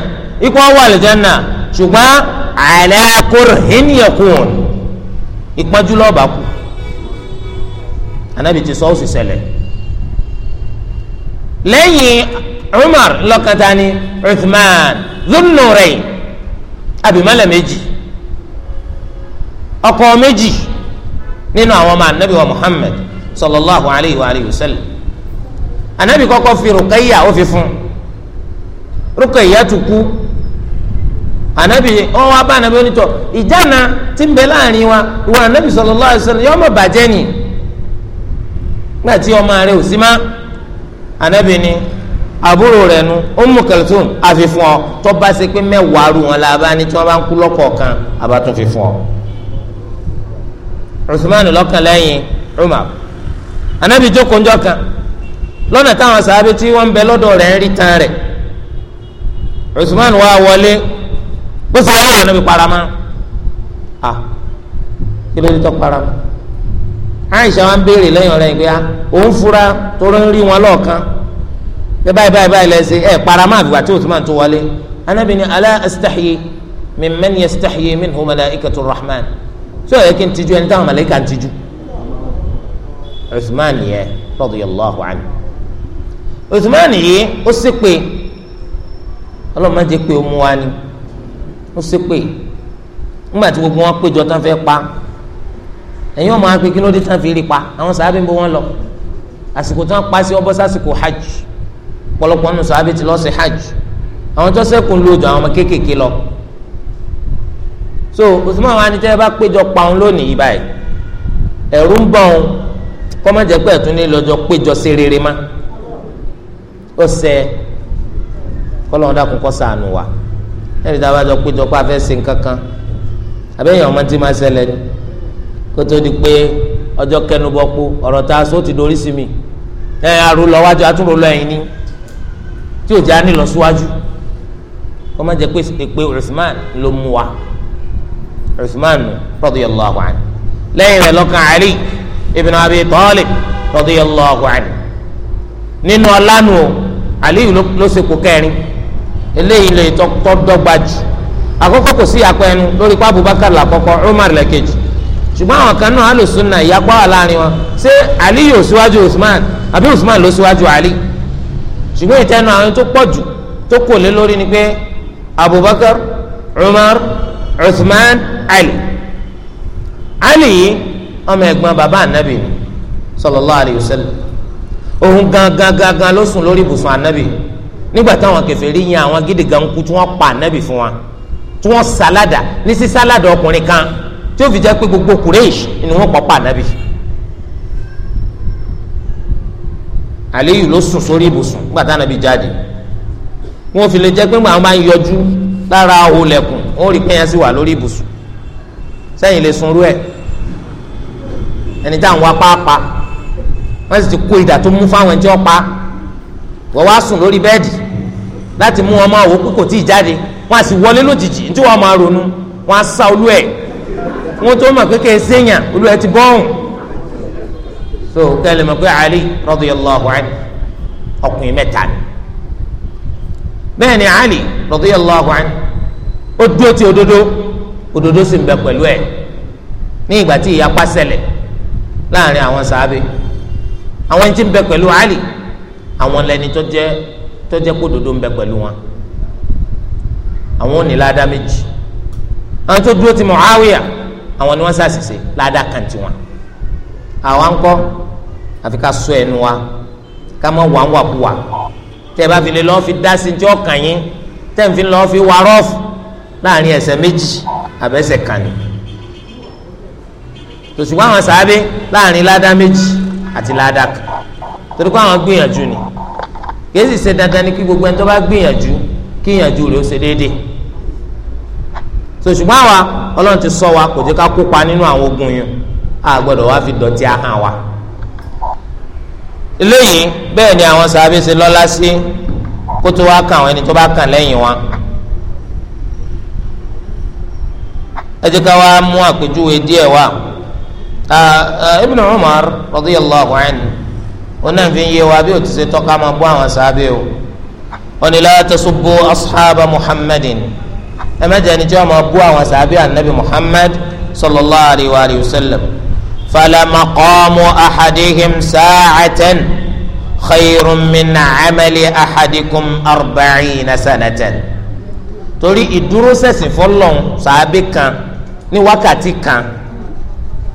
ikú wọn wà àlùjánnà ṣùgbọ́n ala kurhin yakun ìpọ́njú lọ́ọ̀bà kù anabi ti sọ ó sì ṣẹlẹ̀ lẹ́yìn umar lọ́kàtà ni uthman dhun-nurayn abimala méjì ọkọ méjì nínú àwọn ọmọ anabi wa muhammad sallallahu alayhi wa alayhi wa sallam anabi kọ́kọ́ fi rukayya ó fi fún rukayya tu kú anabi ọ wá bá anabi onítọ ìjànà tí ń bẹ láàrin wa ìwà anabi sallallahu alayhi wa sallam yọọ ma bàjẹ́ ni nígbà tí ọmọ rẹ ò sí má anabi ni àbúrò rẹ nu Ummu Kalthum àfi fún ọ tó bá ṣe pé mẹ́wàá rú wọn la bá ní tí wọ́n bá ń kú lọ́kọ̀ọ̀kan àbátún fi fún ọ. Usman lọ́kàn lẹ́yìn Umar anabi jókòó njọ́ kan lọ́nà táwọn sàábé tí wọ́n ń bẹ lọ́dọ̀ rẹ̀ ń rí tan rẹ̀ Usman wá wọlé bó ṣe wọ́n wọ̀ níbi parama ah kí ló dé tó parama. Aisha wa ń béèrè lẹ́yìn ọ̀rẹ́ yìí pé ah, òun fura torí ń rí wọn lọ́ọ̀kan pé báyìí báyìí báyìí lẹ́sẹ̀ ẹ̀ parama àbíwá tí òtún máa tó wọlé Ànábì ní ala astahyi mimman yastahyi minhu malaikatu rahman tí ó yẹ kí n tijú ẹni táwọn màláíkà ń tijú Usman yẹ radiyallahu anhu Usman yìí ó sì pé ọlọ́mọdé pé ó mú wa ni ó sì pé ńgbà tí gbogbo wọn péjọ tán fẹ́ pa ẹ̀yin ọmọ akpé kí ló dé tán fi rí pa àwọn sàábì ń bọ̀ wọ́n lọ àsìkò tí wọ́n pa sí ọbọ̀ sásìkò hajj pọ̀lọpọ̀ nù sàábì ti lọ sí hajj àwọn tó sẹ́kùn lójú àwọn ọmọ kéékèèké lọ so Usman wa ni tẹ́ ẹ bá péjọ pa òun lónìí báyìí ẹ̀rú ń bọ̀ òun kọ́mọ̀jẹ́ pé ẹ̀tún ní lọ́jọ́ péjọ sí rere má ó sẹ kọ́lọ́n dàkún kọ́ sànù wa ẹ̀rí tá a bá jọ péjọ pé a fẹ́ ṣe nǹkan kan àbẹ́yẹn ọmọ tí máa ṣẹlẹ̀ ni. kótó di pé ọjọ́ kẹnubọ́pọ̀ ọ̀rọ̀ tá a ti dorí mi ẹ arú lọ wájú atúrò lọ ni tí o jẹ́ á lọ síwájú kó má jẹ́ pé èpè Usman ló mú wa Usman radiyallahu anhu lẹ́yìn rẹ̀ lọ́kàn Ali ibn lọ Ali ló kẹrin eléyìí lè tọ́ dọ́gba jù àkọ́kọ́ kò sí lórí ṣùgbọ́n àwọn kan náà alùsùnà ìyapa wà láàrin wọn ṣé ali yóò síwájú usman àbí usman ló síwájú ali ṣùgbọ́n ìtẹnu àwọn tó pọ̀ jù tó kò lé lórí ni pé abubakar umar usman ali ali yìí ọmọ ẹ̀gbọ́n bàbá anabi ni sallallahu alayhi wa sallam òun gangan gangan ló sùn lórí ibùsùn anabi nígbà táwọn kèfèrí yin àwọn gidi gan kú tí wọ́n pa anabi fún wa tí wọ́n sálàdà ní sísálàdà ọkùnrin kan tí ó fi jẹ́ pé gbogbo Quraysh ni wọ́n pọ̀ pa ànábì Aliyu ló sùn sórí ibùsùn nígbà tí ànábì jáde wọ́n fi lè jẹ́ pé àwọn máa ń yọjú lára olẹ̀kùn wọ́n rí pẹ́yà sí wà lórí ibùsùn sẹ́yìn lè sunrú ẹ̀ ẹni tí àwọn wá pàápàá wọ́n sì ti kó ìdà tó mú fáwọn ẹni tí wọ́n pa wọ́n wá sùn lórí bẹ́ẹ̀dì láti mú wọn máa wò ó tí ì jáde wọ́n á sì wọlé lójijì tí wọ́n máa ronú wọ́n á sá olú ẹ̀ wọn tó mọ̀ kékeré sèyàn olúwa ti bọ́ọ̀hùn so kẹlẹ mọ̀ pé Ali radiyallahu anhu ọkùnrin mẹ́ta ni bẹ́ẹ̀ ni Ali radiyallahu anhu ó dúró ti òdodo òdodo sì ń bẹ pẹ̀lú ẹ̀ ní ìgbà tí ìyapa ṣẹlẹ̀ láàrin àwọn sàábé àwọn ẹni tí ń bẹ pẹ̀lú Ali àwọn lẹni tó jẹ́ tó jẹ́ kó òdodo ń bẹ pẹ̀lú wọn àwọn ò ní ládàá méjì àwọn tó dúró ti Muawiya àwọn ni wọ́n ṣàṣìṣe ládàá kan tiwọn àwa ń kọ́ àfi ká sọ ẹnu wa ká má wà ń wà kú wa tẹ́ ẹ bá fi lè lọ́ọ́ fi dá sí jọ́ kàn yín tẹ́ ẹ fi lọ́ọ́ fi wà rọ́ọ̀fù láàrin ẹsẹ̀ méjì àbẹ́sẹ̀ kan ni tòṣùgbọ́n àwọn sàábé láàrin ládàá méjì àti ládàá kan torí kó àwọn gbìyànjú ni kì í ṣe dandan ni kí gbogbo ẹni tó bá gbìyànjú kí ìyànjú rẹ̀ ó ṣe déédéé so ṣùgbọ́n àwa ọlọ́run ti sọ wa kò jẹ́ ká kópa nínú àwọn ogun yẹn a gbọ́dọ̀ wá fi dọ̀tí ahọ́n wa. eléyìí bẹ́ẹ̀ ni àwọn sàbẹ̀ ṣe lọ́lá sí kó tó wá kàn àwọn ẹni tó bá kàn lẹ́yìn wa. ẹ jẹ́ ká wá mú àpèjúwe díẹ̀ wá. Ibn Umar radiyallahu anhu onáfin yé wa bí o ti ṣe tọ́ka máa bọ́ àwọn sàbẹ̀ o. onílà tasubbu ashaba Muhammadin ẹ̀mẹ́jẹ̀ ni tí wọ́n máa bú àwọn sàbí anabi muhammad sallallahu alayhi wa alayhi wa sallam falama qaamu axadihim saacatan khayrun min camali axadikum arbacina sanatan torí ìdúró sẹ̀sìn fọlọ́n sàbí kan ní wákàtí kan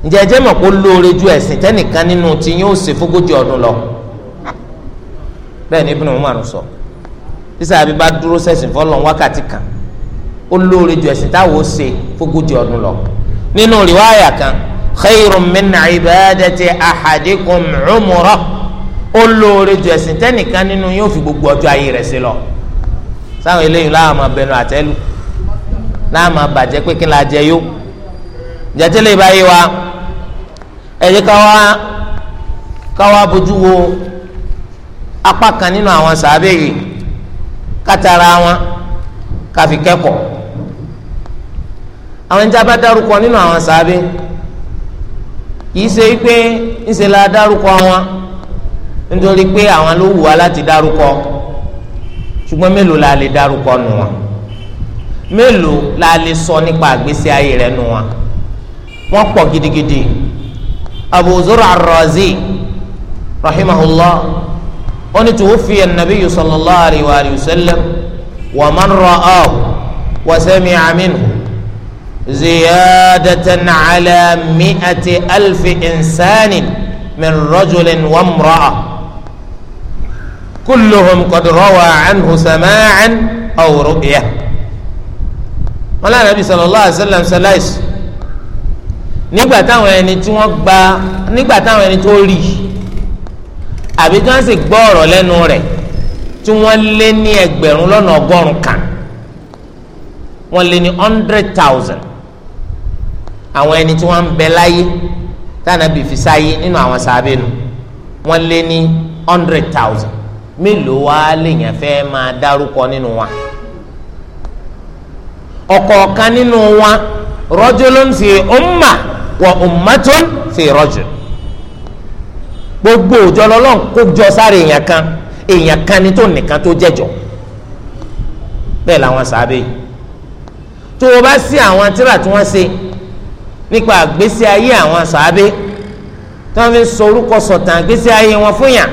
njẹjẹ mọ̀ kó lóore ju ẹ̀sìn tẹ́nìkan nínú tí yóò ṣe fógójì ọdún lọ bẹ́ẹ̀ ni Ibn Umar sọ sísè àbí bá dúró sẹ̀sìn fọlọ́n wákàtí kan ó lóore ju ẹ̀sìn táwọn ó ṣe fógójì ọdún lọ nínú rìwáyà kan khayrun min ibadati ahadikum umrah ó lóore ju ẹ̀sìn tẹ́nìkan nínú yóò fi gbogbo ọjọ́ ayé rẹ̀ ṣe lọ sáwọn eléyìí láwọn máa bẹnu àtẹ́lu láwọn pé kí n la yó jẹ́tẹ́lẹ̀ báyìí wa ẹ̀yẹ káwa káwa bójú wo apá kan nínú àwọn sàábẹ̀ yìí kátàrà wọn káfi kẹ́kọ̀ọ́ àwọn ẹni tí a bá dárúkọ nínú àwọn sàábé kìí ṣe pé ńṣe la dárúkọ wọn nítorí pé àwọn ló wù wá láti dárúkọ ṣùgbọ́n mélòó la lè dárúkọ nù wọn mélòó la lè sọ nípa àgbésí ayé rẹ nù wọn wọn pọ̀ gidigidi Abu Zur'a ar-Razi rahimahullah wọn ni tuwufiya an-nabiyyu sallallahu alayhi wa sallam wa man ra'ahu wa sami'a minhu. زيادة على مئة ألف إنسان من رجل وامرأة كلهم قد روى عنه سماعا أو رؤية ولا النبي صلى الله عليه وسلم سلايس nígbà táwọn ẹni tí wọ́n gba nígbà táwọn ẹni tó rí àbí tí wọ́n sì gbọ́ ọ̀rọ̀ lẹ́nu rẹ̀ tí wọ́n lé ní ẹgbẹ̀rún lọ́nà ọgọ́rùn kan wọ́n lé ní hundred thousand àwọn ẹni tí wọ́n ń bẹ láyé tànàbí fi sáyé nínú àwọn sábẹ́ nu lé ní hundred thousand mélòó wá lèèyàn fẹ́ máa dárúkọ nínú wa ọ̀kọ̀ọ̀kan nínú wa rajulun fi umma wa ummatun fi rajul gbogbo òjò lọ́lọ́run kó jọ sáré èèyàn kan èèyàn kan ni tó nìkan tó jẹ́jọ bẹ́ẹ̀ làwọn sábẹ́ tó o bá sí àwọn tíra tí wọ́n ṣe. nípa àgbésí ayé àwọn sàábé tí wọ́n fi ń sọ orúkọ àgbésí ayé wọn fún yàn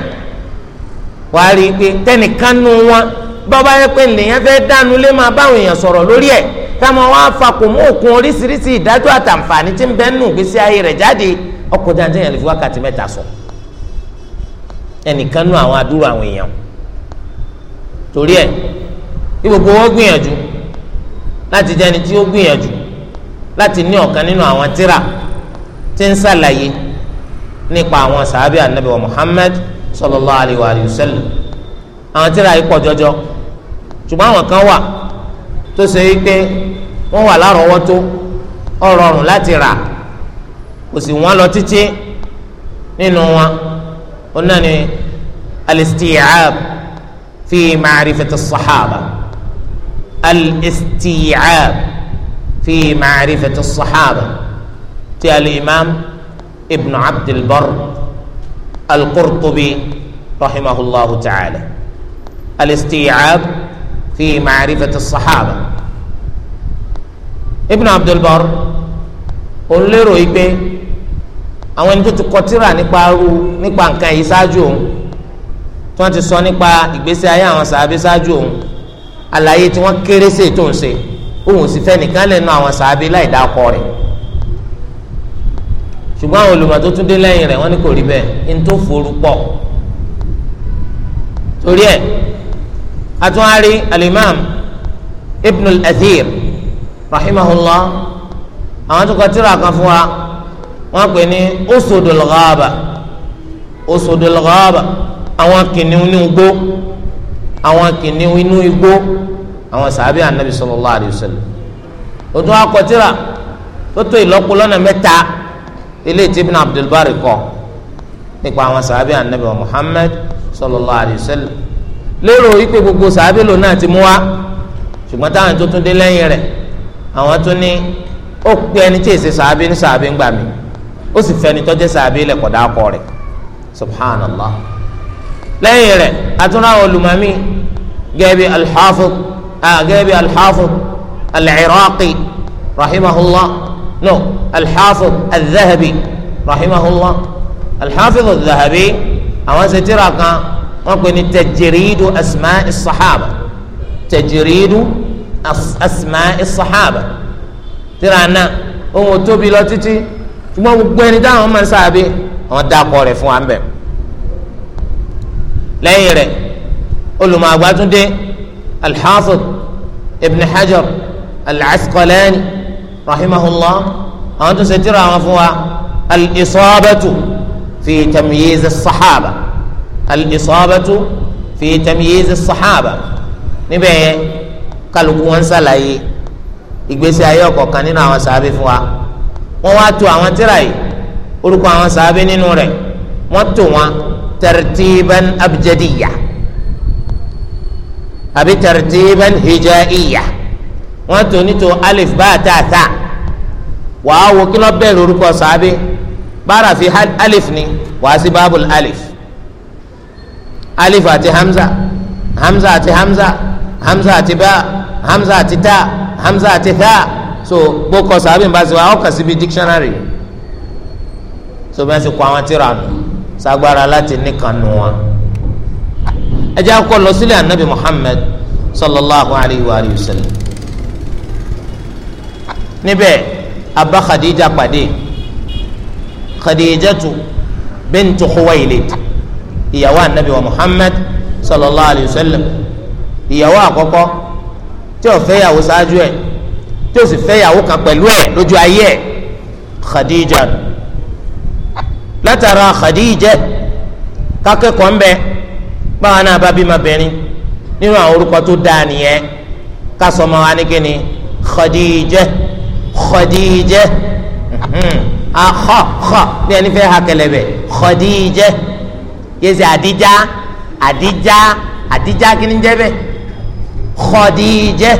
wàá rí i pé tẹnìkan wọn bọ́ba yẹ pé nìyẹn fẹ́ dánu lé máa báwọn èèyàn sọ̀rọ̀ lórí ẹ̀ táwọn wá fakò mú òkun oríṣiríṣi ìdájọ́ àtàǹfààní tí ń bẹ́ẹ̀ nù gbèsè ayé rẹ̀ jáde ọkọ̀ jáde yẹn lè fi wákàtí mẹ́ta sọ ẹnìkan láti ní ọ̀kan nínú àwọn tíra tí ń sàlàyé nípa àwọn sàábì anabi wa muhammad sallallahu alayhi wa sallam àwọn tíra yìí pọ̀ jọjọ ṣùgbọ́n àwọn kan wà tó ṣe wípé wọ́n wà lárọ̀ọ́wọ́tó ó rọrùn láti rà kò sì wọ́n lọ títí nínú wọn ó náà ní alistiyaab fi maarifati sahaba alistiyaab. Al في معرفة الصحابة تي الإمام ابن عبد البر القرطبي رحمه الله تعالى الاستيعاب في معرفة الصحابة ابن عبد البر قل لي رويبي àwọn ẹni tó ti kọtíra nípa aru nípa nǹkan yìí ṣáájú òun tí wọ́n ti sọ nípa ìgbésí ayé àwọn sàábé ṣáájú òun àlàyé tí wọ́n kéré sí ètò òun ṣe òun sì fẹ́ nìkan lẹ́nu àwọn sàábé láì dá ọkọ rẹ̀ ṣùgbọ́n àwọn olùmọ̀ tó tún dé lẹ́yìn rẹ̀ wọ́n ní kò rí bẹ́ẹ̀ ní tó forú pọ̀ torí ẹ̀ atúwárí alimam ibn al-athir rahimahullah àwọn tó kọ tírà kan fún wa wọ́n pè ní usudul ghaba àwọn kìnìún inú igbó àwọn kìnìún inú igbó àwọn sàbí anabi sallallahu alayhi wa sallam o tún akọtira tó tó ìlọ́po lọ́nà mẹ́ta ilé tí ibn abdulbari kọ nípa àwọn sàbí anabi wa muhammad sallallahu alayhi wa sallam lérò ikú gbogbo sàbí lò náà ti mú wa ṣùgbọ́n táwọn tó tún dé lẹ́yìn rẹ̀ àwọn tún ní ó pe ẹni tí èsì sàbí ní sàbí ń gbà mí ó sì fẹni tọ́jú sàbí lẹ̀kọ́ dákọ̀ rẹ̀ subhanallah lẹ́yìn rẹ̀ àtúnráwọ̀ olùmọ̀mí gẹ́gẹ́ bí àgẹ́bí ah, alḥafu alẹ́rọ́ọ̀kì rahimahullah no alḥafu alẹ́hàbí rahimahullah alḥafu alẹ́hàbí àwọn ṣètìrà kan wọ́n pè ní tajiridu asmaa isahaba tajiridu asmaa isahaba tírà náà ohun tóbi lọ títí ṣùgbọ́n gbogbo ẹni táwọn máa ń sáàbí àwọn dákọ̀ rẹ̀ fún wa ń bẹ̀ lẹ́yìn rẹ̀ olùmọ̀ alḥafiz ibn hajar alasqalani rahimahullah àwọn tó ṣe tírà àwọn fún wa al-isabatu fi tamyiz as-sahaba al-isabatu fi tamyiz as-sahaba níbẹ̀ yẹn kálukú wọn ṣàlàyé ìgbésí ayé ọ̀kọ̀ọ̀kan nínú àwọn sàábé fún wa wọ́n wá tò àwọn tírà yìí orúkọ àwọn sàábé nínú rẹ̀ wọ́n tò wọn tartiban abjadiyya àbí tartiban hijaiya wọ́n tó ní tó alif bá tààtà wàá wo kí lọ́ọ́ bẹ̀rẹ̀ orúkọ sàábé bára fi alif ni wàá sí bábùl alif alif àti hamza hamza àti hamza hamza àti bá hamza àti tá hamza àti tá so gbókọ sàábé ń bá sí wa ọkọ síbi dictionary so bẹ́ẹ̀ sì kọ́ àwọn tíra nù sagbára láti níkan nù wọn ẹjẹ akọ lọ sílẹ̀ anabi muhammed sallallahu alayhi wa sallam níbẹ̀ abba khadija pàdé khadijatu bintu khuwailid ìyàwó anabi wa muhammed sallallahu alayhi wa sallam ìyàwó àkọ́kọ́ tí ó fẹ́ yàwó ṣáájú ẹ̀ tí ó sì fẹ́ yàwó kan pẹ̀lú ẹ̀ lójú ayé ẹ̀ khadija látara khadija kakẹ́kọ̀ọ́ ń bẹ́ẹ̀ báwa náà bá bímọ obìnrin nínú àwọn orúkọ tó dáa nìyẹn ká sọ ọmọ wa ní kíni Khadijah Khadijah akọ kọ ní ẹni fẹ́ ha kẹlẹ́bẹ̀ Khadijah yẹsẹ Adija Adija Adija kíni jẹ́ bẹ́ẹ̀ Khadijah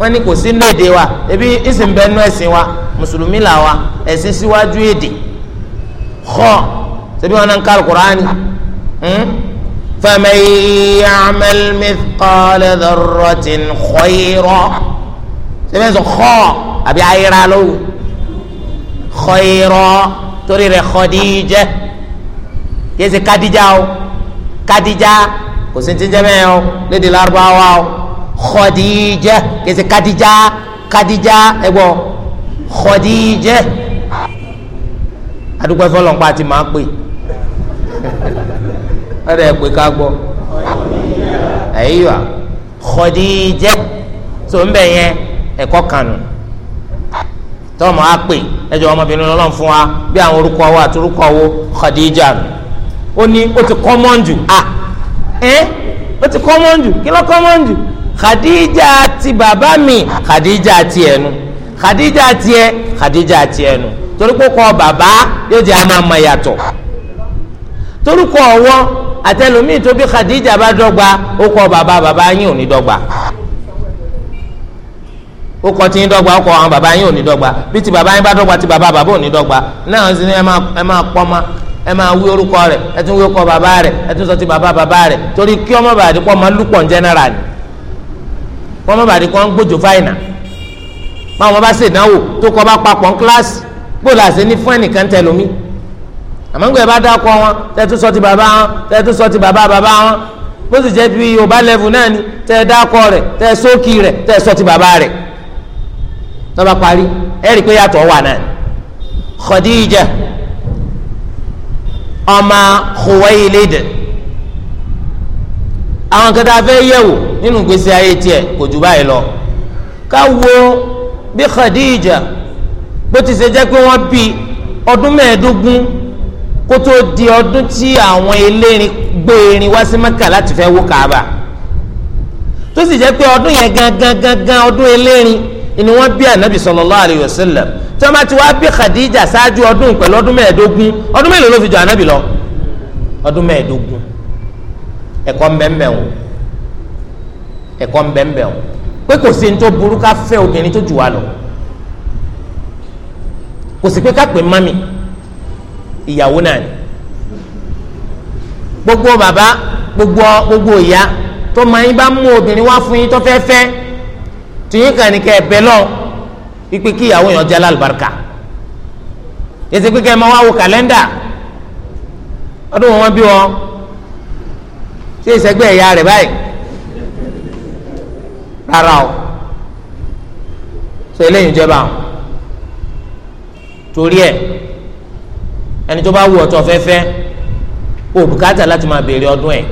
wọ́n ní kò sí nínú èdè wa ebi ìsìn bẹ́ẹ̀ nú ẹ̀sìn wa mùsùlùmí là wa ẹ̀sìn síwájú èdè kọ́ ṣebí wọn náà ń ká al فمن يعمل مثقال ذرة خيرا sẹ́fẹ̀sọ xọ́ àbí ayira ló xọ́yìrọ́ torí rẹ̀ Khadija kéésì kadija o kadija kò sí ti ń jẹ́ bẹ́ẹ̀ o lédè Lárúbáwá o Khadija kéésì kadija kadija ẹ gbọ́ Khadija adúgbò ẹ̀fọ́ lọ́npá ti máa ń pè é ọ̀rẹ́ ẹ̀ ká gbọ́ ẹ̀yíwá Khadija So ń bẹ̀ yẹn ẹ̀kọ́ kanu tọ́mọ̀ á pè ẹjọ́ ọmọbìnrin fún wa bí àwọn orúkọ wa àti orúkọ wo Khadija ó ní ó ti common jù à ẹ́ ó ti common jù kí ló common jù Khadija ti bàbá mi Khadija ti ẹnu Khadija ti ẹ Khadija ti ẹnu torí kó kọ bàbá yóò jẹ́ àmàmà yàtọ̀ torúkọ ọwọ́ àtẹlómi tó bí Khadija bá dọ́gba ó kọ bàbá bàbá yín ò ní dọ́gba ó kọ tí ń dọ́gba ó kọ àwọn bàbá yín ò ní dọ́gba bí ti bàbá yín bá dọ́gba ti bàbá bàbá ò ní dọ́gba náà ń sin ẹ máa pọ́ ma ẹ máa wí orúkọ rẹ̀ ẹ tún wí orúkọ bàbá rẹ̀ ẹ tún sọ ti bàbá bàbá rẹ̀ torí kí ọmọ bàdí kọ́ máa lúpọ̀ ń jẹ́nẹ́ra ni kọ́ ọmọ bàdí kọ́ ń gbójú fáìnà báwọn bá ṣèdánwò tó kọ́ bá papọ̀ ń kíláàsì gbọ́dọ̀ àṣẹ ní fún ẹnìkan tẹlómi àmọ́ ńgbẹ́ bá dákọ̀ wọn tẹ́tù sọ ti bàbá wọn tẹ́tù sọ ti bàbá bàbá wọn bó sì jẹ́ bí yorùbá lẹ́vù náà ni tẹ́ dákọ̀ rẹ̀ tẹ́ sókì rẹ̀ tẹ́ sọ ti bàbá rẹ̀ tọ́ba parí ẹ̀ rí i pé yàtọ̀ wà náà Khadija ọmọ Khuwaylid àwọn kan tá a fẹ́ nínú ìgbésí ayé tiẹ̀ kò jù báyìí lọ ká wo bí Khadija bó ti ṣe jẹ́ pé wọ́n bí ọdún mẹ́ẹ̀ẹ́dógún kó tó di ọdún tí àwọn elérin gbé erin wá sí mẹ́kà láti fẹ́ wó kaaba tó sì jẹ́ pé ọdún yẹn gangan gangan ọdún elérin ni wọ́n bí anabi sallallahu alayhi wa tí wọ́n bá ti wá bí khadija ṣáájú ọdún pẹ̀lú ọdún mẹ́ẹ̀ẹ́dógún ọdún mélòó ló fi jọ anabi lọ ọdún mẹ́ẹ̀ẹ́dógún ẹ̀kọ́ mbẹ́mbẹ́ o ẹ̀kọ́ mbẹ́mbẹ́ pé kò sí ní tó burú obìnrin tó jù wá lọ kò sí pé ká pè mami ìyàwó náà ni gbogbo bàbá gbogbo gbogbo ìyá tó máa yín bá mú obìnrin wá fún yín tó fẹ́ fẹ́ tìyín kàn ní kẹ́ ẹ bẹ́ lọ ipe kí ìyàwó yẹn jẹ́ alálùbáríkà èsì pé kẹ́ ẹ máa wá wo kàlẹ́ndà ọdún wọn bí wọn ṣé ìṣẹ́gbẹ́ ẹ̀yà rẹ̀ báyìí rárá o ṣe eléyìí jẹba o torí ẹ̀ ẹni tó bá wù ọ́ tó fẹ́fẹ́ o bùkátà láti máa béèrè ọdún ẹ̀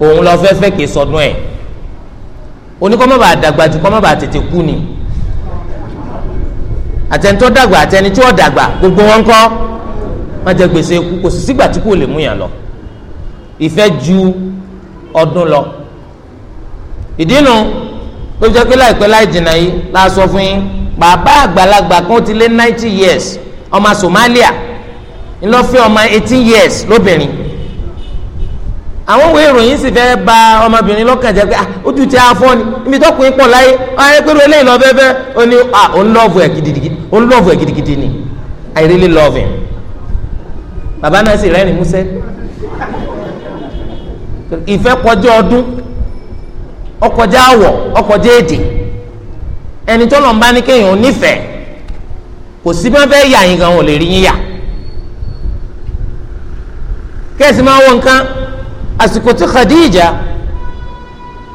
òun lọ fẹ́fẹ́ kìí sọdún ẹ̀ oníkọ́mọ́bà àdàgbà ju kọ́mọ́bà tètè kú ni àtẹnitọ́ dàgbà àtẹnitọ́ dàgbà gbogbo wọn kọ́ wọ́n jẹ gbèsè kú kò sì sígbà tí kò lè mú yàn lọ ìfẹ́ ju ọdún lọ ìdí ló jẹ́ pé láìpẹ́ láì jìnnà yìí la fún yín bàbá àgbàlagbà kan ti lé ninety years ọmọ Somalia ńlọfẹ́ ọmọ eighteen years lóbìnrin àwọn òwe ìròyìn sì fẹ́ bà ọmọbìnrin lọ́kàn jẹ́ pé ah, ojú ti afọ́ ni ibi tọkùnrin pọ̀ láyé ọ̀hún ẹgbẹ́ rẹ̀ lẹ́yìn lọ́fẹ́ fẹ́ ó ní ah, òun lọ́ọ̀fù ẹ̀ gidigidi òun lọ́ọ̀fù ẹ̀ gidigidi ni I really love him bàbá náà sì rẹ́rìn músẹ́ ìfẹ́ kọjá ọdún ọkọjá àwọ̀ ọkọjá èdè ẹni tó lọ́nba ní kéèyàn nífẹ̀ẹ́ kò sí bí wọ́n fẹ́ yà yín gan wọn ò lè rí yín yà kẹ́sì máa wọ nǹkan àsìkò tí Khadija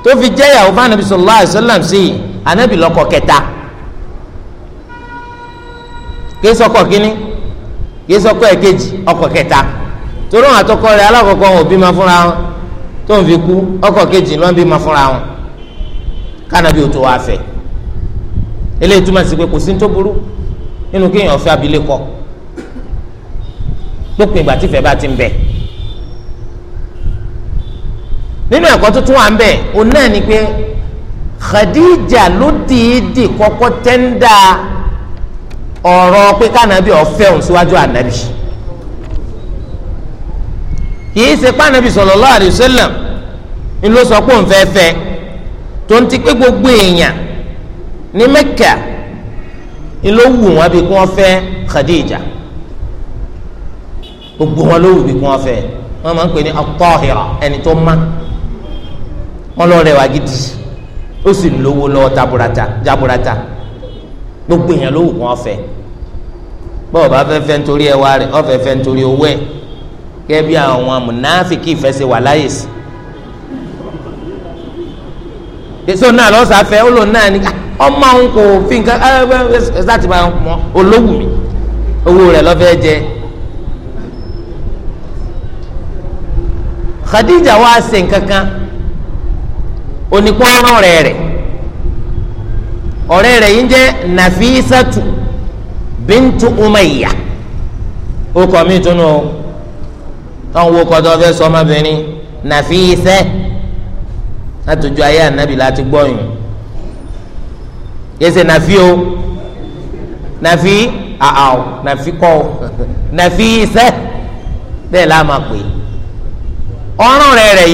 tó fi jẹ́yàwó fún anabi sallallahu alayhi sallam sí i anabi lọ́kọ kẹta kìí sọkọ kínní kìí sọkọ ẹ̀kejì ọkọ kẹta torí wọn àtọkọ rẹ̀ alákọ̀ọ́kọ́ wọn ò bí ma fúnra wọn tó ń fi kú ọkọ kejì ló ń bí ma fúnra wọn kánabi ò tó wá fẹ́ eléyìí túmọ̀ sí pé kò sí ní tó burú nínú kéèyàn fẹ́ abilékọ lópin ìgbà tí ìfẹ́ bá ti ń bẹ nínú ẹ̀kọ́ tuntun wà ń bẹ̀ òun náà ni pé Khadija ló dìídì kọ́kọ́ tẹ́ńdà ọ̀rọ̀ pé kànábì ọ̀fẹ́ òun síwájú ànábì kìí ṣe pànábì sallallahu alaihi wasallam ni ló sọ pé òun fẹ́ fẹ́ tó ń ti pé gbogbo èèyàn ní Mẹ́kà ni ló wù wọn bí kí wọ́n fẹ́ Khadija gbogbo wọn ló wù bí kí wọ́n fẹ́ wọ́n máa ń pè ní at ẹni tó máa wọn lọ rẹwà gidi ó sì lówó lọ taburata jaburata gbogbo èèyàn ló wù wọn fẹ́ bọ́ọ̀ bá fẹ́ fẹ́ nítorí ẹwà rẹ̀ ọ̀fẹ́ fẹ́ nítorí owó ẹ̀ gẹ́gẹ́ bí àwọn mùnáfíkì ìfẹ́ ṣe wà láyè sí. èso náà lọ́sàáfẹ́ ó lò náà ní ah, ọmọ òun kò fi nǹkan ẹ ah, eh, eh, eh, láti máa mọ olówù mi owó rẹ̀ lọ́fẹ́ jẹ. Khadija wá ṣe nǹkan kan onípọ́nrán ọ̀rẹ́ rẹ̀ ọ̀rẹ́ rẹ̀ yìí jẹ́ nàfíìsàtù bíntu umayya ó kọ́ mi tunu o táwọn wo kọ́tọ́ fẹ́ sọ ọmọbìnrin nàfíìsẹ́ látòjú ayé ànábì láti gbọ́yìn yẹsẹ̀ nàfí o nàfí àhàw nàfí kọ́ la máa pè ọ̀ràn rẹ̀ rẹ̀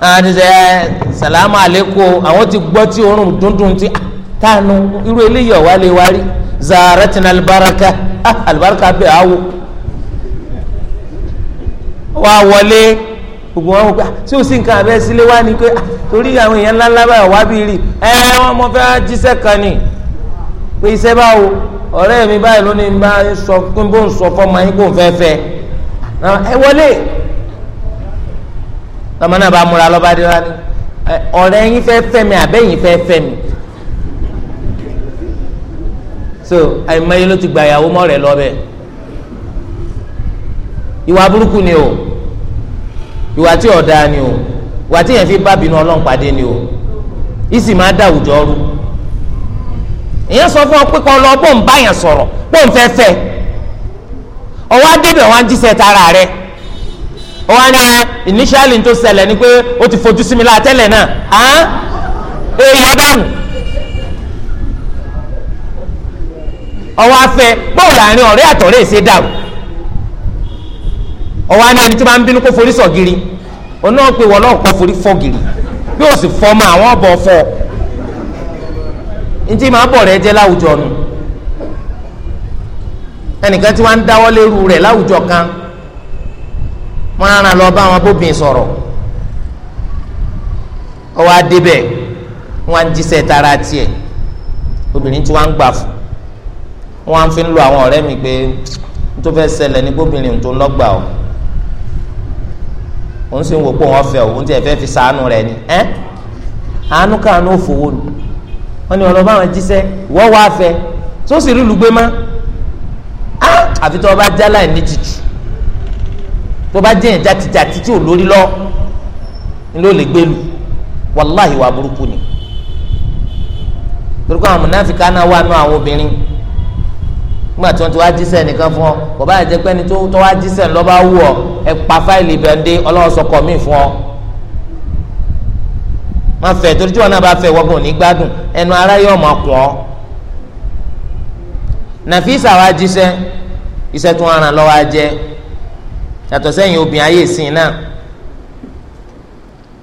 àwọn ti sẹ ẹ sàlámù àlékò àwọn ti gbọ́ tí òórùn dúndùn ti ah, tánu irú eléyìí ọ̀wá lè wá rí zaratin alibaraka alibaraka bẹ́ẹ̀ awo wá wọlé gbogbo wọn gba ah, tí o sì nǹkan abẹ́ sílé wá ni pé ah, torí àwọn èèyàn ńlá ńlá báyìí wá bí rí ẹ wọn mọ fẹ́ jíṣẹ́ kan ni pé iṣẹ́ báwo ọ̀rẹ́ mi báyìí ló ní bá ń sọ fún bó ń sọ fọmọ yín kó ń fẹ́ fẹ́ ẹ wọlé lọ́mọ náà bá múra lọ́ba dé wá ní ọ̀rẹ́ yín fẹ́ fẹ́ mi àbẹ́yìn fẹ́ fẹ́ mi so àìmọye ló ti gba ìyàwó mọ́rẹ̀ lọ́bẹ̀ ìwà burúkú ni o ìwà tí ọ̀dà ni o ìwà tí yẹn fi bá bínú ọlọ́run pàdé ni o ìsì máa dá àwùjọ rú èèyàn sọ fún ọ pé kọ́ lọ bóun bá yẹn sọ̀rọ̀ bóun fẹ́ fẹ́ ọwọ́ adébẹ̀ wọn jíṣẹ́ tara rẹ̀ ó wá ní ah, initially tó ṣẹlẹ̀ ni pé ó ti fojú sí mi láà náà hàn èèyàn dànù. ọwọ́ afẹ́ báwo láàrin ọ̀rẹ́ àtọ̀rẹ́ ṣe dàrú ọwọ́ ẹni tí máa ń bínú kó forí pé wọ́n forí bí ó sì fọ́ ma àwọn ọ̀bọ̀ fọ́ ntí máa bọ̀ rẹ jẹ́ láwùjọ ẹnìkan tí wọ́n ń wọn rán lọ bá àwọn bóbin sọrọ ọwọ́ adébẹ̀ wọ́n á tara tiẹ̀ obìnrin tí wọ́n gbà fún fi ń lo àwọn mi pé tó fẹ́ ní tó o òun sì ń wò pé òun ọ̀fẹ́ òun tiẹ̀ fẹ́ fi ni àwọn afẹ tó sì rí tó bá jẹyàn jatijati tí ò lórí lọ ni ló lè gbélu wàláhì wà burúkú ni torí kó àwọn mùnáfíkà náà wà nù àwọn obìnrin nígbà tí wọn ti wá jíṣẹ́ nìkan fún ọ kò bá jẹ pé ẹni tó tó wá jíṣẹ́ lọ bá wù ọ ẹ pa fáìlì bẹ́ẹ̀ dé ọlọ́wọ́ sọkọ mí fún ọ má fẹ́ torí tí wọn náà bá fẹ́ wọgbọn ní gbádùn ẹnu ara yóò máa kún ọ nàfíìsà wá jíṣẹ́ iṣẹ́ tó ń ràn lọ́wọ́ ajẹ́ yàtọ̀ sẹ́yìn obìnrin ayé ìsìn náà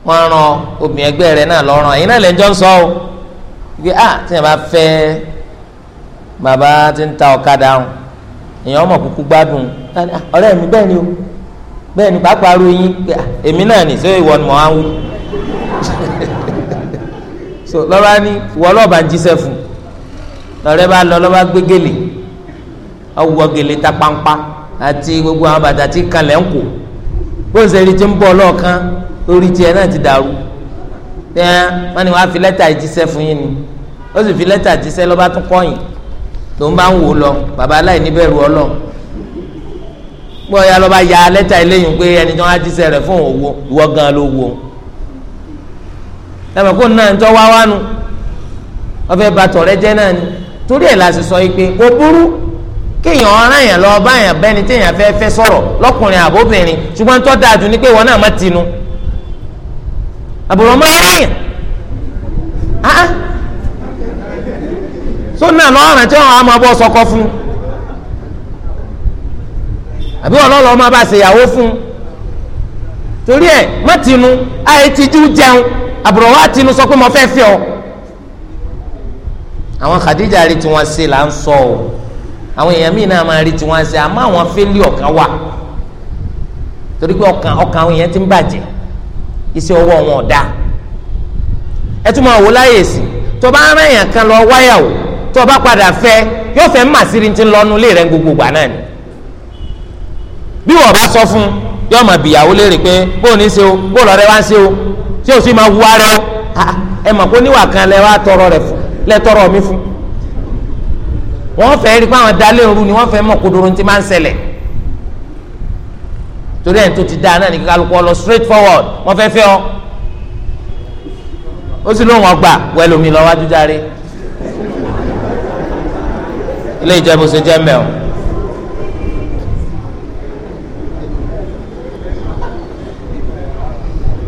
wọ́n ran obìnrin ẹgbẹ́ rẹ̀ náà lọ́rùn ẹ̀yin náà lẹ́jọ́ o ah tí yẹn bàbá ti ń ta ọ̀kadà ọ̀hún èèyàn ọmọ kúkú gbádùn ah, ọ̀rẹ́ mi bẹ́ẹ̀ ni o bẹ́ẹ̀ ni pàápàá yín ah, èmi náà nì ìwọ ni mò ń wú so lọ́ba ní lọ́ba lọ́rẹ́ bá lọ lọ́ba gbé gèlè gèlè àti gbogbo àwọn bàtà tí kalẹ̀ ń kò bó ń sẹ́ni tí ń bọ̀ lọ́ọ̀kan orí tiẹ̀ náà ti dàrú tẹ́ẹ̀ wọ́n ní wọ́n á fi lẹ́tà ìjíṣẹ́ fún yín ni ó sì fi lẹ́tà ìjíṣẹ́ lọ́ba tún kọ́yìn tó ń bá ń wò lọ bàbá aláìní bẹ̀rù ọlọ́ọ̀ gbọ́ ya lọ́ba ya lẹ́tà eléyìí pé ẹni tí wọ́n á jíṣẹ́ rẹ̀ fún òwò ìwọ gan ló wo ẹ̀mọ̀ kó náà ń tọ́ wá wánu ọ̀fẹ́ bàtọ̀ rẹ jẹ́ náà ni torí ẹ̀ la sì sọ yìí pé kò burú kéèyàn ọ̀ràn yẹn lọ bá yẹn bẹ́ni téèyàn fẹ́ fẹ́ sọ̀rọ̀ lọ́kùnrin àbóbìnrin ṣùgbọ́n tó dáa jù ni pé wọn náà má tinú àbùrọ̀ máa rẹ̀ yẹn ah sónà lọ́rùn tí wọn á máa bọ́ sọkọ fún àbí wọn lọ́lọ́ máa bá ṣèyàwó fún torí ẹ má tinú àyè tijú jẹun àbùrọ̀ wa tinú sọ pé mo fẹ́ fẹ́ ọ àwọn Khadija rí tiwọn ṣe là ń sọ o. So àwọn èèyàn míì náà máa rí tiwọn ṣe àmọ́ àwọn fẹ́lẹ́ ọka wà torí pé ọkàn ọkàn àwọn èèyàn ti ń bàjẹ iṣẹ́ ọwọ́ wọn ọdá ẹ tún máa wò láyè sí tó bá èèyàn kan lọ wáyàwó tó bá padà fẹ yóò fẹ́ màsírí ti ń lé gbogbo gbà náà ni o bó wá ń ṣe o ṣé o sì máa wú ara ah, ẹ mọ̀ pé kan lẹ wá tọrọ rẹ wọ́n fẹ́ rí pé àwọn dalẹ́ òru ni wọ́n fẹ́ mọ̀ kodoro ti máa ń ṣẹlẹ̀ torí ẹni tó ti da náà ní kálukú ọ lọ straight forward wọ́n fẹ́ fẹ́ ọ ó sì lóun ọgbà wẹlómi lọ wájú járe ilé ìjẹbù ṣe jẹ o.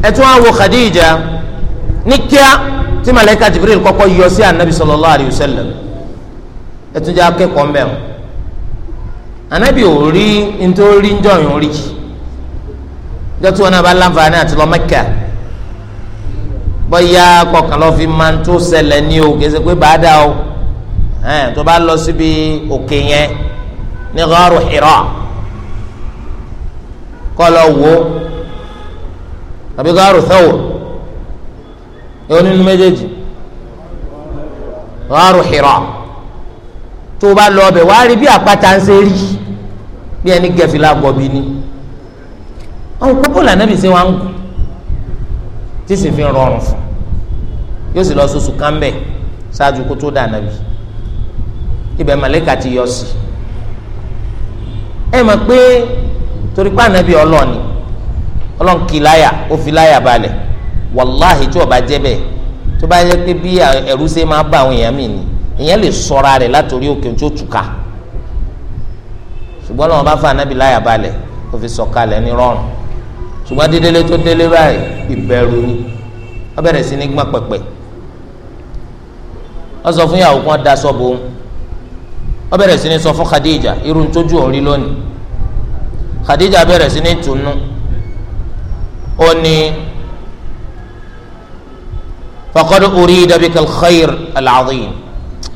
ẹ tún wá wo Khadija ní kíá tí màláíkà Jibril kọ́kọ́ yọ sí Ànábì sallallahu alaihi wasallam ẹtúnjẹ akẹ́kọ̀ọ́ mbẹ o anabi ò rí nítorí njọyìn orí jọtú wọn náà bá láǹfààní àti lọ Mẹ́kà bóyá kọkàn lọ fi máa ń tó ṣẹlẹ̀ ní o kìí ṣe pé bàá dà o tó bá lọ síbi òkè yẹn ní gharu Hira kọ lọ wò àbí gharu Thawr ẹ onínú méjèèjì gharu Hira tó o bá lọ ọbẹ̀ wàá rí bí àpáta ń ṣe rí bí ẹni gẹ̀fìlà gbọ̀bì ni àwọn púpọ̀ lànàbì ṣe wá ń gùn tí sì fi rọrùn fún yóò sì lọ sọ̀sù kánbẹ̀ ṣáájú kó tó dà nàbì ibẹ̀ màlẹ́kà ti yọ sí ẹ mọ̀ pé torí pé ànábì ọlọ́ọ̀ni ọlọ́ọ̀n kì í láyà ó fi láyà balẹ̀ wàláhì tí ó bá jẹ́ bẹ́ẹ̀ tó bá yẹ pé bí ẹ̀rú ṣe máa bá àwọn èèyàn mì ní ìyẹn lè sọra rẹ̀ látòrí òkè tó tùkà ṣùgbọ́n lọ́wọ́ bá fà nábì láyà balẹ̀ kó fi sọ̀kalẹ̀ ní rọrùn ṣùgbọ́n dídélé tó délé báyìí ìbẹ̀rù ni wọ́n bẹ̀rẹ̀ sí ní gbọ́n pẹ̀pẹ̀ wọ́n sọ fún ìyàwó kan da sọ́ọ̀bù òun wọ́n bẹ̀rẹ̀ sí ní sọ fún Khadija irun tójú òun rí lónìí Khadija bẹ̀rẹ̀ sí ní tùnú ó ní faqad urida bika al-khair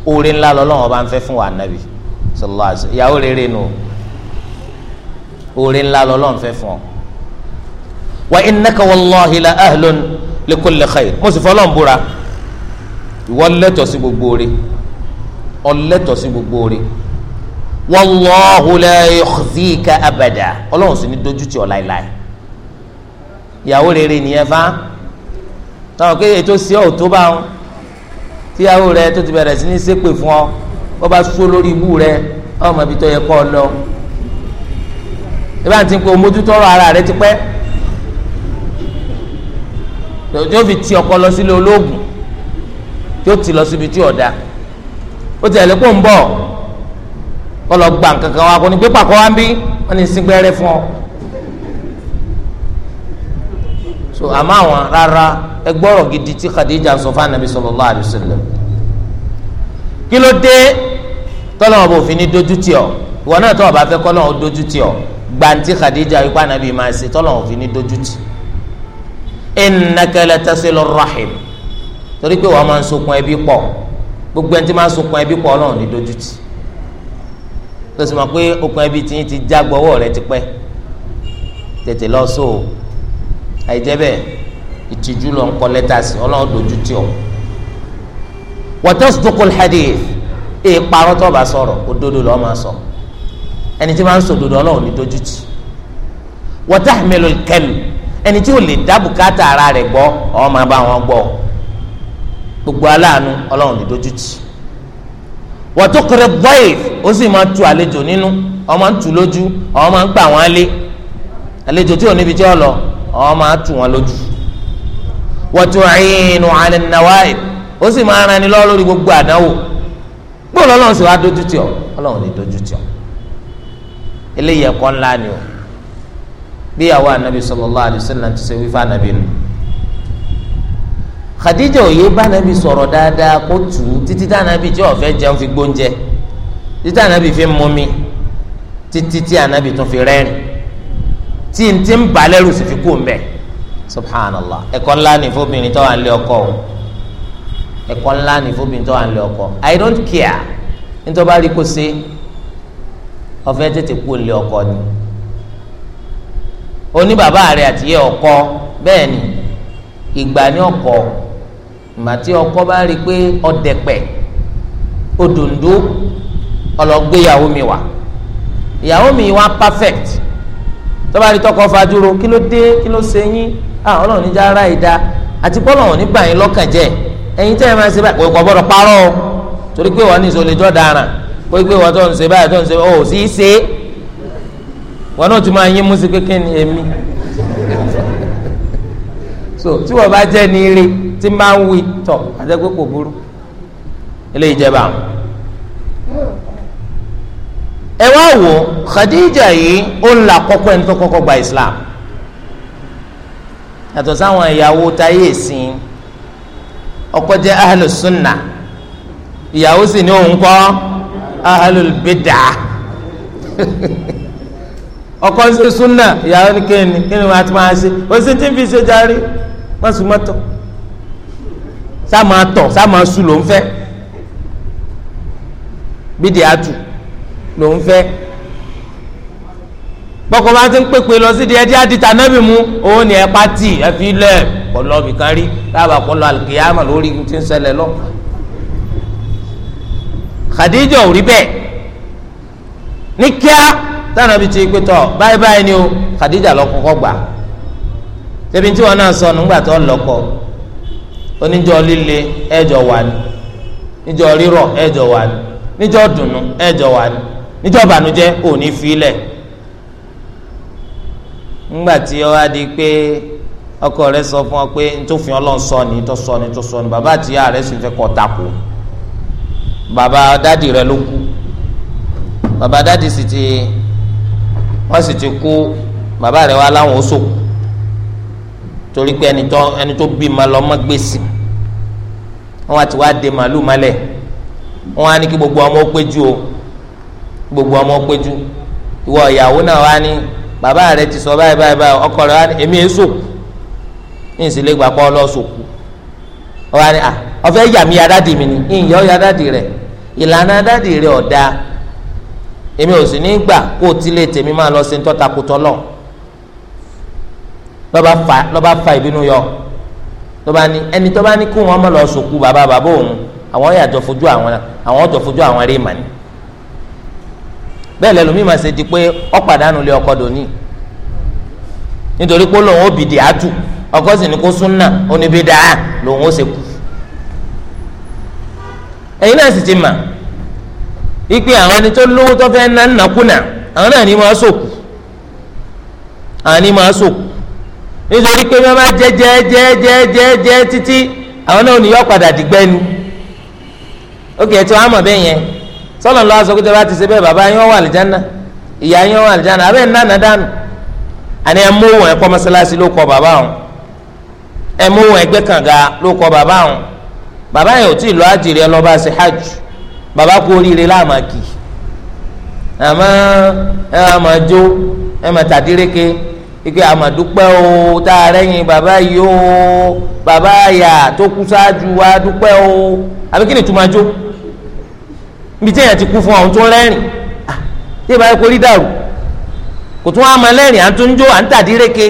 oore ńlá lọ́lọ́wọ́n bá ń fẹ́ fún wa nàbì sallallahu alaihi wasallam ìyàwó rere nù oore ńlá lọ́lọ́wọ́n fẹ́ fún ọ. wa innaka wallahi la ahlun li kulli khair mo sì fọlọ́ ń búra ìwọ lẹ́tọ̀ sí gbogbo oore ọlẹ́tọ̀ sí gbogbo oore wallahu la yukhzika abada ọlọ́run sì ní dojú tì ọ́ láéláé ìyàwó rere nìyẹn fa táwọn kéde tó sí ọ̀ tó bá wọn tíyàwó rẹ tó ti bẹ̀rẹ̀ sí ní ṣépè fún ọ wọ́n bá sọ lórí ibú rẹ ọmọ ibi tó yẹ kọ́ ọ lọ. ìbá ti ń pe omójútọ́rọ̀ ara rẹ ti pẹ́ yóò fi ti ọkọ lọ sílé olóògùn yóò ti lọ síbi tí ọ̀dà ó ti ẹ̀lẹ́kọ̀ ń bọ̀ kọ́ lọ gba nǹkan kan wá kó ní pépà kọ́ wá ń bí wọ́n ní sígbẹ́rẹ́ fún ọ. so àmọ́ àwọn rárá ẹ gbọ́rọ̀ gidi tí Khadija sọ fún anabi sallallahu alayhi wa sallam kí ló dé tọ́lọ́wọ́n bò fi ní dojú tì ọ́ ìwọ náà tọ́wọ́ bá fẹ́ kọ́lọ́wọ́ dojú tì ọ́ gbanti Khadija ikú anabi máa ṣe tọ́lọ́wọ́n fi ní dojú tì innaka latasilu rahim torí pé wàá máa ń sokun ẹbí pọ̀ gbogbo ẹni tí máa ń sokun ẹbí pọ̀ Ọlọ́run ní dójútì tó sì mọ̀ pé okùn ẹbí tiyín ti já gbọ́wọ́ rẹ tipẹ́ tètè lọ sóò àìjẹ́ bẹ́ẹ̀ ìtìjú lọ ń kọ lẹ́tà sí ọlọ́run dojú tì ọ́ watasduqul hadith èè parọ́ tó bá sọ̀rọ̀ òdodo lọ́ọ́ máa sọ ẹni tí máa ń sọ òdodo ọlọ́run ní dojú tì watahmilul kam ẹni tí ò lè dá bùkátà ara rẹ̀ gbọ́ ọ́ máa bá wọn gbọ́ gbogbo aláàánú ọlọ́run ní dojú tì watuqri dayf ó sì máa tu àlejò nínú ó ń tu lójú ó ń gbà wọ́n lé àlejò tí ò níbi tí ó lọ ọ máa tù wọn lójú wọ́tú ẹ̀yìnù ànínáwáì ó sì máa ran ni lọ́wọ́ lórí gbogbo àdánwò gbọ́dọ̀ lọ́lọ́run sì wá dojú tì ọ́ ọlọ́run lè dojú tì ọ́ eléyìí ẹ̀kọ́ ńlá ni o bí anabi sallallahu alaihi wasallam ti ṣe wífà anabi nù Khadija òye bá anabi sọ̀rọ̀ dáadáa kó tù ú títí tá anabi tí ọ̀fẹ́ jẹun fi gbóúnjẹ títí anabi fi mumi títí tí anabi tún fi rẹ́rìn tí n ti ń bà lẹ́rù sì fi kú mbẹ́ subhanallah ẹ̀kọ́ ńlá ni fóbìnrin tó wà ń lé ọkọ o ẹ̀kọ́ ńlá ni fóbìnrin tó wà ń lé ọkọ i don't care nítorí bá rí kó ṣe ọfẹ tètè kú lé ọkọ ni oní bàbá rẹ àti yẹ ọkọ bẹ́ẹ̀ ni ìgbà ní ọkọ ìgbà tí ọkọ bá rí pé ọdẹpẹ odòǹdó ọlọgbéyàwó mi wà ìyàwó mi wà perfect tọ́ba ní tọkọ fadúró kí ló dé kí ló ṣe yín ah ọlọ́run níjà ara ìdá àti pọ́lọ́run nígbà yín lọ́kàn jẹ́ ẹ̀yin tẹ́ ẹ máa ṣe báyìí kò gbọ́dọ̀ parọ́ o torí pé wọ́n ní ìṣòlè jọ́ dara pé pé wọ́n tó ń ṣe báyìí tó ń ṣe o sì í ṣe wọn náà tún máa yín mú sí kékeré ní èmi so tí wọ́n bá jẹ́ ní ire tí máa ń wí tọ̀ àtẹ́gbẹ́ kò burú eléyìí jẹ́ báwọn ẹ wá wò Khadija yìí ó ń la kọ́kọ́ ẹni tó kọ́kọ́ gba Islam yàtọ̀ sáwọn ìyàwó táyé ìsìn ọkọ jẹ́ ahlu sunna ìyàwó sì ní òun kọ́ ahlu bidà ọkọ ṣe sunna ìyàwó ní kéènì kéènì wọn àti máa ṣe ó sì ti ń fi ṣe járe wọn sì mọ́tò sáà máa tọ̀ sáà máa sùn ló ń fẹ́ bídìí àtù ló ń fẹ́ bọ́kọ bá ti ń pèpè lọ sí di ẹdí àdìtà nábì mú òun ni ẹ pati ẹ fi lẹ̀ kọlọ́ bìkan rí láàbà kọlọ́ àlùkìyàmà lórí ti ń ṣẹlẹ̀ lọ. Khadija ò rí bẹ́ẹ̀ ní kíá táwọn ibi tí pé tọ báyìí báyìí ni o Khadija lọ kọ́kọ́ gbà tẹbi tí wọn náà sọ nígbà tó lọkọ oníjọ líle ẹjọ wà ní níjọ rírọ̀ ẹjọ wà ní níjọ dùnú ẹjọ wà ní níjọ́ ìbànújẹ́ ò ní filẹ̀ wá di pé ọkọ rẹ sọ fún ọ pé ntòfin Ọlọ́run sọ ni tó sọ ni tó sọ ni bàbá àti ìyá rẹ sì fẹ́ kọ́ tako bàbá dádì rẹ ló kú bàbá dádì sì ti wọ́n sì ti kú bàbá rẹ wá láwọn ó sòkù torí pé ẹni tó ẹni tó bí ma lọ́mọ gbèsè wọn àti wá de màlúù malẹ̀ wọn á ní kí gbogbo ọmọ ó péjú o gbogbo ọmọ péjú ìwọ ìyàwó náà wá ní bàbá rẹ ti sọ báyìí báyìí báyìí ọkọ rẹ wá ní èmi èé sòkù ní ìsìlẹ gbà pọ lọ sòkù ọwọ ni ah ọfẹ yàmi adádì mi ni ìyọ adádì rẹ ìlànà adádì rẹ ọdá èmi ò sì ní gbà kó o tilé tèmi máa lọ sí tọ́takùtọ́ lọ lọ́ba fa ìbínú yọ lọ́ba ní ẹni tó ní kó wọn mọ̀ lọ sòkù bàbá bàbá òun àwọn yàtọ̀ fojú àwọn àwọn ọ̀tọ̀ fojú àwọn eré màní. bẹ́ẹ̀ lẹ́nu mi máa ṣe di pé ọ̀pàdánù lé ọkọ dòní nítorí pé lòun ó bìdì àtù ọkọ sì ní kó súnà oníbi lòun ó ṣe kú. ẹ̀yin náà sì ti mà ipe àwọn ẹni tó lówó tó fẹ́ ná àwọn náà ní máa sòkù àwọn ní máa sòkù nítorí pé wọ́n bá jẹ́ jẹ́ jẹ́ jẹ́ jẹ́ àwọn náà sọlọ lọ sọ pé tẹ́lá ti ṣe bẹ́ẹ̀ bàbá yín wà àlìjáná ìyá yín wà àlìjáná abẹ́ nánà dànù àní ẹ mú wọn ẹkọ mọ́sálásí ló kọ bàbá wọn ẹ mú wọn ẹgbẹ́ kànga ló kọ bàbá wọn bàbá yẹn ò tí ì lọ àjèrè ẹ lọ bá ṣe hajj bàbá kú oríire láàmà kì í àmọ́ ẹ àmà jó ẹ mà tàdíréke ike àmàdúpẹ́ o tá a rẹ́yìn bàbá o bàbá àyà tó kú sáájú wa dúpẹ́ o àbí kí ni tùmájó ibi tí èèyàn ti kú fún ọ̀hún tó ń rẹ́rìn ah, tí ìbáyé kò rí dàrú kò tún wá máa lẹ́rìn à ń tún jó à ń tàdíreke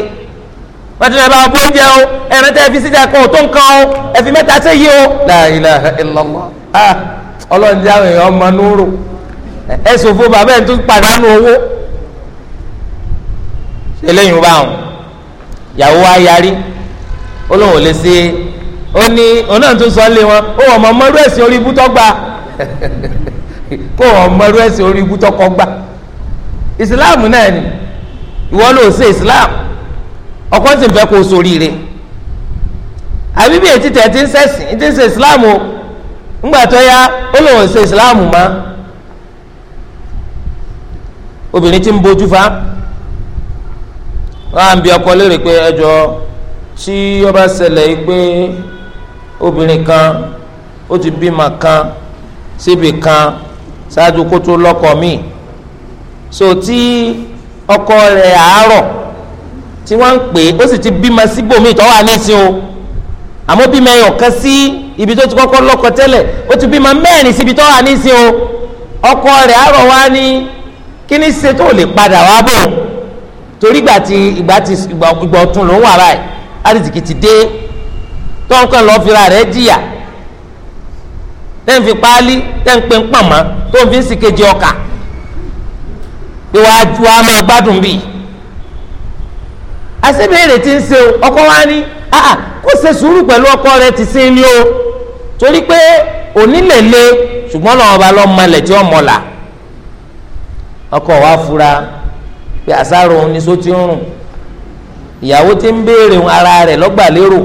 wọ́n ti ní ẹ̀bá ọ̀bọ oúnjẹ o ẹ̀rẹ́ tẹ́ fi síta kan ò tó nǹkan o ẹ̀fi mẹ́ta ṣe yí o. la ilaha illallah ah, ọlọ́run jẹ́ àwọn èèyàn ọmọ núrò ẹ̀ sòfò bàbá ẹ̀ tún pàdánù owó eléyìí bá wọn yàwó wa yarí ó lóun ò lè ṣe ó ní òun náà tún sọ lé wọn ó wọ̀ ọmọ mọ́rú ẹ̀sìn orí ibú tọ́gbà kó wọn mọrú ẹsẹ orí ibú tọkọ gbà islam náà ni ìwọ ló ṣe islam ọkọ ti ń fẹ́ kó sórí abibi àbí bí tẹ̀ ti ń sẹ́sìn ti ń ṣe ìsìláàmù o ńgbà tó yá ó ti ń bójú fa wọn bi ọkọ léèrè pé ẹjọ tí ọba ṣẹlẹ̀ pé obìnrin kan ó ti bímọ kan síbi kan ṣáájú kó tó lọ́kọ míì so tí ọkọ rẹ̀ àárọ̀ tí wọ́n ń pè é ó sì ti bímọ síbòmíì tó wà o àmọ́ bímọ ẹyọ̀ kan sí ibi tó ti kọ́kọ́ lọ́kọ tẹ́lẹ̀ ó ti bímọ mẹ́rin síbi tó wà o ọkọ rẹ̀ àárọ̀ wá ní kí ni ṣe tó lè padà wá bò torí ìgbà tí ìgbà tí ìgbà ọ̀tún ló ń wà báyìí àdìsíkì ti dé tó ń kàn lọ́ọ́ fira rẹ̀ jìyà tẹ́ ń fi páálí tẹ́ ń pe ń pàmò tó ń fi ń sìkejì ọkà ìwájú wa máa gbádùn bì. àṣebéèrè ti ń ṣe o ọkọ wa ní kó ṣe sùúrù pẹ̀lú ọkọ rẹ ti sí ni o torí pé òní lè le ṣùgbọ́n lọ́wọ́ ba lọ́ọ́ mọlẹ̀ tí wọ́n mọ̀lá ọkọ wa fura pé àṣàrò òun ni sọ ti ń rùn ìyàwó ti ń béèrè ara rẹ̀ lọ́gbàlérò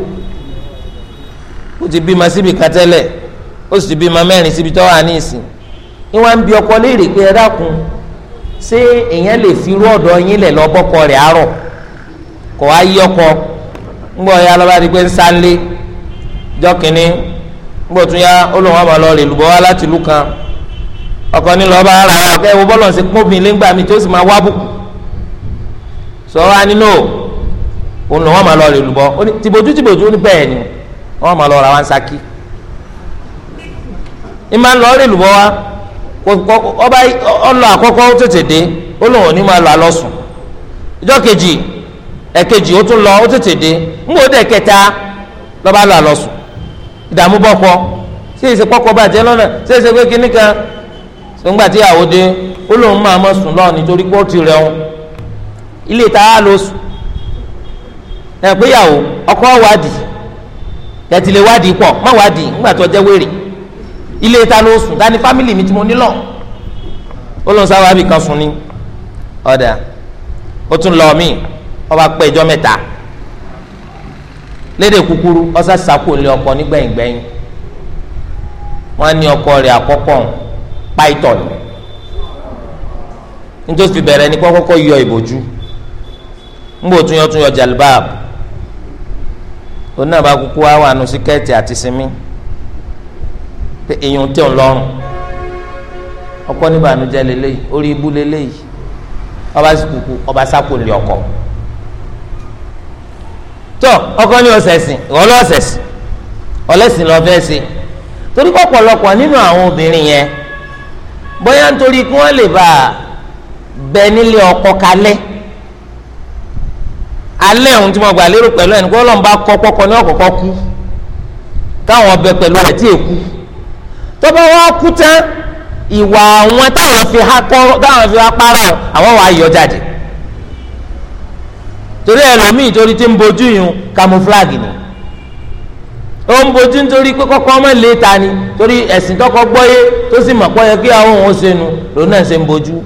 ó ti bímọ síbi kan tẹ́lẹ̀ ó sì ti bímọ mẹ́rin síbi tó wà ní ìsìn ni wọ́n ọkọ léèrè pé ẹ dákun ṣé èèyàn lè fi irú ọ̀dọ́ yín lẹ̀ lọ bọ́kọ rẹ̀ àárọ̀ wá yí ọkọ ńgbọ́ ya lọ́ba di pé ń sálé jọ́kìnní ńgbọ́ tún ya olùwọ́n àmọ́ lọ rè lùbọ́ wá láti ọkọ ní lọ́ba ara ọ̀kẹ́ wo bọ́ọ̀lù ọ̀sẹ̀ mi tí ó sì máa wá bùkù sọ wá nínú lọ rè lùbọ́ ní bẹ́ẹ̀ ni ìmọ̀ lọ rí lùbọ́ wa ọba ọlọ akọkọ ó tètè dé ó lóun ò ní máa lọ àlọ́sùn ìjọ kejì ẹ̀kejì ó tún lọ ó tètè dé ń ó kẹta lọ àlọ́sùn ìdààmú bọ́kọ ṣé èsì pọ́kọ bàjẹ́ lọ́nà ṣé èsì pé kíní kan ṣùgbọ́n àti ìyàwó dé ó lóun máa sùn nítorí pé ó ti wọn ilé á lọ sùn pé ìyàwó ọkọ wádìí wádìí pọ, má wádìí ńgbà tó ilé ta ló sùn dání fámìlì mi tí mo nílọ ó lọ sáwá bì kan sùn ní ọ̀dà ó tún lọ mí ọba pẹ́ ìjọ mẹ́ta lédè kúkúrú ọsà sàkó lé ọkọ nígbẹ̀yìngbẹ̀yìn wọ́n ní ọkọ rẹ̀ àkọ́kọ́ python nítòsí bẹ̀rẹ̀ ní kọ́kọ́kọ́ yọ ìbòjú ńgbò tún yọ tún yọ jalbab onáàbà kúkú wá wà nù síkẹ́ẹ̀tì àti sinmi pé èèyàn tẹ̀ ń lọ́rùn ọkọ níbànújẹ́ lélẹ́yìí orí ibú lélẹ́yìí ọba sùkùkù ọba sápò lé ọkọ tọ ọkọ ní ọsẹsìn ọlọsẹsìn ọlẹsìn lọfẹsì torí pọpọlọpọ nínú àwọn obìnrin yẹn bóyá nítorí kí wọn lè bá bẹ nílé ọkọ kalẹ̀ alẹ́ ohun tí mo gbà lérò pẹ̀lú ẹni kó lọ́nba kọ́ pọ́kọ́ ní ọ̀kọ̀ọ̀kọ́ kú táwọn ọbẹ̀ pẹ̀lú rẹ̀ tí èkú. tó bá kú tán ìwà àwọn táwọn fi ha kọ́ táwọn fi ha para ọ àwọn wàá yọ jáde torí ẹlòmíì torí tí ń bojú yun ni ó ń bojú nítorí pé kọ́kọ́ ọmọ ta ni torí ẹ̀sìn tọkọ gbọ́yé tó sì mọ̀ pọ́ kí àwọn òun ṣe nu lòun náà ṣe ń bojú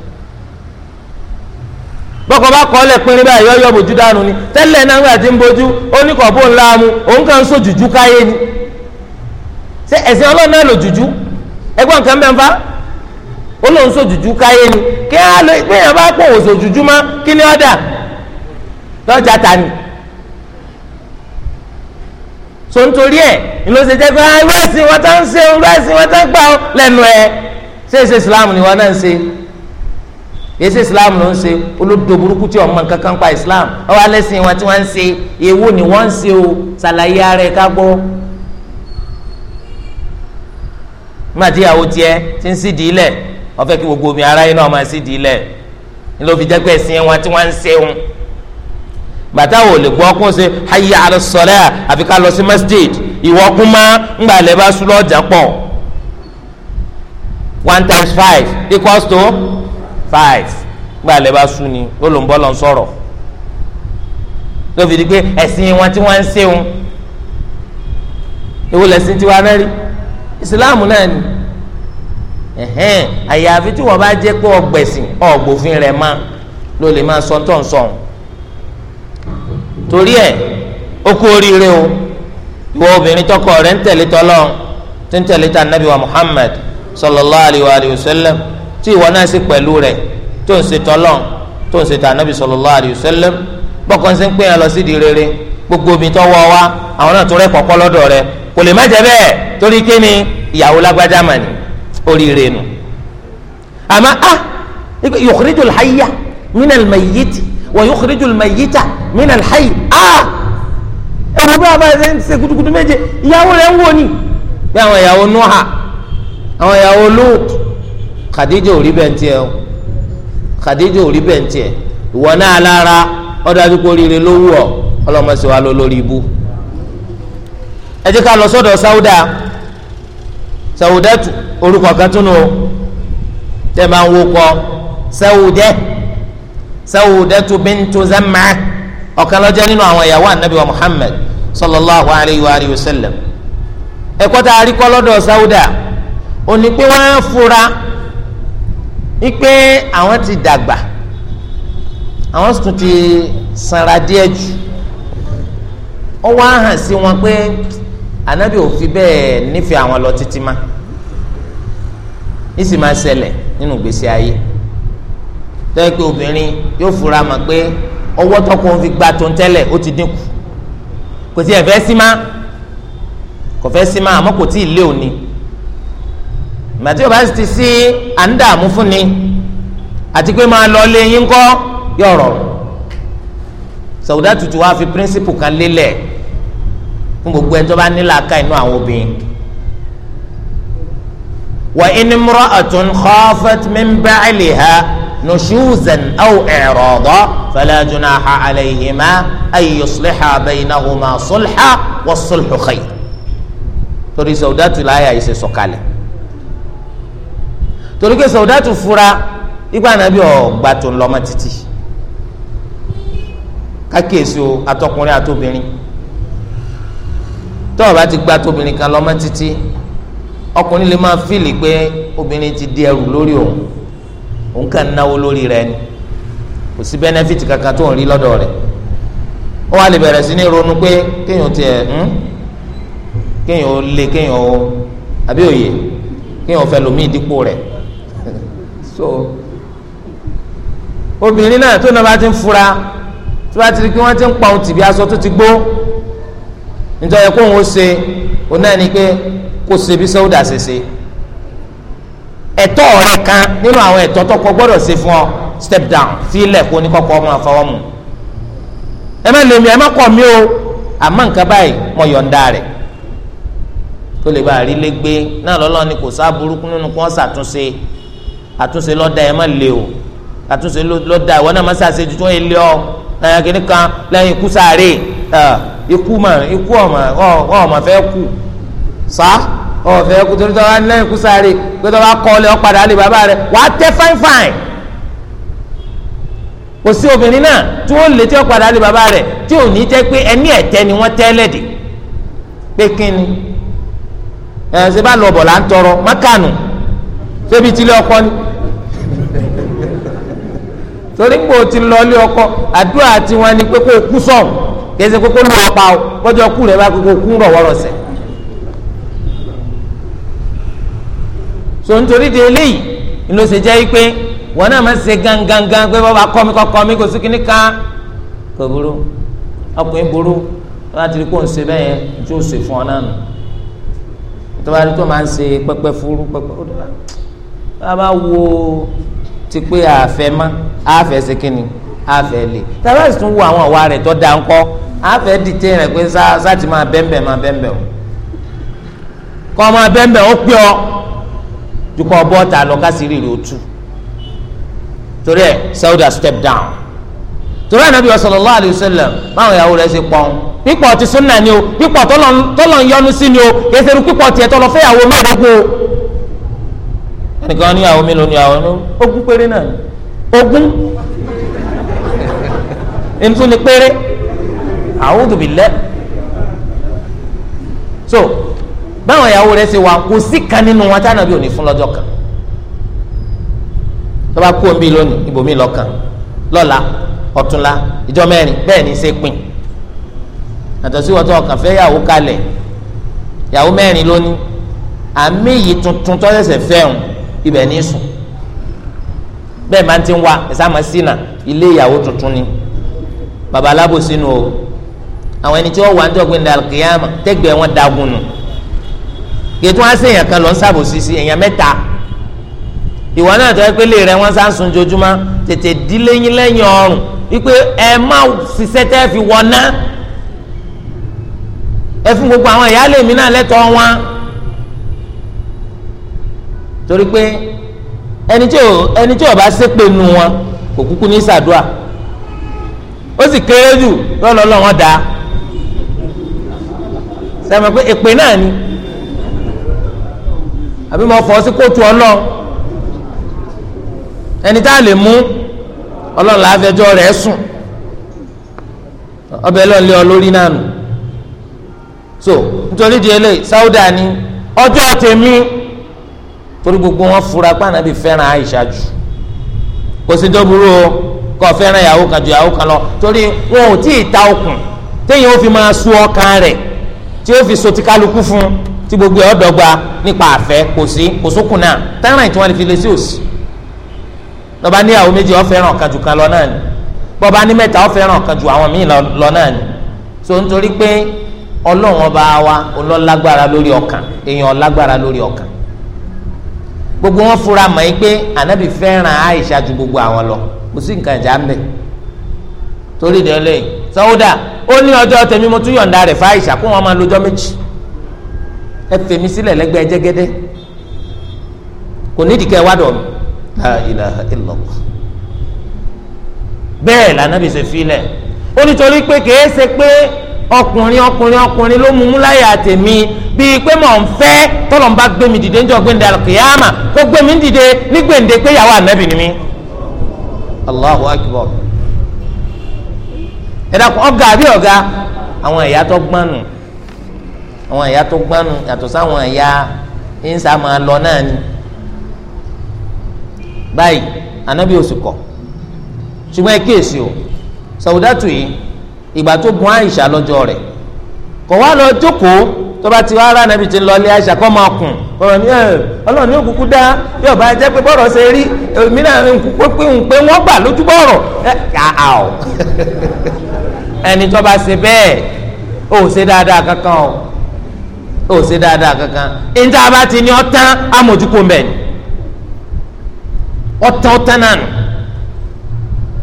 bọ́kọ bá ni tẹ́lẹ̀ náà tí ń bojú ó ní kọ̀ọ̀bù ńlá mu òun kàn ni ṣé ẹ̀sìn ọlọ́run náà lò ẹgbọ́n nǹkan bẹ́ẹ̀ nfa ó lóun sojújú káyé ni kí á lọ pé yẹn bá pọ̀ òsojújú mọ́ kí ni ọ̀dà lọ́jà ta ni so nítorí ẹ̀ ló ṣe jẹ́ pé ah, irú ẹ̀sìn wọn tá ń ṣe irú ẹ̀sìn wọn tá ń gbà lẹ́nu ẹ̀ ṣé èsì Islam ni wọn náà ń ṣe èsì Islam ló ń ṣe olódò burúkú tí ọmọ nǹkan kan pa Islam ọwọ́ alẹ́ sìn wọn tí wọ́n ń ṣe èwo ni wọ́n ń ṣe o ṣàlàyé ara ẹ̀ ká gbọ́. nígbà tí ìyàwó tiẹ̀ ti ń sídìí lẹ̀ ó fẹ́ kí gbogbo omi ara yín náà máa sídìí lẹ̀ ní ló fi jẹ́ pé ẹ̀sìn wọn tí wọ́n ń sẹ́wọ̀n bàtà wò lè gbọ́ kó ṣe hayya ala àfi ká lọ sí masjid ìwọ kún mọ́ ńgbà lẹ́ bá sùn lọ́jà pọ̀ one times five equals to five ńgbà lẹ́ bá sùn ni ó ló ń bọ́ lọ sọ̀rọ̀ ló fi pé ẹ̀sìn wọn tí wọ́n ń sẹ́wọ̀n ewu lẹ́sìn tí wọ́n á rẹ́rìí ìsìláàmù náà ni ẹ̀hẹ́n àyàfi tí wọ́n bá jẹ́ pé ọgbẹ̀sìn ọ̀gbòfin rẹ̀ máa ló lè máa sọ tó ń sọ ọ̀hún torí ẹ̀ ó oríire o ìwọ obìnrin tọkọ rẹ̀ ń tẹ̀lé tọ́lọ́ tí ń tẹ̀lé ta nabi wa Muhammad sallallahu alayhi wa alayhi wa sallam tí ìwọ náà sì pẹ̀lú rẹ̀ tó ń ṣe tọ́lọ́ tó ń ṣe ta nabi sallallahu alayhi wa sallam bọ́kọ ń ṣe ń pè yàn lọ sí di rere gbogbo omi tọ́wọ́ wa àwọn náà tó rẹ̀ kọ́kọ́ lọ́dọ̀ rẹ̀ kò lè má jẹ́ bẹ́ẹ̀ torí kíni ìyàwó lágbájá mà ní oríire nù àmọ́ a ah, yukhrijul hayya minal mayyiti wa yukhrijul mayyita minal hayy ah, a ẹ̀wọ̀n bí wàá bá ẹ̀ ṣe kutukutu méje ìyàwó rẹ̀ ń wò ní bí àwọn ìyàwó Nuha àwọn ìyàwó Lut Khadija ò rí bẹ́ẹ̀ tiẹ̀ o Khadija ò rí bẹ́ẹ̀ tiẹ̀ ìwọ náà lára ọ̀dọ̀ àdúgbò rire ló wù ọ́ ọlọ́mọ lọ lórí ibú ẹ jẹ́ ká lọ sọ́dọ̀ Sáúdà. sawudatu orúkọ kan tún nù o tẹ máa tu sawudẹ sawudatu bintu zamma ọ̀kan lọ́jọ́ nínú àwọn ìyàwó anabi wa muhammad sallallahu alayhi wa alayhi wa sallam ẹ̀kọ́ tá a rí kọ́ lọ́dọ̀ sawuda òní pé á fura wípé àwọn ti dàgbà àwọn sì tún ti sanra díẹ̀ jù ó wá sí wọn pé anabi ò fi bẹ́ẹ̀ nífẹ̀ẹ́ àwọn lọ títí isi máa ṣẹlẹ̀ nínú ìgbésí ayé tẹ́ pé obìnrin yóò fura mọ̀ pé ọwọ́ tọkọ ń fi gba tó ń tẹ́lẹ̀ ó ti dínkù kò tí ẹ̀ fẹ́ sí má kò fẹ́ sí má àmọ́ kò tí ì lé òní màtí ọba ti sí à ń fún ni àti pé máa lọ lé yín kọ́ yóò rọrùn Sàwùdà tutù wá fi píríncípù kan lélẹ̀ fún gbogbo ẹni tó bá nílò aka inú àwọn obìnrin wa in imra'atun khafat min ba'liha nushuzan aw i'radan fala junaha alayhima ay yusliha baynahuma sulha was-sulhu khayr torí sọ̀dátù láyà yìí ṣe sọ̀kalẹ̀ torí pé sọ̀dátù fura ipa ànábì ọ̀gbà tó ń lọ́mọ títì kákíyèsí o atọkùnrin àtobìnrin tọ́ọ̀ bá ti gba tóbìnrin kan lọ́mọ títì ọkùnrin lè máa fíìlì pé obìnrin ti di ẹrù lórí òun òun kàn náwó lórí rẹ̀ ni kò sí bẹ́nẹ́fìtì kankan tó ń rí lọ́dọ̀ rẹ̀ ó wá lè bẹ̀rẹ̀ sí ní ronú pé kéèyàn tiẹ̀ ń hmm? kéèyàn ó lé kéèyàn ó àbí òye kéèyàn fẹ́ lòmíì dípò rẹ̀ so obìnrin náà tó náà bá ti ń fura tó bá ti rí kí wọ́n ti ń pa òun tìbí aṣọ tó ti gbó nítorí kóun ó ṣe òun náà ni pé kó ṣe bí sọ́wọ́dà ṣe ṣe ẹ̀tọ́ rẹ kan nínú àwọn ẹ̀tọ́ tọkọ gbọ́dọ̀ ṣe fún ọ step down fílẹ̀ kó ní kọ́kọ́ ọmọ àfọwọ́ mu ẹ má lèmi ẹ má kọ̀ mí o àmọ́ nǹkan báyìí mo yọ̀ǹda rẹ̀ kó lè bá àrí lẹ́gbẹ́ náà lọ́lọ́ ni kò sá burúkú nínú kí wọ́n ṣàtúnṣe àtúnṣe lọ́dà ẹ má lè o àtúnṣe lọ́dà ìwọ náà má ṣàṣe tuntun ẹ lé ọ ẹ̀yà kìnnìkan lẹ́yìn ikú sáré ikú mà ikú ọ̀mà ọ̀mà fẹ́ kú sá ọ̀fẹ́ kùtùrú tó wà lẹ́yìn kú sáré pé tó bá kọ́ ọ lẹ́ ọ padà lè bàbá rẹ wàá tẹ́ fáìfáì kò sí obìnrin náà tí wọ́n lè tẹ́ ọ padà lè bàbá rẹ tí ò ní jẹ́ pé ẹni ẹ̀tẹ́ ni wọ́n tẹ́ lẹ́dẹ̀ pé kínni ẹ̀ ṣe bá lọ bọ̀ là ń tọrọ mákànù ṣébi tilé ọkọ ni torí ń bò ti lọ ilé ọkọ àdúrà tiwọn ni pé kó o kú sọ̀rọ̀ kí ẹ ṣe kókó pa ọ bọ́jọ́ kú rẹ̀ bá kókó kú rọ̀ wọ́rọ̀ sẹ̀. so nítorí di eléyìí ni ló ṣe jẹ́ pé wọn náà máa ń ṣe gangangan pé bọ́ba kọ́ mi kọ́kọ́ mi kò sí kíní kan kò burú ọkùnrin burú láti rí kó ń ṣe bẹ́ẹ̀ yẹn tí ó ṣe fún ọ náà nù tọ́ba rí tó máa ń ṣe pẹpẹ fúru pẹpẹ ó dára tá a bá wo ti pé àfẹ́ mọ́ àfẹ́ ṣe kíni àfẹ́ lè tá sì tún wo àwọn ọ̀wá rẹ̀ tó dáa ńkọ́ àfẹ́ dìtẹ́ rẹ̀ pé sáà ti máa bẹ́ńbẹ̀ máa bẹ́ńbẹ̀ o kọ́ máa bẹ́ńbẹ̀ ó pé ọ dukọ bọ́ọ̀tà lọ kásìrì rẹ̀ ó tú torí ẹ̀ Sauda step down torí Ànábì sallallahu alayhi wa sallam báwọn ìyàwó rẹ̀ ṣe pọ́n pípọ̀ ti súnà ni o pípọ̀ tọ́lọ̀ ń yọnu sí ni o kẹsẹ̀ rú pípọ̀ tiẹ̀ tọ́lọ̀ fẹ́yàwó mẹ́ẹ̀ẹ́dógún o ẹnìkan ní àwọn mélòó ní àwọn ní ogún péré náà ogún ntúni péré a'udhu billah so báwọn ìyàwó rẹ̀ ṣe wà kò sí kan nínú wọn tánàbí ò ní fún lọ́jọ́ kan tó bá kú omi lónìí ibòmí lọ́kàn lọ́la ọ̀túnla ìjọ mẹ́rin bẹ́ẹ̀ ni ṣe pin àtọ̀ sí wọ́n tó ọkàn fẹ́ yàwó kalẹ̀ yàwó mẹ́rin lónìí àmì yìí tuntun tó ṣẹ̀ṣẹ̀ fẹ́hùn ibẹ̀ ní sùn bẹ́ẹ̀ máa ti ń wa ẹ̀sàmọ́ sínà ilé ìyàwó tuntun ni babaláwo sínú o àwọn ẹni tí wọ́n wà ń jọ gbẹ̀ndà alkiyama tẹ́gbẹ̀ẹ́ wọn dagun kìtù wọn sèèyàn kan lọ ń sàbò sisi èèyàn mẹ́ta ìwọ náà tọ́ pé lè rẹ wọn sá ń sun jojúmọ́ tètè dí lẹ́yìn lẹ́yìn ọrùn wípé ẹ má ṣiṣẹ́ tẹ́ fi wọná ẹ fún gbogbo àwọn ìyáálé mi náà lẹ́tọ̀ọ́ wọn torí pé ẹni tí ò ẹni tí ò bá ṣépè nu wọn kò kúkú ní ṣàdúà ó sì kéré jù lọ́lọ́lọ́ wọn dáa sẹ́mi pé èpè náà ni àbí mo fọ́ sí kóòtù ọlọ́run ẹni tá a lè mú ọlọ́run láfẹjọ́ rẹ̀ sùn ọbẹ̀ lọ́n lé ọ lórí náà nù so nítorí di eléyìí sáúdà ni ọjọ́ tèmi torí gbogbo wọn fura pé ànábì fẹ́ràn àìsà jù kò sí dọ́búrú o kò fẹ́ràn ìyàwó kan ju ìyàwó kan lọ torí wọn ò tí ì ta okùn téèyàn ó fi máa sú ọkàn rẹ̀ tí ó fi so kálukú fún un tí gbogbo ẹ̀ ọ̀dọ́gba nípa àfẹ́ kò sí kò sókun náà tẹ́ràn tí wọ́n lè fi lè sí òsì lọ́ba ní àwọn méjì ó fẹ́ràn kan jù kan lọ náà ni bọ́ba ní mẹ́ta ó fẹ́ràn kan jù àwọn míì lọ náà ni so nítorí pé ọlọ́run ọba wa ọlọ́lágbára lórí ọkàn èèyàn ọlágbára lórí ọkàn gbogbo wọn fura mọ̀ yìí pé ànábì fẹ́ràn Àìṣà ju gbogbo àwọn lọ kò sí nǹkan ìjà ń bẹ̀ torí ìdẹ́lẹ́yìn Sàúdà ó ní ọjọ́ tèmi mo tún yọ̀ǹda rẹ̀ fún kó wọn máa lọ́jọ́ méjì ẹ fèmí sílẹ̀ lẹ́gbẹ̀ẹ́ jẹ́gẹ́dẹ́ kò nídìí wá la ilaha illallah bẹ́ẹ̀ lànàbì ṣe filẹ̀ ó nítorí pé kìí ṣe pé ọkùnrin ọkùnrin ọkùnrin ló mú múláyà tèmi bíi pé mò ń fẹ́ tọ́lọ̀ ń bá gbé mi dìde níjọ́ gbẹ̀ǹdẹ̀ alùkìyàmà kó gbé mi dìde ní gbẹ̀ǹdẹ̀ pé ni allahu akbar ẹ dákun ọ̀gá àbí ọ̀gá àwọn ẹ̀yà tó gbọ́n àwọn ẹ̀yà tó gbánu yàtọ̀ sáwọn ẹ̀yà ìnsá máa lọ náà ni báyìí anabi oṣù kọ ṣùgbọ́n ẹ kíyèsí o sàwùdátù yìí ìgbà tó gun àìsà lọ́jọ́ rẹ̀ kọ̀ wá lọ jókòó tó bá ti wá ara nàbì tí ń lọ ilé àìsà kọ́ máa kùn ọ̀rọ̀ ni ọlọ́run ní òkùnkùn dá yóò bá jẹ́ pé bọ́rọ̀ ṣe rí èmi náà ń pé pé wọ́n gbà lójú bọ́rọ̀ ẹni tó bá ṣe bẹ́ẹ̀ ó ṣe dáadáa kankan o. ó ṣe dáadáa kankan níta bá ti ní ọ̀tán amójúkó mbẹ́ ni ọ̀tán ọ̀tán náà nù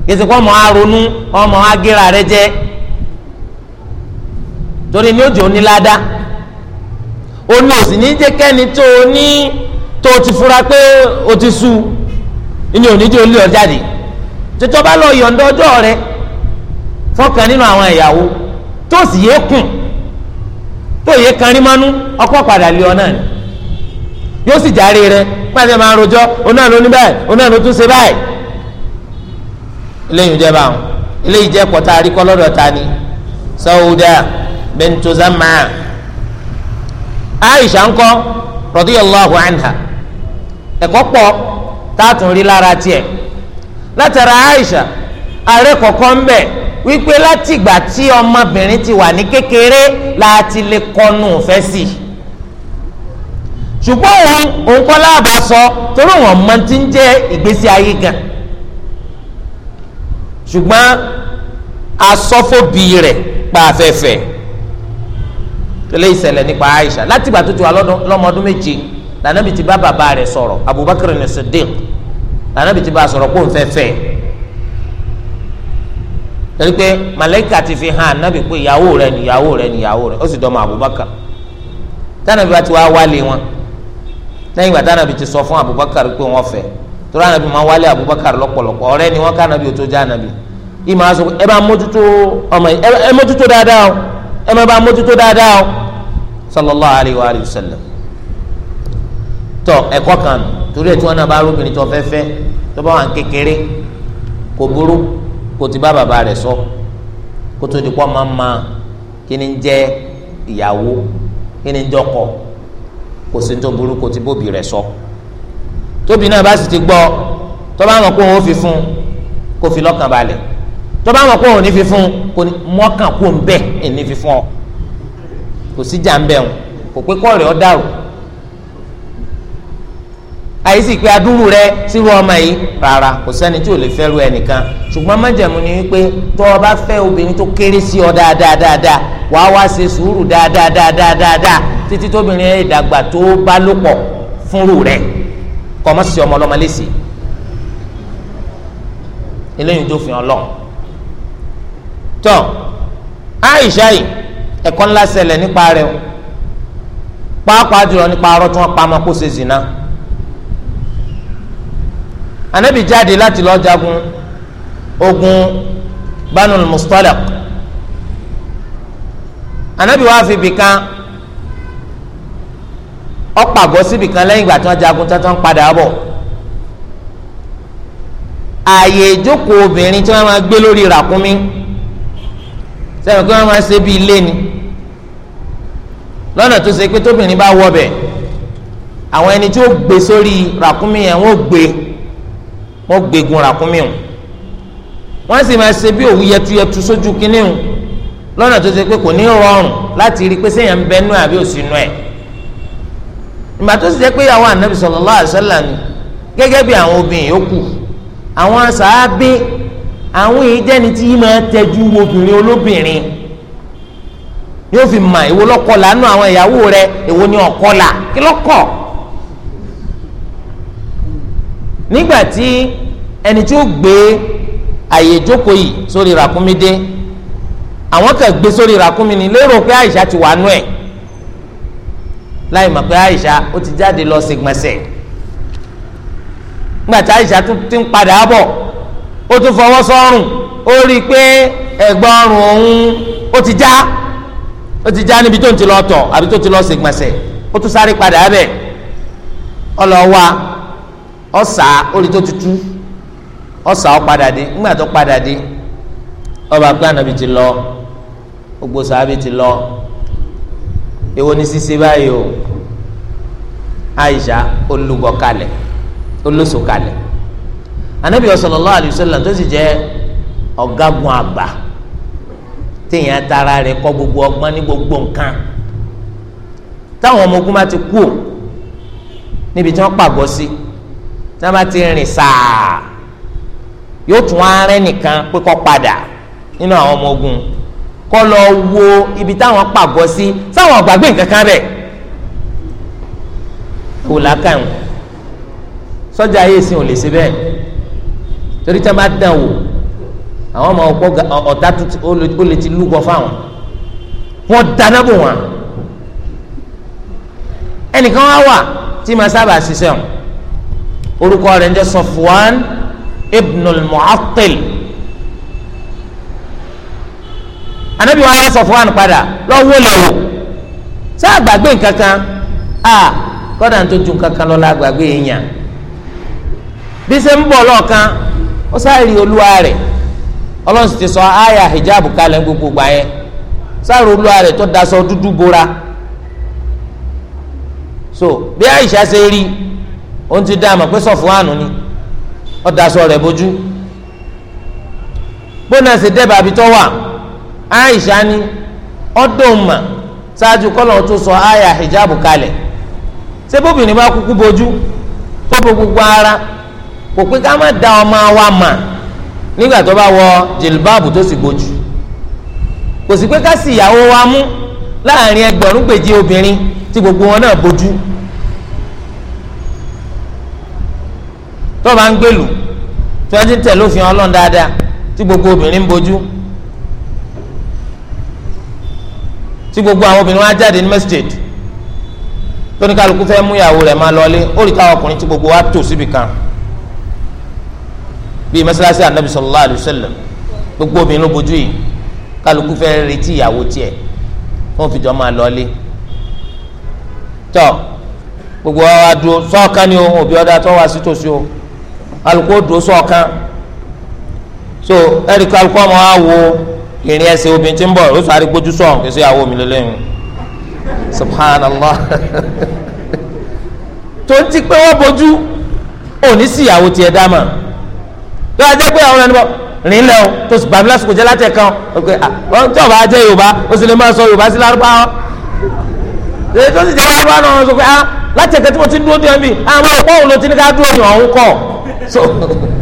kìsì kọ́ ọmọ aronú ọmọ agéra rẹ jẹ́ torí ní ojú onílàdá òní òsì ní jẹ́ kẹ́ni tó o ní tó ti fura pé o ti su ní òní jẹ́ olú ọ̀jáde tètè ọba lọ yọ̀ǹda ọjọ́ rẹ fọkàn nínú àwọn ìyàwó tó tó yẹ kanrin mánú ọkọ padà lé ọ náà ni yóò sì járe rẹ pàṣẹ máa rojọ́ onáà ló ní báyìí onáà ló tún ṣe báyìí eléyìí jẹ báwọn eléyìí jẹ pọ̀tà àríkọ́ lọ́dọ̀ ta ni Sauda bintu Aisha ńkọ́ radiyallahu anha ẹ̀kọ́ pọ̀ táàtún rí lára tiẹ̀ látara Aisha ààrẹ kọ̀ọ̀kan bẹ́ẹ̀ wípé látìgbà tí ọmọbìnrin ti wà ní kékeré láti lè kọnu ìfẹ́ sí i ṣùgbọ́n òun òun kọ́ láàbà sọ torí wọn mọ ti ń jẹ́ ìgbésí ayé gan ṣùgbọ́n asọ́fóbi rẹ̀ pa afẹ́fẹ́ tẹ́lẹ̀ ìṣẹ̀lẹ̀ nípa Aisha látìgbà tó ti wà lọ́mọdún méje lànàbì ti bá bàbá rẹ̀ sọ̀rọ̀ Abubakar ní Siddiq lànàbì ti bá sọ̀rọ̀ kó n fẹ́ torí pé màlẹ́kà ti fi hàn ànábì pé ìyàwó rẹ nìyàwó rẹ nìyàwó rẹ ó sì dọ́mọ Abubakar tànàbí wa ti wá wálé wọn lẹ́yìn ìgbà tànàbí sọ fún Abubakar pé wọ́n fẹ́ torí anabi ma wálé Abubakar lọ́pọ̀lọpọ̀ ọ̀rẹ́ ni wọ́n kànàbí ó tó já ànàbí ìmọ̀ àṣọ ẹ bá mójútó ọmọ yìí ẹ mójútó dáadáa o ẹ má bá mójútó dáadáa o sallallahu alayhi wa wa sallam tọ kan torí tí náà bá arúgbìn kó ti bá bàbá rẹ̀ sọ kó tó di kó máa ma kí ni jẹ́ ìyàwó kí ni jọkọ kò sí tó burú kó ti bóbi rẹ̀ sọ tóbi náà bá sì ti gbọ́ tó bá mọ̀ kó òun fi fún kó fi lọ́kàn balẹ̀ tó bá mọ̀ kó òun ní fi fún kó mọ́kàn kó ń bẹ̀ ẹ̀ ní fi fún ọ kò sí jà ń bẹ̀ wọn kò pé kọ́ ọ dàrú àyísí pé adúrú rẹ sírú ọmọ yìí rárá kò sẹ́ni tí ò lè fẹ́rù ẹnìkan ṣùgbọ́n májẹ̀mú ni wípé tó o bá fẹ́ obìnrin tó kéré sí ọ dáadáa dáadáa wàá wá ṣe sùúrù dáadáa dáadáa dáadáa títí tóbìnrin ẹ̀ dàgbà tó bá lò pọ̀ fúnrù rẹ kọ́ mọ́ sí ọmọ ọlọ́mọ lẹ́sì eléyìí tó fi hàn lọ. tọ́ Aisha yìí ẹ̀kọ́ ńlá ṣẹlẹ̀ nípa rẹ̀ pàápàá jùlọ nípa arọ́ tí wọ́n pa ọmọ kó ṣe zina anabi jáde láti lọ jagun ogun banul mustalaq anabi wàá fi bìkan ọ̀pàgọ́ síbìkan lẹ́yìn ìgbà tí wọ́n jagun tán padà bọ̀ ààyè ìjókòó obìnrin tí wọ́n máa gbé lórí ràkúnmí sẹ́yìn pé wọ́n máa ṣe bí ilé ni lọ́nà tó ṣe pé tóbìnrin bá wọ̀ bẹ̀ àwọn ẹni tí ó gbé sórí ràkúnmí yẹn wọ́n gbé wọ́n gbẹ̀gùn ràkúnmí o wọ́n sì máa ṣe bí òwú yẹtuyẹtu sójú kínní o lọ́nà tó ṣe pé kò ní rọrùn láti rí i pé sẹ́yìn ń bẹ nú àbí òsì nú ẹ̀ ìgbà tó sì jẹ́ pé àwọn ànábì sallallahu alaihi wasallam ni gẹ́gẹ́ bí àwọn obìnrin yòókù àwọn sàábé àwọn èyí jẹ́ni tí máa tẹ́jú obìnrin olóbìnrin yóò fi mà ìwo lọ́kọ làánú àwọn ìyàwó rẹ̀ èwo ni ọ̀kọ́ là kí lọ́kọ̀ọ́ nígbà tí ẹni tí ó gbé àyè ìjókòó yìí sórí ràkúnmí dé àwọn kan gbé sórí ràkúnmí ni lérò pé àyíṣà ti wà nú ẹ̀ láì mọ̀ pé àyíṣà ó ti jáde lọ ṣègbọ̀nsẹ̀ nígbà tí àyíṣà ti ń padà bọ̀ ó tún fọwọ́ sọ́rùn ó rí i pé ẹ̀gbọ́n ọrùn òun ó ti já ó ti já níbi tó ń ti lọ tọ̀ àbí tó ti lọ ṣègbọ̀nsẹ̀ ó tún sáré padà bẹ̀ ọ lọ wá ọ̀sà orí tó tutù ọ̀sà ó padà dé ńgbà tó padà dé ọba pé ànábì ti lọ gbogbo sàábì ti lọ èwo ni ṣíṣe báyìí o Aisha olùgbọ kalẹ̀ olóso kalẹ̀ ànábì sallallahu alaihi wasallam tó sì jẹ́ ọ̀gágun àgbà téèyàn tara rẹ̀ kọ́ gbogbo ọgbọ́n ní gbogbo nǹkan táwọn ọmọ ogun bá ti kú níbi tí wọ́n pàgọ́ sí. Si tí wọ́n bá ti rìn sáà yóò tún arẹ́ nìkan pé kó padà nínú àwọn ọmọ ogun kó lọ wo ibi táwọn pàgọ́ sí sáwọn ọ̀gbàgbé nǹkan kan bẹ̀ kò lákàn sọ́jà ayé ìsìn ò lè ṣe bẹ́ẹ̀ torí tí wọ́n dàn wò àwọn ọmọ ọ̀tá ó lè ti lúgọ fáwọn wọ́n dáná bò wọ́n ẹnìkan wá wà tí màá sábà ṣiṣẹ́ wọn. orúkọ rẹ̀ ń jẹ́ Safwan ibn al-Mu'attil anabi wa ayé Safwan padà lọ́wọ́ lẹ́wọ̀ sáà gbàgbé nkankan a kọ́dà tó ju nkankan la gbàgbé yẹn bí ṣe ń bọ̀ lọ́ọ̀kan ó sáà olúwa rẹ̀ ọlọ́run sì ti sọ hijab kalẹ̀ gbogbo gbà yẹn sáà olúwa rẹ̀ tó daṣọ so bí Aisha ṣe rí òun ti dá àmọ̀ pé sọ̀fúnwánù ni ó daṣọ rẹ̀ bójú bóńdà sì dẹ́ bàbí tó wà Aisha ni ọdún mà ṣáájú kọ́lọ̀ tó sọ àyà hijab kalẹ̀ ṣé bóbìnrin bá kúkú bójú tó bo gbogbo ara kò pé ká má da ọmọ wa mà nígbà tó bá wọ jìlbáàbù tó sì bójú kò sí pé ká sì ìyàwó wa mú láàrin ẹgbẹ̀rún gbèje obìnrin tí gbogbo wọn náà bójú tó bá ń gbèlú tí wọ́n ti ń tẹ̀lé òfin ọlọ́run dáadáa tí gbogbo obìnrin ń bojú tí gbogbo àwọn obìnrin wá jáde ní mẹ́sítẹ̀dì tóníkàlùkù fẹ́ mú ìyàwó rẹ̀ máa lọlé ó rí káwọn ọkùnrin tí gbogbo wa tò síbi kan bíi mẹ́sálásí ànábì sallallahu alaihi wasallam gbogbo obìnrin ló bojú yìí kálukú fẹ́ retí ìyàwó tiẹ̀ wọ́n fi jọ máa lọlé tọ́ gbogbo wa wá dúró sọ́ọ̀kan ni o òbí ọ̀dà tó wá sí tòsí o alùpùpù dùn sọ̀kan so ẹ̀ríkọ alùpùpù ọmọ wa wo ìrìn ẹsẹ̀ obìnrin tí ń bọ̀ ó sọ àrígbójú sọ̀hún kí sọ ìyàwó mi lélẹ́yìn subhanallah tó ń ti pé wọ́n bojú òní sí ìyàwó tiẹ̀ dá mà tó a jẹ́ pé àwọn ẹni bọ̀ rìn lẹ́ o tó sì bàbí lásìkò jẹ́ látẹ̀ kan ok wọ́n tí ọba jẹ́ yorùbá ó sì lè máa sọ yorùbá sí lárúbáwá èyí tó sì jẹ́ lárúbáwá náà wọ́n sọ pé ah látẹ̀ kẹ́tí mo ti ń dúró dé mi àwọn ọ̀pọ̀ òun ló ti ní ká dúró ní ọ̀hún kọ́ so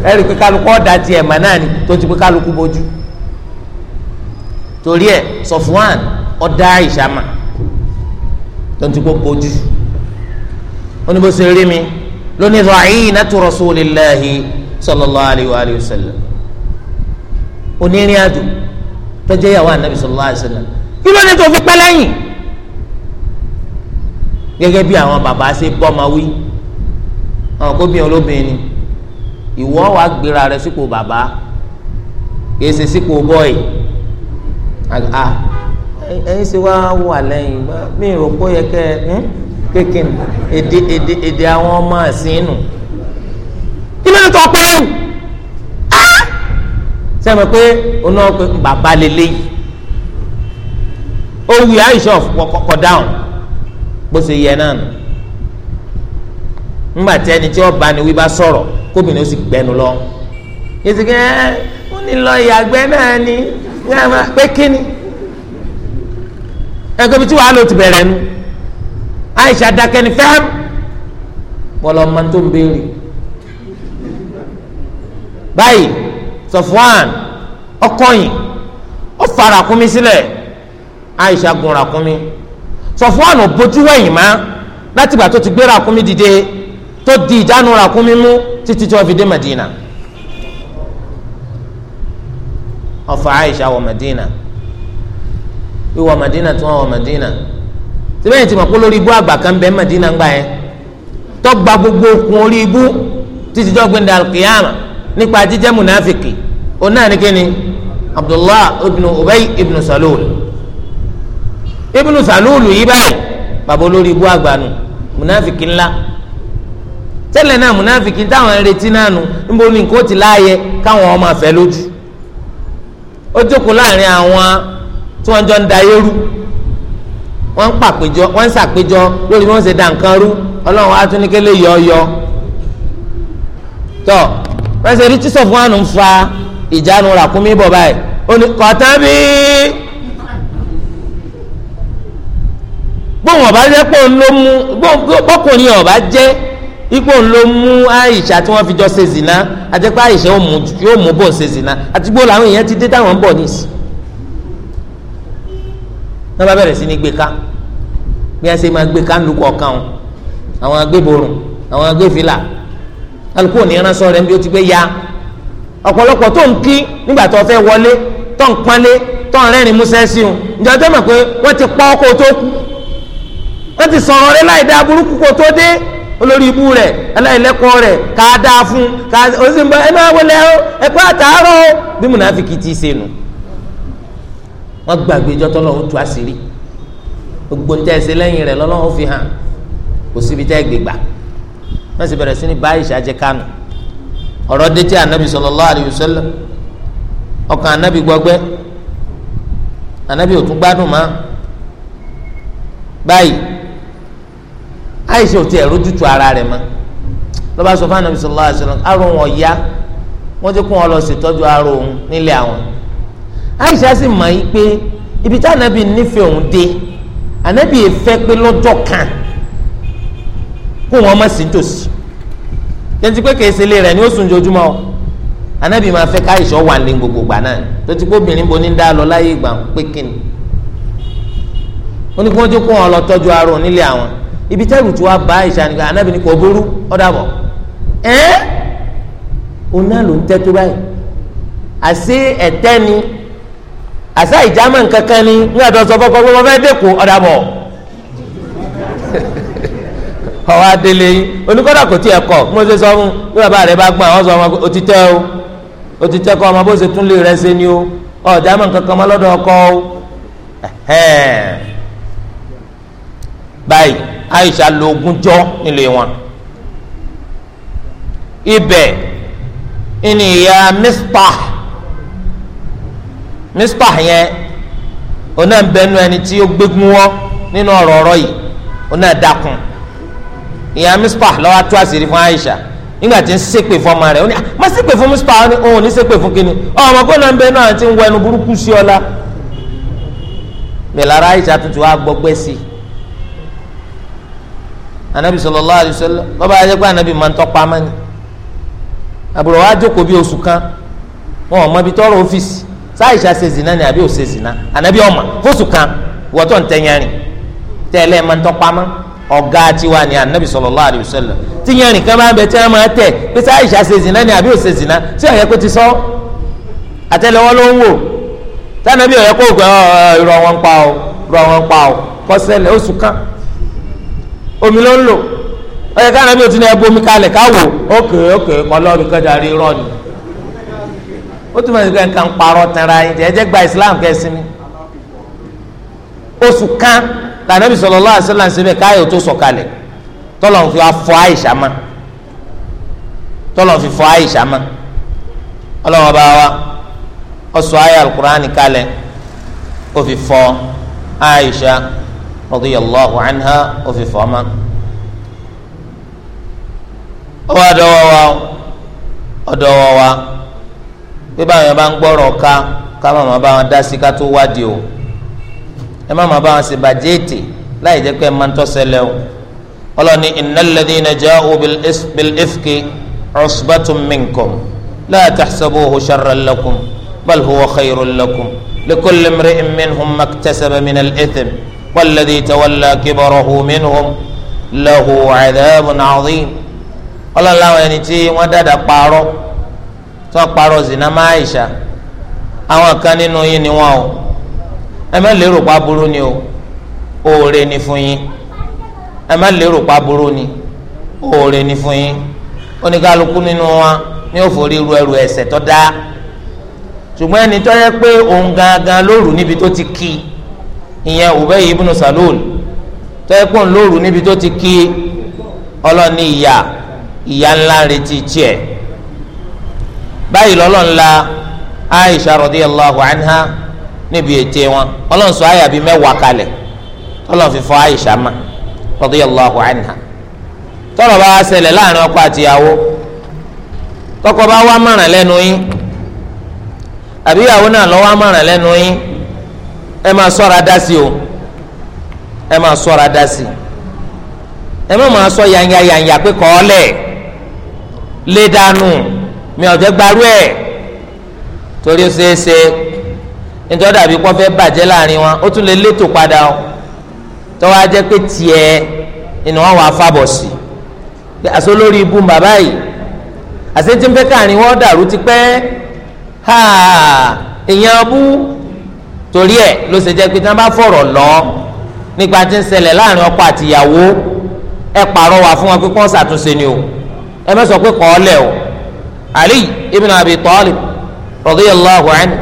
ẹ̀rí pé kálukú ọ̀dà tiẹ̀ mà náà ni tó ti pé kálukú bójú torí ẹ̀ Sọfwan ọ̀dà Àìṣà mà tó ti pé bójú oníbòsí rí mi lónìí rọ àyìn náà tó Rasulillahi sallallahu alayhi wa alihi wa sallam onírìn àjò tọjọ ìyàwó anabi sallallahu alayhi wa sallam kí ló ní tó fi pẹ́ lẹ́yìn gẹ́gẹ́ bí àwọn bàbá ṣe bọ́ ma wí àwọn kóbìnrin olóbìnrin ni ìwọ wàá gbéra rẹ sípò bàbá kìí ṣe sípò bọ́ì àgbà ẹyin ṣe wá wà lẹ́yìn mí rò pé ó yẹ kẹ́ ẹ hm? kékin èdè èdè èdè àwọn ọmọ ẹ̀sìn nù kí ló ń tọ́ pé sẹ́mi pé oná pé bàbá lélẹ́yìí ó wí àìsàn kọ̀ dáhùn bó ṣe yẹ náà nù ńgbà tí ẹni tí ó bá ni wí bá sọ̀rọ̀ kóbìnrin ó sì gbẹnu lọ ìsìnkú ẹ ó ní lọ ìyàgbẹ́ náà ni pé kíni ẹgbẹ́ bíi tí wàá lò ti bẹ̀rẹ̀ nu Aisha dakẹ́ni fẹ́m bọ́lá ọmọ tó ń béèrè báyìí Safwan ọkọyìn ó fara kúmi sílẹ̀ Aisha gun ràkúmi Safwan ò bójú wẹ̀yìn má látìgbà tó ti gbé ràkúmi dìde tó di ra ràkúnmí mú títí tí wọ́n fi dé Madina ọfọ Aisha wọ Madina wíwọ Madina tí wọ́n wọ Madina síbẹ̀ yìí ti mọ̀ pé lórí ibú àgbà kan bẹ́ẹ̀ Madina gbà yẹn tó gba gbogbo okùn orí ibú títí tí wọ́n gbé dàlkìyàmà nípa jíjẹ́ munafiki òun náà ní kíni Abdullah ibn Ubay ibn Salul ibn Salul yìí báyìí bàbá olórí ibú àgbà nù munafiki ńlá. tẹ́lẹ̀ náà múnáfìkì táwọn ń retí náà nù níbo ni nǹkan ti láàyè káwọn ọmọ àfẹ́ lójú ó jókòó láàrin àwọn tí wọ́n jọ ń da eérú wọ́n ń pàpéjọ wọ́n ń ṣàpéjọ lórí bí wọ́n ṣe da nǹkan rú ọlọ́run tọ́ wọ́n ṣe rí wọn ń fa ìjánu ràkúnmí bọ̀ báyìí ọba jẹ pé òun ló ọba ipò ńlọ mú Aisha tí wọ́n fi jọ ṣe zina àti pé Aisha yóò mú bò ń ṣe zina àti gbọ́ làwọn èèyàn ti dé táwọn ń bọ̀ níìsì náà bá bẹ̀rẹ̀ sí ní gbé ká bí wọ́n ṣe máa gbé ká ń lu kọ̀ọ̀kan o àwọn agbéborùn àwọn agbéfìlà alùpùpù ní ránṣọ rẹ̀ bí ó ti gbé ya ọ̀pọ̀lọpọ̀ tó ń kí nígbà tó fẹ́ wọlé tó ń pọ́nlé tó ń rẹ́rìn músẹ́ sí o ǹjẹ́ ọjọ́ mọ̀ pé wọ́n ti pọ́ kó tó kú wọ́n ti sọ̀rọ̀ rẹ láì dá burúkú kó tó dé olórí ibú rẹ̀ aláìlẹ́kọ̀ọ́ rẹ̀ ká ka fún ká ka ozi ẹ máa wọlé o ẹ àtàárọ̀ o bí mùnàfíkì ti ṣe nù wọ́n gbàgbé jọ́tọ́ lọ́wọ́ tú àṣírí gbogbo ń tẹ́sí lẹ́yìn rẹ̀ lọ́lọ́wọ́ fi hàn kò síbi tẹ́ sì bẹ̀rẹ̀ anabi Sọlọlọ alayhi anabi Gbọgbẹ. anabi gbádùn àìsàn òtí ẹ̀rọ tutù ara rẹ̀ mọ́ lọba sọ fún anabi sallallahu alaihi wasallam ya wọ́n ti kún wọn lọ ṣètọ́jú aró òun nílé àwọn àìsàn sì mọ̀ yí pé ibi tí anabi nífẹ̀ẹ́ òun dé anabi èfẹ́ pé lọ́jọ́ kan kó wọn má sí tòsí tẹ́tí pé kèsì ni ó sùn o anabi máa fẹ́ wà ní gbogbo gbà náà tó ti kó obìnrin bo ní dá lọ láyé ìgbà pé kíni ó ní kí ti kún wọn lọ ibi tẹ́rù tí wàá bá Aisha nígbà anábì ní kò burú ọ̀dàbọ̀ ẹ́ òun ló ń báyìí àṣé ẹ̀tẹ́ ni àṣà ìjàmọ̀ nkankan ni nígbà tó sọ fọ́kọ́ pé fẹ́ dẹ́kun ọwọ́ adélé oníkọ́dà kò tí mo ṣe sọ fún bí bàbá rẹ bá gbọ́n àwọn sọ ọkọ o báyìí Aisha lo ogúnjọ́ nílé wọn ibẹ̀ ìní ìyá Mistah Mistah yẹn ọ̀nà bẹnu ẹni tí ó gbégun wọn nínú ọ̀rọ̀ ọ̀rọ̀ yìí ọ̀nà dákun ìyá Mistah lọ́wọ́ tó àṣírí fún Aisha nígbà tí ń ṣépè fún ọmọ rẹ̀ ó ní ah, má ṣépè fún Mistah òun ní ṣépè fún kínní ọmọ kó náà ń bẹnu àti ń wọ ẹnu burúkú sí ọlá mi lára Aisha tuntun á gbọgbẹ́ sí i anabi sallallahu alaihi wasallam bàbá ayé pé anabi máa ń tọpa ama ni àbúrò wa jókòó bí oṣù kan wọn ò mọ ibi tọrọ ọfíìsì sáàyíṣà zina ni àbí òṣè zina anabi ọmọ fóṣù kan wọtọ ntẹnyẹrin tẹlẹ máa ń tọpa ama ọ̀gá tiwa ni anabi sallallahu alaihi wasallam tíyẹnì kan máa ń bẹ tí wọn máa tẹ pé sáàyíṣà ṣe zina ni àbí òṣè zina tí ọ̀yẹ́ kó ti sọ àtẹlẹwọ́ ló ń wò tànàbí ọ̀yẹ́ kó gbẹ ọ̀ ọ̀ ìrọ̀ wọn pa ọ̀ ìrọ̀ wọn pa ọ̀ kọ́sẹ́lẹ̀ oṣù kan omi ló ń lò ó yẹ káàná bí o ti ní ẹ bomi kalẹ̀ káwò ókè ókè kọlọ́ọ̀bì kọjá rí rọ́ọ̀nì ó tún bẹ̀rẹ̀ nǹkan kan parọ́ tẹ̀ra yín jẹ́ gba Islam kẹ́sìn mi oṣù kan lànàbì sallallahu alaihi wasallam síbẹ̀ káyọ̀ tó sọ̀kalẹ̀ tọ́lọ̀ fi fọ àyíṣà ma tọ́lọ̀ fi fọ àyíṣà ma ọlọ́wọ́ bá wa ọ̀sọ̀ ayé alukur'ani kalẹ̀ ó fi fọ àyíṣà radiyallahu anha ó fi fọ́ ma. ó wá dọ́wọ́ wa ó dọ́wọ́ wa pé báwọn bá ń gbọ́rọ̀ ká ká má máa bá wọn dá sí ká tó wádìí o ẹ má máa bá wọn sì bàjẹ́ ètè láì jẹ́ pé ẹ máa ń tọ́sẹ̀lẹ̀ o ọlọ́ni innal ladhina ja'u bil ifki usbatun minkum la tahsabuhu sharran lakum bal huwa khayrun lakum likulli imri'in minhum maktasaba min al-ithm. والذي تولى كبره منهم له عذاب عظيم ọlọ́run láwọn ẹni tí wọ́n dáadáa parọ́ tó parọ́ zina máa Àìṣà àwọn kan nínú yín ni wọ́n o ẹ má lérò pa burú ni o oore ni fún yín ẹ má lérò pa burú ni oore ni fún yín oníkálukú nínú wa ni ó forí ru ẹrù ẹ̀ṣẹ̀ tó dá ṣùgbọ́n ẹni tó yẹ pé òun gangan lóru níbi tó ti kí i ìyẹn Ubay ibn Salul tẹ́kùn lóru níbi tó ti kí ọlọ́ni ìyá ìyá ńlá retí tiẹ̀ báyìí nla Aisha radiyallahu anha níbi ète wọn ọlọ́run sọ àyà mẹ́wàá kalẹ̀ Aisha ma allahu anha tọ́rọ̀ bá wá ṣẹlẹ̀ láàrin ọkọ àtìyàwó tọkọ bá wá mọ̀ràn lẹ́nu yín àbíyàwó náà wá mọ̀ràn lẹ́nu yín. ẹ máa sọ́ra dá sí o ẹ máa sọ́ra dá sí ẹ má máa sọ yanya yanya pé kọ́ọ́lẹ̀ lé dànù mi ò fẹ́ gbarú ẹ̀ torí ó ṣeé ṣe nítorí dàbí kó fẹ́ bàjẹ́ láàrin wọn ó tún lè létò padà o tọ́wọ́ ajẹ́ pé tiẹ̀ inú wọn wàá fàbọ̀ sí i àṣọ lórí ibú bàbá yìí ń fẹ́ káàrin wọn dàrú ti pẹ́ haa èèyàn torí ẹ̀ ló ṣe jẹ́ pé tí wọ́n bá fọ̀rọ̀ lọ nípa tí ń ṣẹlẹ̀ láàrin ọkọ àti ìyàwó ẹ pàrọwà fún wọn pé kí wọ́n ṣàtúnṣe ni o ẹ má sọ pé kọ́ ọ lẹ̀ o Ali ibn Abi Talib radiyallahu anhu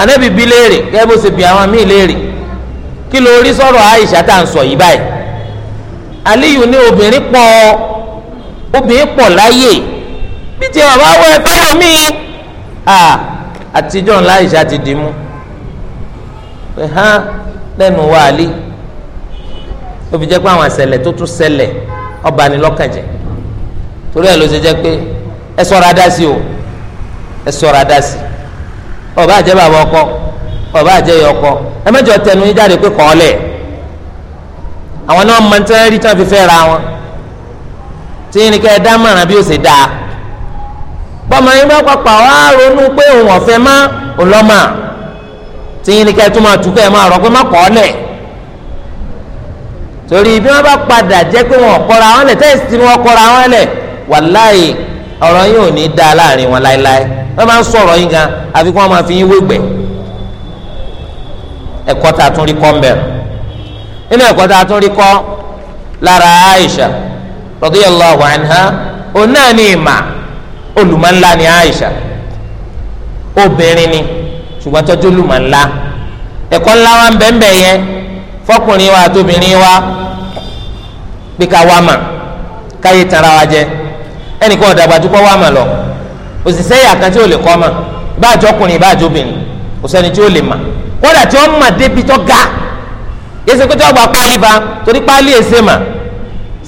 anabi bi léèrè gẹ́gẹ́ bó ṣe bi àwọn míì léèrè kí ló rí sọ̀rọ̀ Aisha tá à ń sọ yìí báyìí aliyu ní obìnrin pọ̀ obìnrin pọ̀ láyè bí ti bàbá wọ ẹ fẹ́ lómi àtijọ́ ńlá Aisha ti dì mú. pé ha lẹ́nu wa àlè ó fi jẹ́ pé àwọn àṣẹlẹ̀ tó tún ṣẹlẹ̀ ọba ni torí ẹ̀ ló ṣe jẹ́ pé ẹ sọ̀rọ̀ o ẹ sọ̀rọ̀ ọba àjẹ́ bàbá ọkọ ọba àjẹ́ yọ ọkọ ẹ mẹ́jọ tẹnu yín jáde pé kọ́ àwọn náà mọ rí tí wọ́n fi fẹ́ ra wọn tí yín ni kẹ́ ẹ dá mọ̀ràn bí ó ṣe dáa bọ́mọ yín bá pàpà tíyìn ní ká tó máa túkọ̀ ẹ̀ máa rọ pé má kọ́ lẹ̀ torí bí wọ́n bá padà jẹ́ pé wọ́n kọ́ra wọn lẹ̀ tẹ́sítì wọn kọ́ra wọn lẹ̀ wàláyé ọ̀rọ̀ yín ò ní dáa láàrin wọn láéláé wọ́n máa ń sọ̀rọ̀ yín gan àfi kí wọ́n máa fi yín wégbẹ̀ ẹ̀kọ́ tá a tún rí kọ́ ń bẹ̀rẹ̀ nínú ẹ̀kọ́ tá a tún rí kọ́ lára Aisha radiyallahu anha òun náà ní ìmà olùmọ̀ńlá ní Aisha obìnrin ni. Aisha. ṣùgbọ́n tọ́jú lùmọ̀ ńlá ẹ̀kọ́ ńlá wa ń bẹ̀ ń bẹ̀ yẹn fọkùnrin wa àtòbìnrin wa pé ká wá mà káyé tara wa jẹ ẹnìkan ọ̀dàgbà tó wá mà lọ òṣìṣẹ́ yà kan tí ò lè kọ́ mà bá àjọkùnrin bá àjọbìnrin kò sẹ́ni tí ò lè mà kódà tí ó mà débi tó ga yẹsẹ pé tí wọ́n gba páálí ba torí páálí èsè mà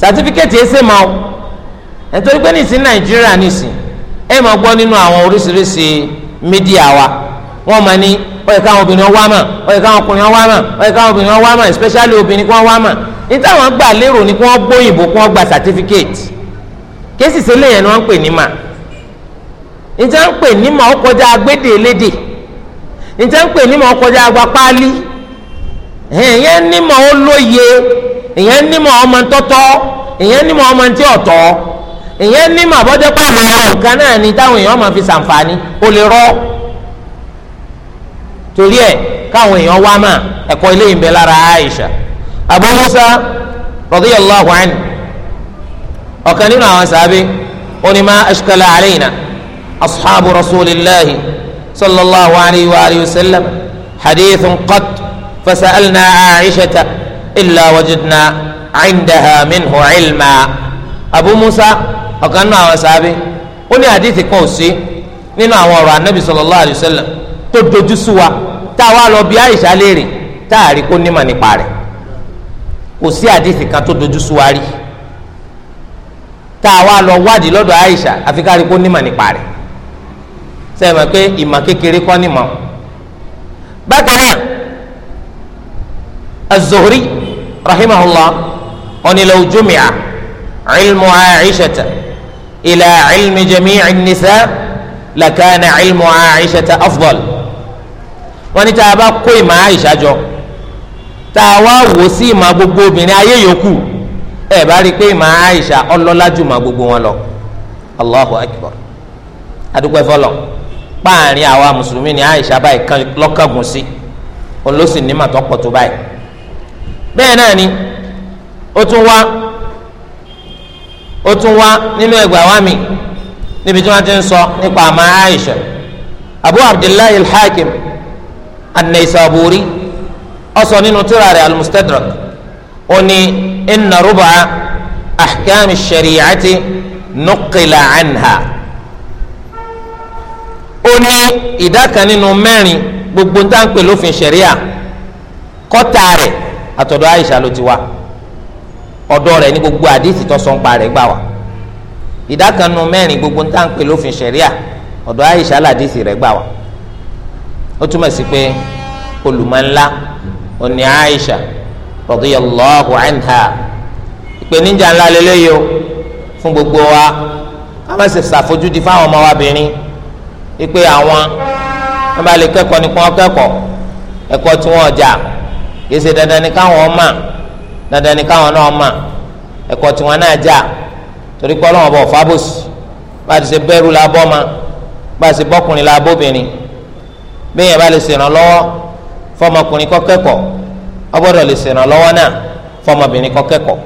sàtífíkẹ́tì èsè mà o nítorí pé nìsín nàìjíríà nìsín ẹ̀ máa gbọ́ nínú àwọn oríṣiríṣi mídíà wa wọ́n ma ní ó yẹ káwọn obìnrin wá mà ó káwọn ọkùnrin wá mà ó káwọn obìnrin wá mà especially obìnrin kí wọ́n wá mà gbà lérò ni kí wọ́n gbóyìnbó kí wọ́n gba certificate kéésì yẹn ni wọ́n ń pè ní mà ń pè ní mà ó kọjá agbédè lédè ń ọmọ tọ́tọ́ ìyẹn ọmọ tí ìyẹn ní mà bọ́jọ́ torí ẹ káwọn èèyàn wá mà ẹ̀kọ́ eléyìí ń bẹ lára Aisha Abu Musa radiyallahu anhu ọ̀kan nínú àwọn sàbẹ onímọ̀ ashkala alayna ashabu rasulillahi sallallahu alayhi wa alihi wa sallam hadithun qat fasalna Aisha illa wajadna indaha minhu ilma Abu Musa ọ̀kan nínú àwọn sàbẹ ó ní hadith kan ò sí nínú àwọn ọ̀rọ̀ anabi sallallahu alayhi wa sallam tó dojú sú wa tá a wá lọ bí àyíṣà léèrè tá a rí kó nímọ̀ nípa rẹ̀ kò sí àdìsí kan tó dojú sú wa rí tá a wá lọ wádìí lọ́dọ̀ àyíṣà àfi ká rí kó nímọ̀ nípa rẹ̀ sẹ́yìn mọ̀ pé ìmọ̀ kékeré kọ́ nímọ̀ bákan náà az rahimahullah onílẹ̀ ojú ilmu Aisha ila ilmi jami'i an lakana ilmu Aisha afdal wọ́n ní tá a bá kó ìmọ̀ Àìṣà jọ tá a wá wò sí ìmọ̀ gbogbo obìnrin ayé yòókù ẹ bá rí i pé ìmọ̀ Àìṣà ọlọ́lá jù mọ́ gbogbo wọn lọ Allahu akbar adúpẹ́ fọlọ́ páàrin àwa mùsùlùmí ni Àìṣà báyìí lọ́kàngùn sí òun ní màtọ́ báyìí bẹ́ẹ̀ náà ni ó tún wá ó tún wá nínú ẹgbẹ́ àwa mi níbi tí wọ́n ti ń sọ nípa àmọ́ Àìṣà Abu Abdullahi al an-Naysaburi ọsọ nínú tírà rẹ̀ al-Mustadrak ó ní inna ruba'a ahkam ash-shari'ati nuqila anha ó ní ìdá kan nínú mẹ́rin gbogbo ń tán pè lófin ṣẹ̀ríà kọ́tà rẹ̀ àtọ̀dọ̀ Aisha ló ti wá ọ̀dọ̀ rẹ̀ ní gbogbo àdìsí tó sọ̀npa rẹ̀ gbà wá ìdá nínú mẹ́rin gbogbo ń tán pè lófin ṣẹ̀ríà ọ̀dọ̀ Aisha làdìsí rẹ̀ gbà wá ó túmọ̀ sí pé olùmọ̀ńlá òní Aisha radiyallahu anha ìpèníjà ńlá lélẹ́yìí o fún gbogbo wa ká má ṣe ṣàfojúdi fáwọn ọmọ wa bìnrin ipe àwọn wọn bá lè kẹ́kọ̀ọ́ ní kún ọkẹ́kọ̀ọ́ ẹ̀kọ́ tí wọ́n ọjà kìí ṣe dandan ni káwọn ọmọ dandan ni káwọn náà ọmọ ẹ̀kọ́ tí wọ́n náà jà torí pé bọ̀ fábòsì bá a ti ṣe bẹ́rù la bọ́ bá a ṣe bọ́kùnrin la bóbìnrin bẹ́ẹ̀ yẹn bá lè ṣèrànlọ́wọ́ fọmọkùnrin kó kẹ́kọ̀ọ́ ó gbọ́dọ̀ lè ṣèrànlọ́wọ́ náà fọmọbìnrin kó kẹ́kọ̀ọ́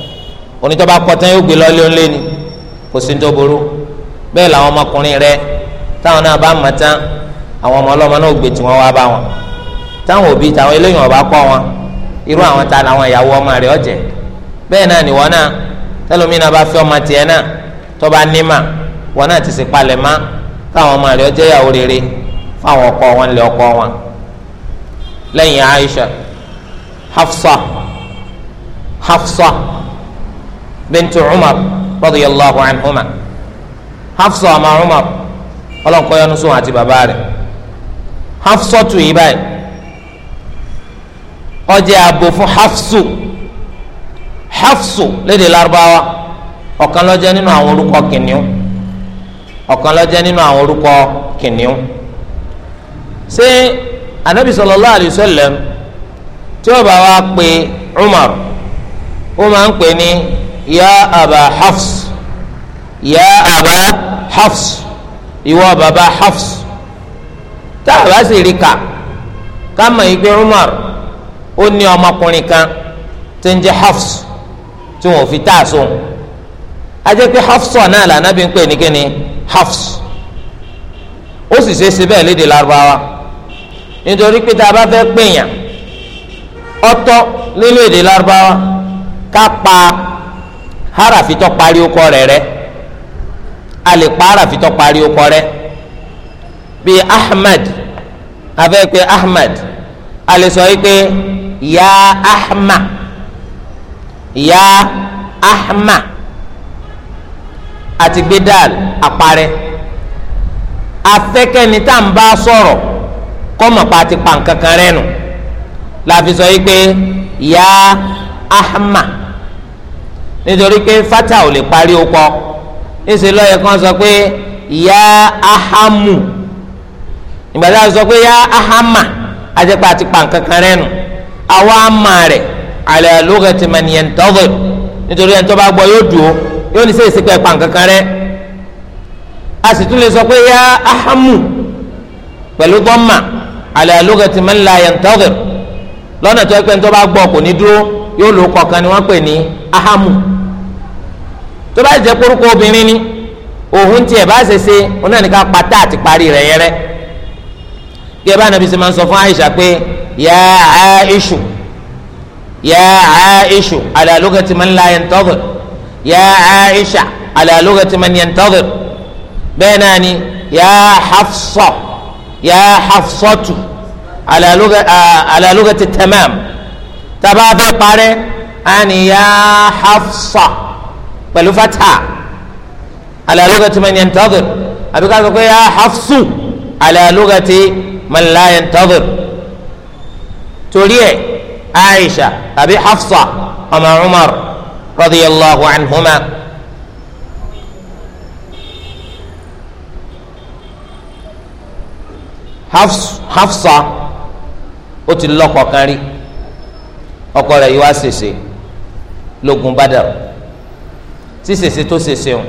onítọ́ba kọtán yóò gbé lọ́lé ńlé ni kò sí ní tó burú bẹ́ẹ̀ làwọn ọmọkùnrin rẹ táwọn náà bá mọ̀ tán àwọn ọmọ ọlọ́mọ náà gbé wá bá wọn táwọn òbí táwọn ọba kọ́ wọn irú àwọn ta làwọn ọmọ rẹ ọ̀jẹ̀ bẹ́ẹ̀ náà fáwọn ọkọ wọn lé ọkọ wọn lẹ́yìn Aisha Hafsa Hafsa bintu Umar radiyallahu anhuma Hafsa ọmọ Umar ọlọ́nkọ́ yọnu sóhun àti bàbá rẹ̀ Hafsa tù yí báyìí ó jẹ́ fún Hafsu Hafsu lédè Lárúbáwá ọ̀kan ló nínú àwọn orúkọ kìnìún ọ̀kan ló nínú àwọn orúkọ kìnìún ṣé anabi sallallahu alayhi wa sallam tí ó bá wa pè Umar ó máa ń pè ní ya aba Hafs ya aba Hafs ìwọ baba Hafs tá a bá sì rí ka ká mọ̀ yìí pé Umar ó ní ọmọkùnrin kan tí ń jẹ́ Hafs tí wọn fi tá a pé hafsa náà lànà bí ń pè ní kíni hafs ó sì ṣe é ṣe léde lárúbáwá nítorí pé tá a bá fẹ́ pèèyàn ọ̀tọ̀ nínú èdè lárúbáwá ká pa harafi tó parí okọ rẹ̀ rẹ́ a lè pa harafi tó parí okọ rẹ̀ bíi ahmed a fẹ́ pè ahmed a lè sọ wípé ya ahma ya ahma àti gbé dàl àparẹ afẹ́kẹ́ni tá à ń bá sọ̀rọ̀ kọ́mọ̀ pa ti pa nǹkan kan rẹ́nu láfi sọ yìí pé ya ahma nítorí pé fata ò lè parí okọ níṣẹ́ lọ́yẹ kan sọ pé ya ahamu ìgbà tá a sọ pé ya ahama àti pa ti pa nǹkan kan rẹ́nu àwa ama rẹ̀ ala lughati man yantazir nítorí ẹni tó bá gbọ́ yóò dùn ó yóò ní sèé sípẹ́ pa nǹkan kan rẹ́ a sì tún lè sọ pé ya ahamu pẹ̀lú gbọ́n mà ala lugati man la yantazir lọ́nà tó yẹ pé tó bá gbọ́ kò ní dúró yóò lò kọ̀ọ̀kan ni wọ́n pè ní ahamu tó bá jẹ́ kórúkọ obìnrin ni òhun tiẹ̀ bá ṣe ṣe òun náà ní ká pata àti parí rẹ̀ yẹrẹ kí ẹ bá nàbí ṣe máa ń sọ fún Aisha pé ya Aishu ya Aishu ala lugati man la yantazir ya Aisha ala lugati man yantazir bẹ́ẹ̀ náà ni ya Hafsa ya Hafsatu. على لغة آه على لغة التمام تبا في قارة أن يا حفصة بلفتها على لغة من ينتظر أبي قال يا حفص على لغة من لا ينتظر تولي عائشة أبي حفصة أما عمر رضي الله عنهما حفص حفصه ó ti lọ́kọ kan rí ọkọ rẹ̀ yìí wá ṣèṣe lógun Badr tí ṣèṣe tó ṣèṣe o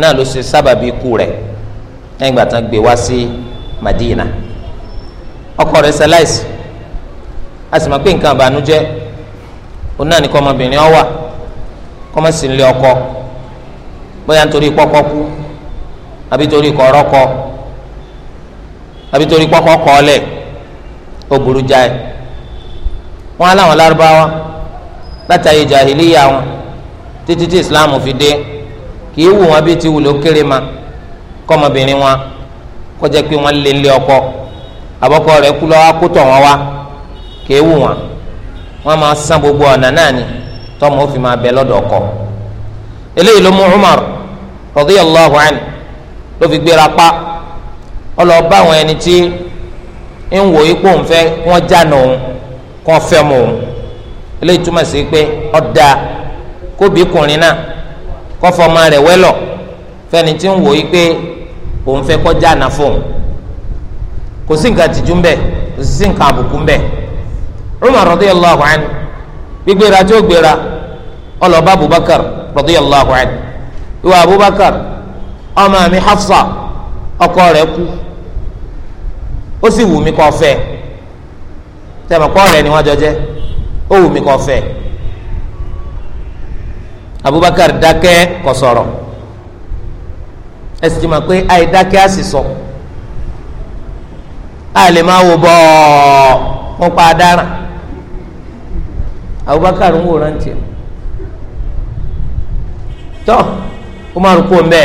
náà ló ṣe sábàbí ikú rẹ̀ lẹ́yìn tán gbé wá sí Madina ọkọ rẹ̀ ṣaláìsì a sì máa pé nǹkan àbànújẹ́ òun náà ní kọ́ ọmọbìnrin ọ wà kọ́ mọ́ sí ilé ọkọ bóyá nítorí pọ́kọ́ kú àbí torí kọ́ ọ̀rọ̀ kọ́ àbí torí pọ́kọ́ kọ́ ọ lẹ́ẹ̀. oburu burú jáì wọn aláwọn jahiliya wọn títí islam fi dé kì í wù wọn bí ti wùlò kéré ma kọmọbìnrin wọn kọjá pé wọn lé lé ọkọ àbọkọ rẹ kú lọ́wọ́ akótọ̀ wọn wá wọn wọn máa san gbogbo ọ̀nà náà ni tọmọ fi máa bẹ ọkọ eléyìí ló mú Umar ń wò yí pé òun fẹ́ wọ́n jáná kó fẹ́ mu òun eléyìí túmọ̀ sí pé ọ̀dà kóbi náà kó rẹ̀ wẹ́lọ̀ fẹ́ni tí ń wò yí pé òun fẹ́ kó jáná fún un kò sí nǹkan tìjú ń bẹ̀ kò Abubakar ìwà ọkọ kú. ó sì wù mí kọ́ fẹ́ tẹ̀mọ̀ pọ́ rẹ̀ ni wọ́n jọ jẹ́ ó wù mí kọ́ fẹ́ Abubakar dákẹ́ kò sọ̀rọ̀ ẹ sì ti mọ̀ pé àì dákẹ́ á sì sọ a lè máa wo bọ́ wọn pa adára Abubakar ń wòran tiẹ̀ tọ́ Umar kú mbẹ́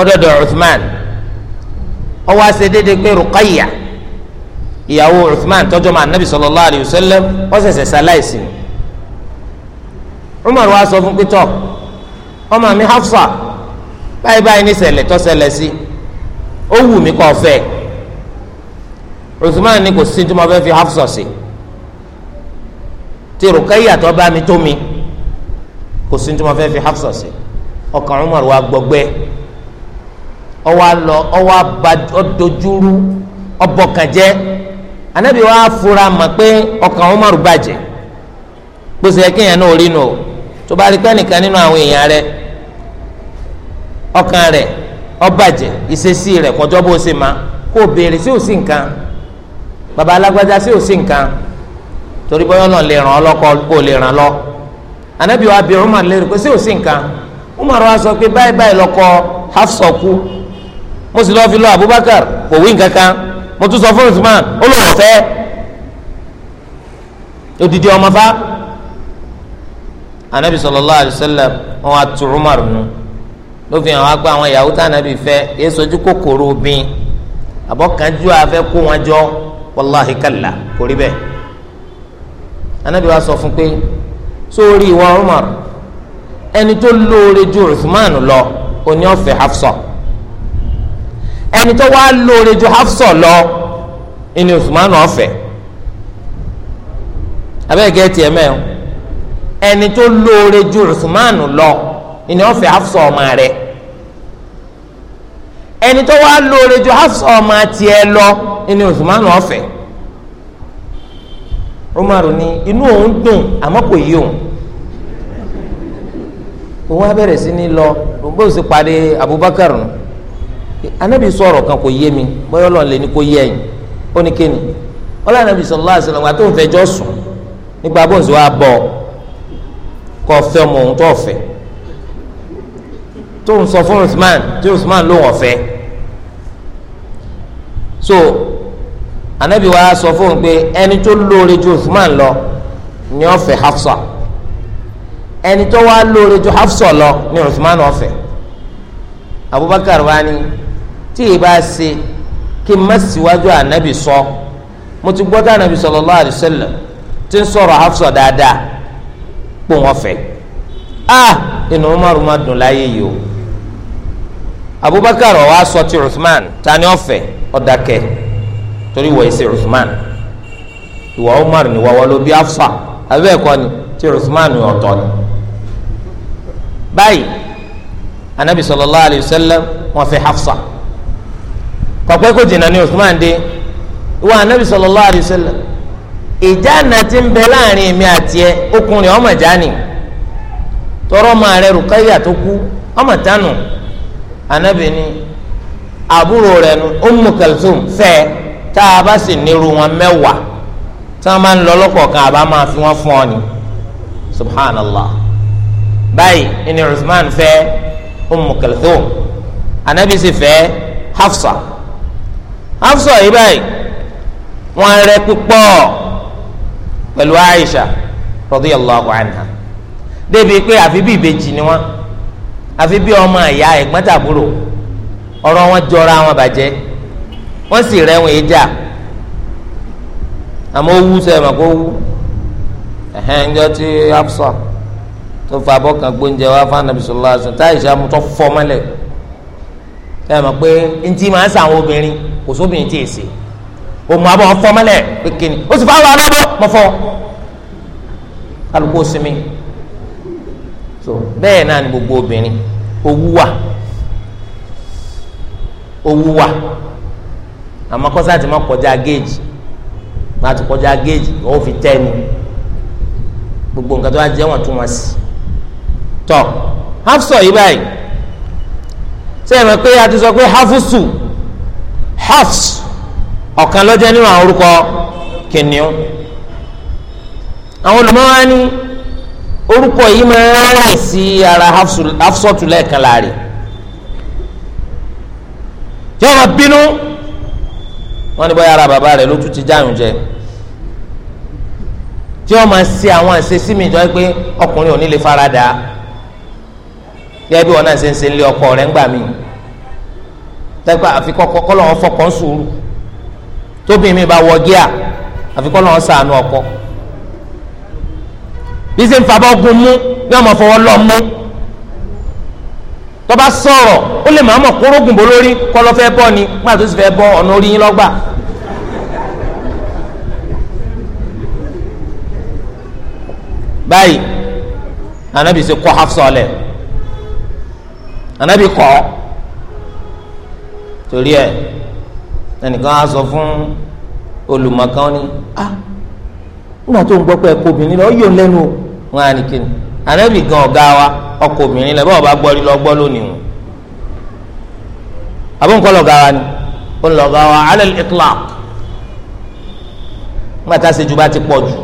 ọdọdọ Uthman. ọwọ́ àṣẹ déédéé pé Ruqayya ìyàwó Uthman tọjọ ma anabi sallallahu alayhi wa sallam wọ́n ṣẹ̀ṣẹ̀ ṣaláìsì Umar wa sọ fún pétọ́ ọmọ mi Hafsa báyìí báyìí ní ṣẹlẹ̀ tó ṣẹlẹ̀ sí ó wù mí Uthman ni kò sí tí fi Hafsa sí mi tó mi kò sí tí mo ọwọ́ alọ ọwọ́ aba ọdojúrú ọbọ̀kànjẹ́ anabi wa fura mọ̀ pé ọkàn Umar bàjẹ́ gbèsè kéèyàn náà rí nù o tó bá rí pẹ́nìkan nínú àwọn èèyàn rẹ ọkàn rẹ ọbàjẹ́ ìṣesí rẹ kọjọ́ bó ṣe máa kó béèrè sí òsì nǹkan baba alágbájá sí òsì nǹkan torí bọ́yọ̀ náà lè ràn ọ́ lọ́kọ́ kó lè ràn lọ́ anabi wa bi Umar lérò pé sí òsì nǹkan Umar wa sọ pé báyìí báyìí lọ́kọ́ Hafsa kú mo sì lọ́ọ́ fi lọ Abubakar kò wí nkankan mo tún sọ fún Usman ó lò wọ́n fẹ́ odidi ọmọ fa anabi sallallahu alayhi wa sallam wọn wá tu Umar nù ló fi hàn àwọn ìyàwó tá anabi fẹ́ yéé sojú kòkòrò obìn àbọ̀kánjú afẹ́ kó wọn jọ wàláhi kàlà kò rí bẹ́ẹ̀ anabi wa sọ fún pé sórí ìwà Umar ẹni tó lóore ju Usman lọ oní ọ̀fẹ́ Hafsa. ẹni tó wá lóore ju lọ ẹni Usman ọ̀fẹ́ abẹ́ẹ̀kẹ́ tiẹ̀ mẹ́ o ẹni tó lóore ju Usman lọ ẹni ọ̀fẹ́ Hafsa ọmọ rẹ̀ ẹni tó wá lóore ju Hafsa ọmọ tiẹ̀ lọ ẹni Usman o ni inú òun dùn àmọ́ kò yí òun òun á sí ní lọ òun Abubakar anabi sọ̀rọ̀ kan kò yé mi bọ́yọ̀ lọ́n lè ní kó yé ẹ̀yìn ó ní kéènì ọlọ́run anabi sallallahu alaihi wasallam àti òǹfẹ̀jọ́ sùn nígbà bó ń sọ wá bọ̀ kọ́ fẹ́ ọmọ ohun tó ọ̀fẹ́ tó ń sọ fún Usman tí Usman ló wọ̀ fẹ́ so anabi wa sọ fún un pé ẹni tó lóore ju Usman lọ ni ofe fẹ́ Hafsa ẹni tó wá lóore ju Hafsa lọ ni Usman ofe. fẹ́ Abubakar wa ni. tí ì bá ṣe kí n má síwájú ànábì sọ mo ti gbọ́dọ̀ ànábì sallallahu alaihi wasallam tí ń sọ̀rọ̀ Hafsa dáadáa pò wọ́n fẹ́ ah inú Umaru má dùn láyé yìí o Abubakar ọ̀wá sọ ti Uthman ta ni ọ̀fẹ́ ọ̀dàkẹ́ torí wọ́n ṣe Uthman ìwà Umaru ni wọ́wọ́ ló bí Hafsa abẹ́ ẹ̀kọ́ ni ti Uthman ọ̀tọ̀ ni báyìí ànábì sallallahu alaihi wasallam wọ́n fẹ́ Hafsa kọ̀pẹ́ kò jìnnà ní Usman dé ìwọ anabi sallallahu alaihi wasallam ìjà àná ti ń bẹ láàrin èmi àti ẹ ọkùnrin ọmọ ìjà ni tọrọ ọmọ rẹ Rukayya tó kú ọmọ tánu anabi ni àbúrò rẹ nu Ummu Kalthum fẹ tá a bá sì nírú wọn mẹ́wàá tí wọn máa ń lọ lọ́kọ̀ọ̀kan àbá máa fi wọn fún ọ ni subhanallah báyìí ni Usman fẹ Ummu Kalthum anabi sì fẹ Hafsa. Hafsa yìí báyìí wọ́n rẹ púpọ̀ pẹ̀lú Aisha radiyallahu anha débi pé àfi bí ìbejì ni wọ́n àfi bí ọmọ ìyá ẹ̀gbọ́n tàbúrò ọ̀rọ̀ wọn jọra wọn bàjẹ́ wọ́n sì rẹ́wọ̀n ìjà àmọ́ owú sẹ́yìn mà kó wú ẹ̀hẹ́n ń jọ ti Hafsa tó fa abọ́ kan gbóúnjẹ wá fún anabi sallallahu alaihi wasallam táyì sàmútọ́ fọ́ mọ́lẹ̀. ẹ mọ̀ pé ntí máa ń sàwọn obìnrin kò sóbìnrin tí èsì òmù abọ́ fọ́ mọ́lẹ̀ pé kíni ó sì so bẹ́ẹ̀ náà gbogbo obìnrin owú wà owú wà àmọ́ ti má kọjá géèjì ti kọjá fi tẹ́ gbogbo nǹkan tó jẹ́ wọ́n tún wọ́n sí tọ́ Hafsọ yìí sẹ́yìn pé a ti sọ pé hafusu hafs ọ̀kan lọ́jọ́ nínú àwọn orúkọ kìnìún àwọn olùmọ̀ wa ní orúkọ yìí máa ń rìn sí ara hafsọ́tù lẹ́ẹ̀kan láàrin jọba bínú wọn ní bóyá ara bàbá rẹ lójú ti jáàrùn jẹ tí wọn máa ṣe àwọn àṣesí mi jọ pé ọkùnrin ò ní lè fara dà á gẹ́gẹ́ bí wọn náà ṣe ń ṣe ń lé ọkọ rẹ̀ ń gbà mí tẹ́gbà àfikọ́ kọ́lọ́ wọn fọkàn sùúrù tóbi mi bá wọ gíà àfikọ́ lọ́wọ́ sànù ọkọ bí ṣe ń fabọ́ gun mú ní ọmọ fọwọ́ lọ mú tọ́ba sọ̀rọ̀ ó lè máa mọ̀ kórógùn bó lórí kọ́ lọ́ fẹ́ bọ́ ni nígbà tó sì fẹ́ bọ́ ọ̀nà orí yín lọ́gbà. báyìí anabi kọ́ hafsọ́ọ̀lẹ̀ anabi kọ́ torí ẹ ẹnìkan á sọ fún olùmọ̀kan ni a ah, nígbà tó ń gbọ́ pé ẹ̀kọ́ obìnrin lọ yóò lẹ́nu o wọn á ní kíni anabi gan ọ̀gá wa ọkọ obìnrin lẹ báwo bá gbọ́ rí lọ gbọ́ lónìí o àbúkọ́ lọ́gá wa ni ó lọ́gá wa ala al-itlaq nígbà tá bá ti pọ̀ jù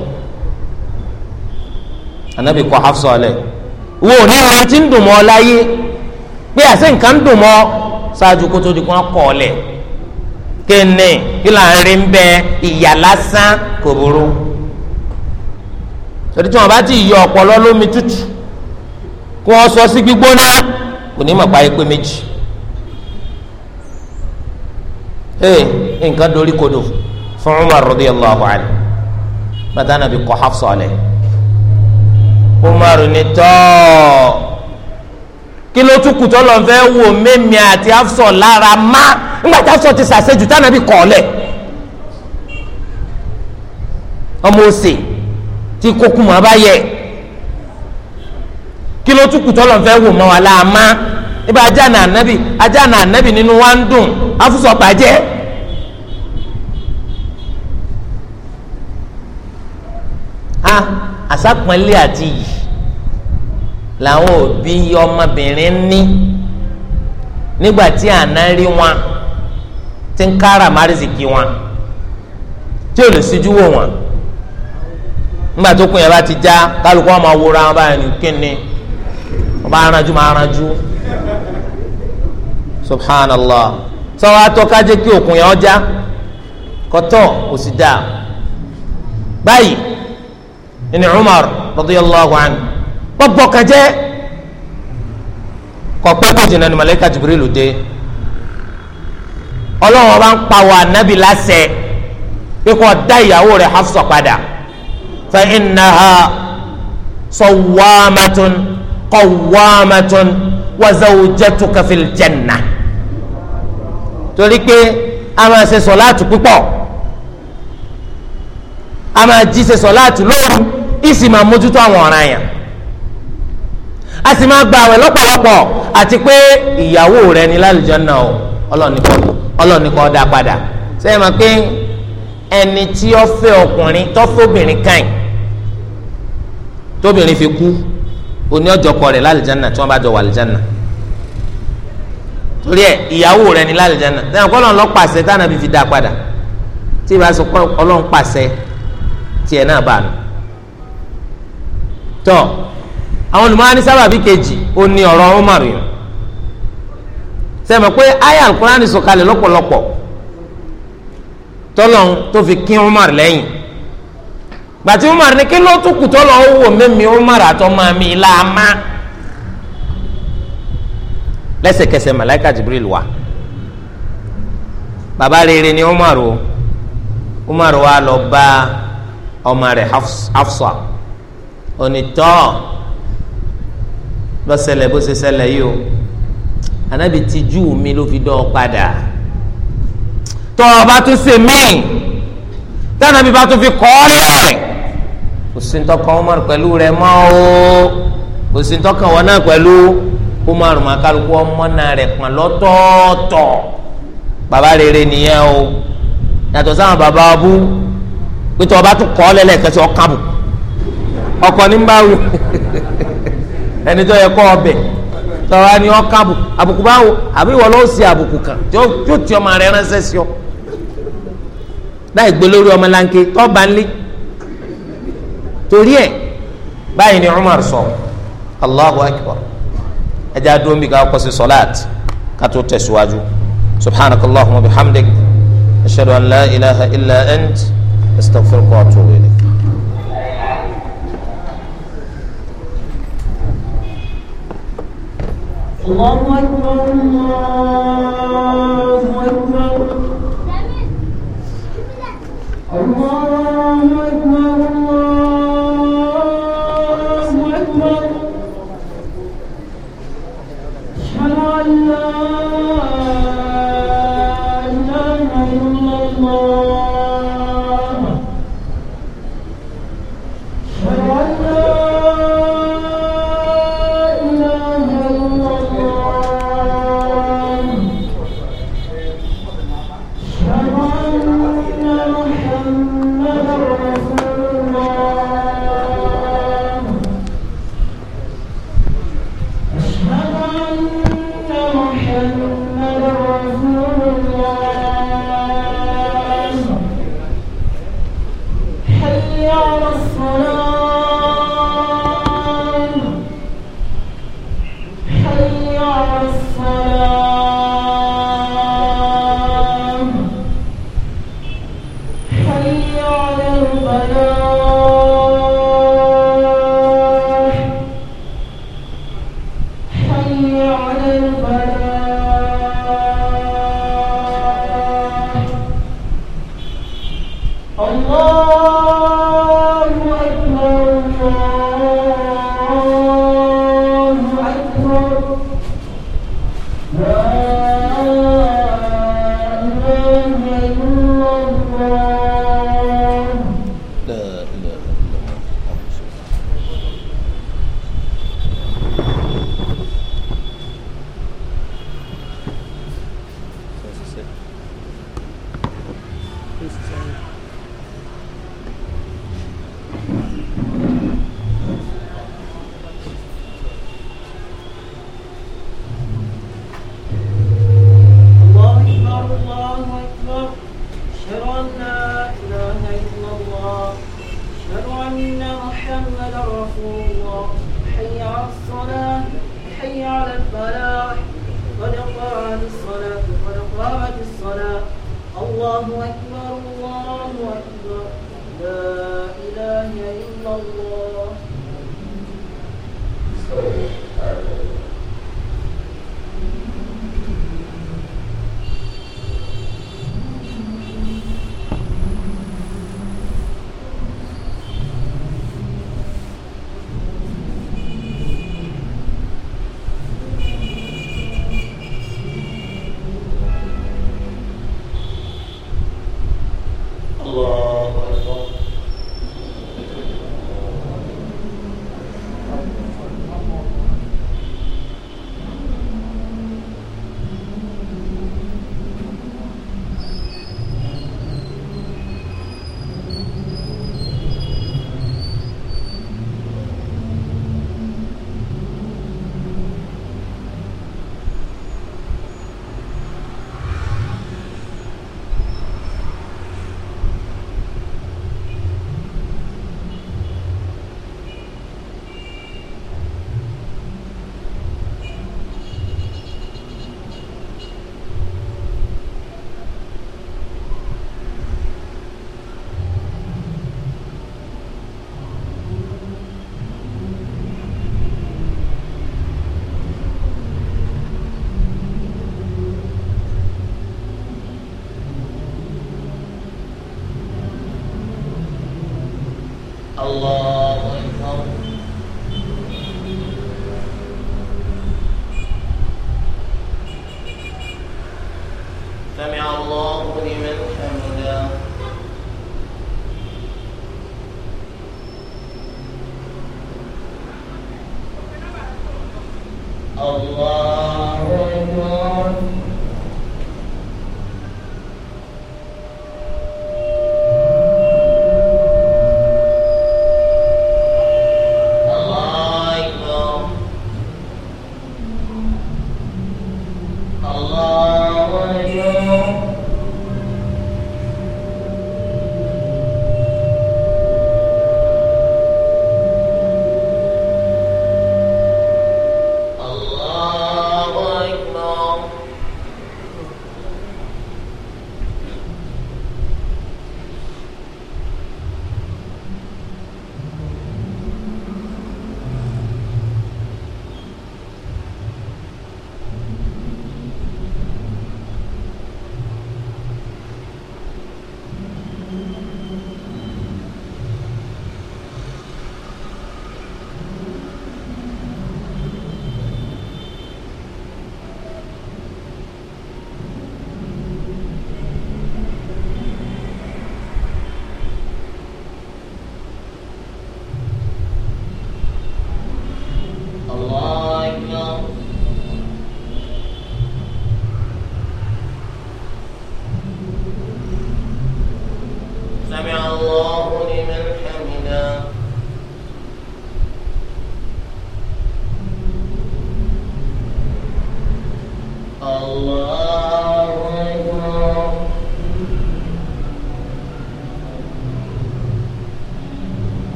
anabi kọ́ hafsọ̀ lẹ̀ wo ní ìrántí ń dùn mọ́ ọ láyé. pé àṣẹ nǹkan ń dùn mọ́ ṣáájú kó tó di kó kọ́ nri lẹ̀ kéne kí là ń rí bẹ ìyà lásán kò burú torí tí wọn bá ti yọ ọpọlọ lómi tútù kó wọn sọ sí gbígbóná kò ní mọ̀ páyé pé méjì ee nǹkan dorí kodò fún Umar radiyallahu anhu bàtà nàbí kí ló tún kùtọ́ lọ́n fẹ́ wò mẹ́mi àti afsọ lára má nígbà tí afsọ ti sàṣejù tánà bí kọ̀ọ̀lẹ̀ ọmọ òsè tí kókùn mọ́ abáyẹ kí ló tún kùtọ́ lọ́n fẹ́ wò mọ́ wa lára má wa ń dùn bàjẹ́. a ah, ati làwọn òbí ọmọbìnrin ní nígbà tí àná rí wọn tí ń kára márìsìkì wọn tí ò lè síjú wò wọn nígbà tó kún yẹn bá ti já kálukú ọmọ awúra wọn báyìí ní kíni wọn bá aranjú máa aranjú subhanallah sọwọ́ atọ́kájẹ́ kí òkun yẹn ọjà kọ́tọ́ kò sì dáa báyìí ni Umar radiyallahu anhu gbọ́gbọ́ kan jẹ́ kọ̀pẹ́ kò jìnnà ní màláíkà Jibrilu dé ọlọ́run bá ń pawọ́ ànábì láṣẹ pé kó dá ìyàwó rẹ̀ Hafsa padà fa innaha sawwamatun qawwamatun wa zawjatuka fil janna torí pé a máa ṣe sọ̀láàtù púpọ̀ a máa jí ṣe sọ̀láàtù lóru ìsì máa mójútó àwọn ọ̀ràn yẹn a sì máa gba àwẹ̀ lọ́pọ̀lọpọ̀ àti pé ìyàwó rẹ ní lálùjánnà o ọlọ́ọ̀ni kọ́ dá padà sẹ́yìn máa pé ẹni tí ó fẹ́ ọkùnrin tó fóbìnrin káyìn tóbìnrin fi kú oní ọjọ́ kọ rẹ̀ lálùjánnà tí wọ́n bá jọ wà lálùjánnà torí ẹ ìyàwó rẹ ní lálùjánnà sẹ́yìn kọ́ ọlọ́run ló táwọn ẹbí fi dá padà tí ìbá sọ ọlọ́run pàṣẹ tiẹ̀ náà bá nù tọ́ àwọn olùmọ̀ á ní sábàbí kejì ó ní ọ̀rọ̀ Umar yẹn sẹ́mi pé aya alukurani sọ̀kalẹ̀ lọ́pọ̀lọpọ̀ tọ́lọ̀ tó fi kín Umar lẹ́yìn gbàtí Umar ní kí ló tún kù tọ́lọ̀ ó mẹ́mi Umar àtọ́ mi ilá lẹ́sẹ̀kẹsẹ̀ màláíkà Jibril wá bàbá rere ni Umar o Umar wa lọ bá ọmọ rẹ̀ Hafsa onítọ́ ló ṣẹlẹ̀ bó ṣe ṣẹlẹ̀ yìí o anabi tìjú mi ló fi dán ọ padà tọ́ ọ bá tún ṣe míì tánàbí bá tún fi kọ́ ọ lẹ̀ kò sí ní tọkàn Umar pẹ̀lú rẹ̀ mọ́ o kò sí ní tọkàn wọn náà pẹ̀lú Umar máa kálukú ọmọ náà rẹ̀ pọ̀n lọ́tọ̀ọ̀tọ̀ bàbá rere nìyẹn o yàtọ̀ sáwọn bàbá abú pé tọ́ ọ bá tún kọ́ ọ lẹ́lẹ̀ kẹsì ọkọ ní bá wù ẹni tó yẹ kọ́ ọbẹ̀ tọ́wá ni ọ́ kábù àbùkù báwo àbí wọ́n ló ṣe àbùkù kan yóò ti ọmọ rẹ ránṣẹ́ sí ọ láì gbé lórí ọmọ lanke tọ́ba ńlẹ̀ torí ẹ̀ báyìí ni Umar sọ Allahu akbar ẹ jẹ́ àdúró mi ká kọ́ sí sọ́láàtì ká tó tẹ̀síwájú subhanakallahumma bihamdik ashhadu an la ilaha illa ant astaghfiruka wa atubu ilayk. الله أكبر الله أكبر الله أكبر الله أكبر أشهد أن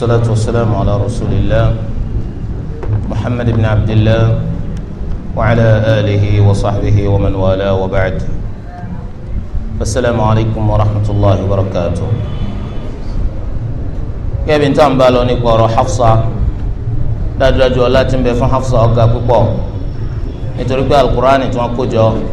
والصلاة والسلام على رسول الله محمد بن عبد الله وعلى آله وصحبه ومن والاه وبعد السلام عليكم ورحمة الله وبركاته يا بنت عم بالوني قرأ حفصة dájúdájú ọlá tí ń bẹ fún Hafsa ọgá púpọ̀ nítorí pé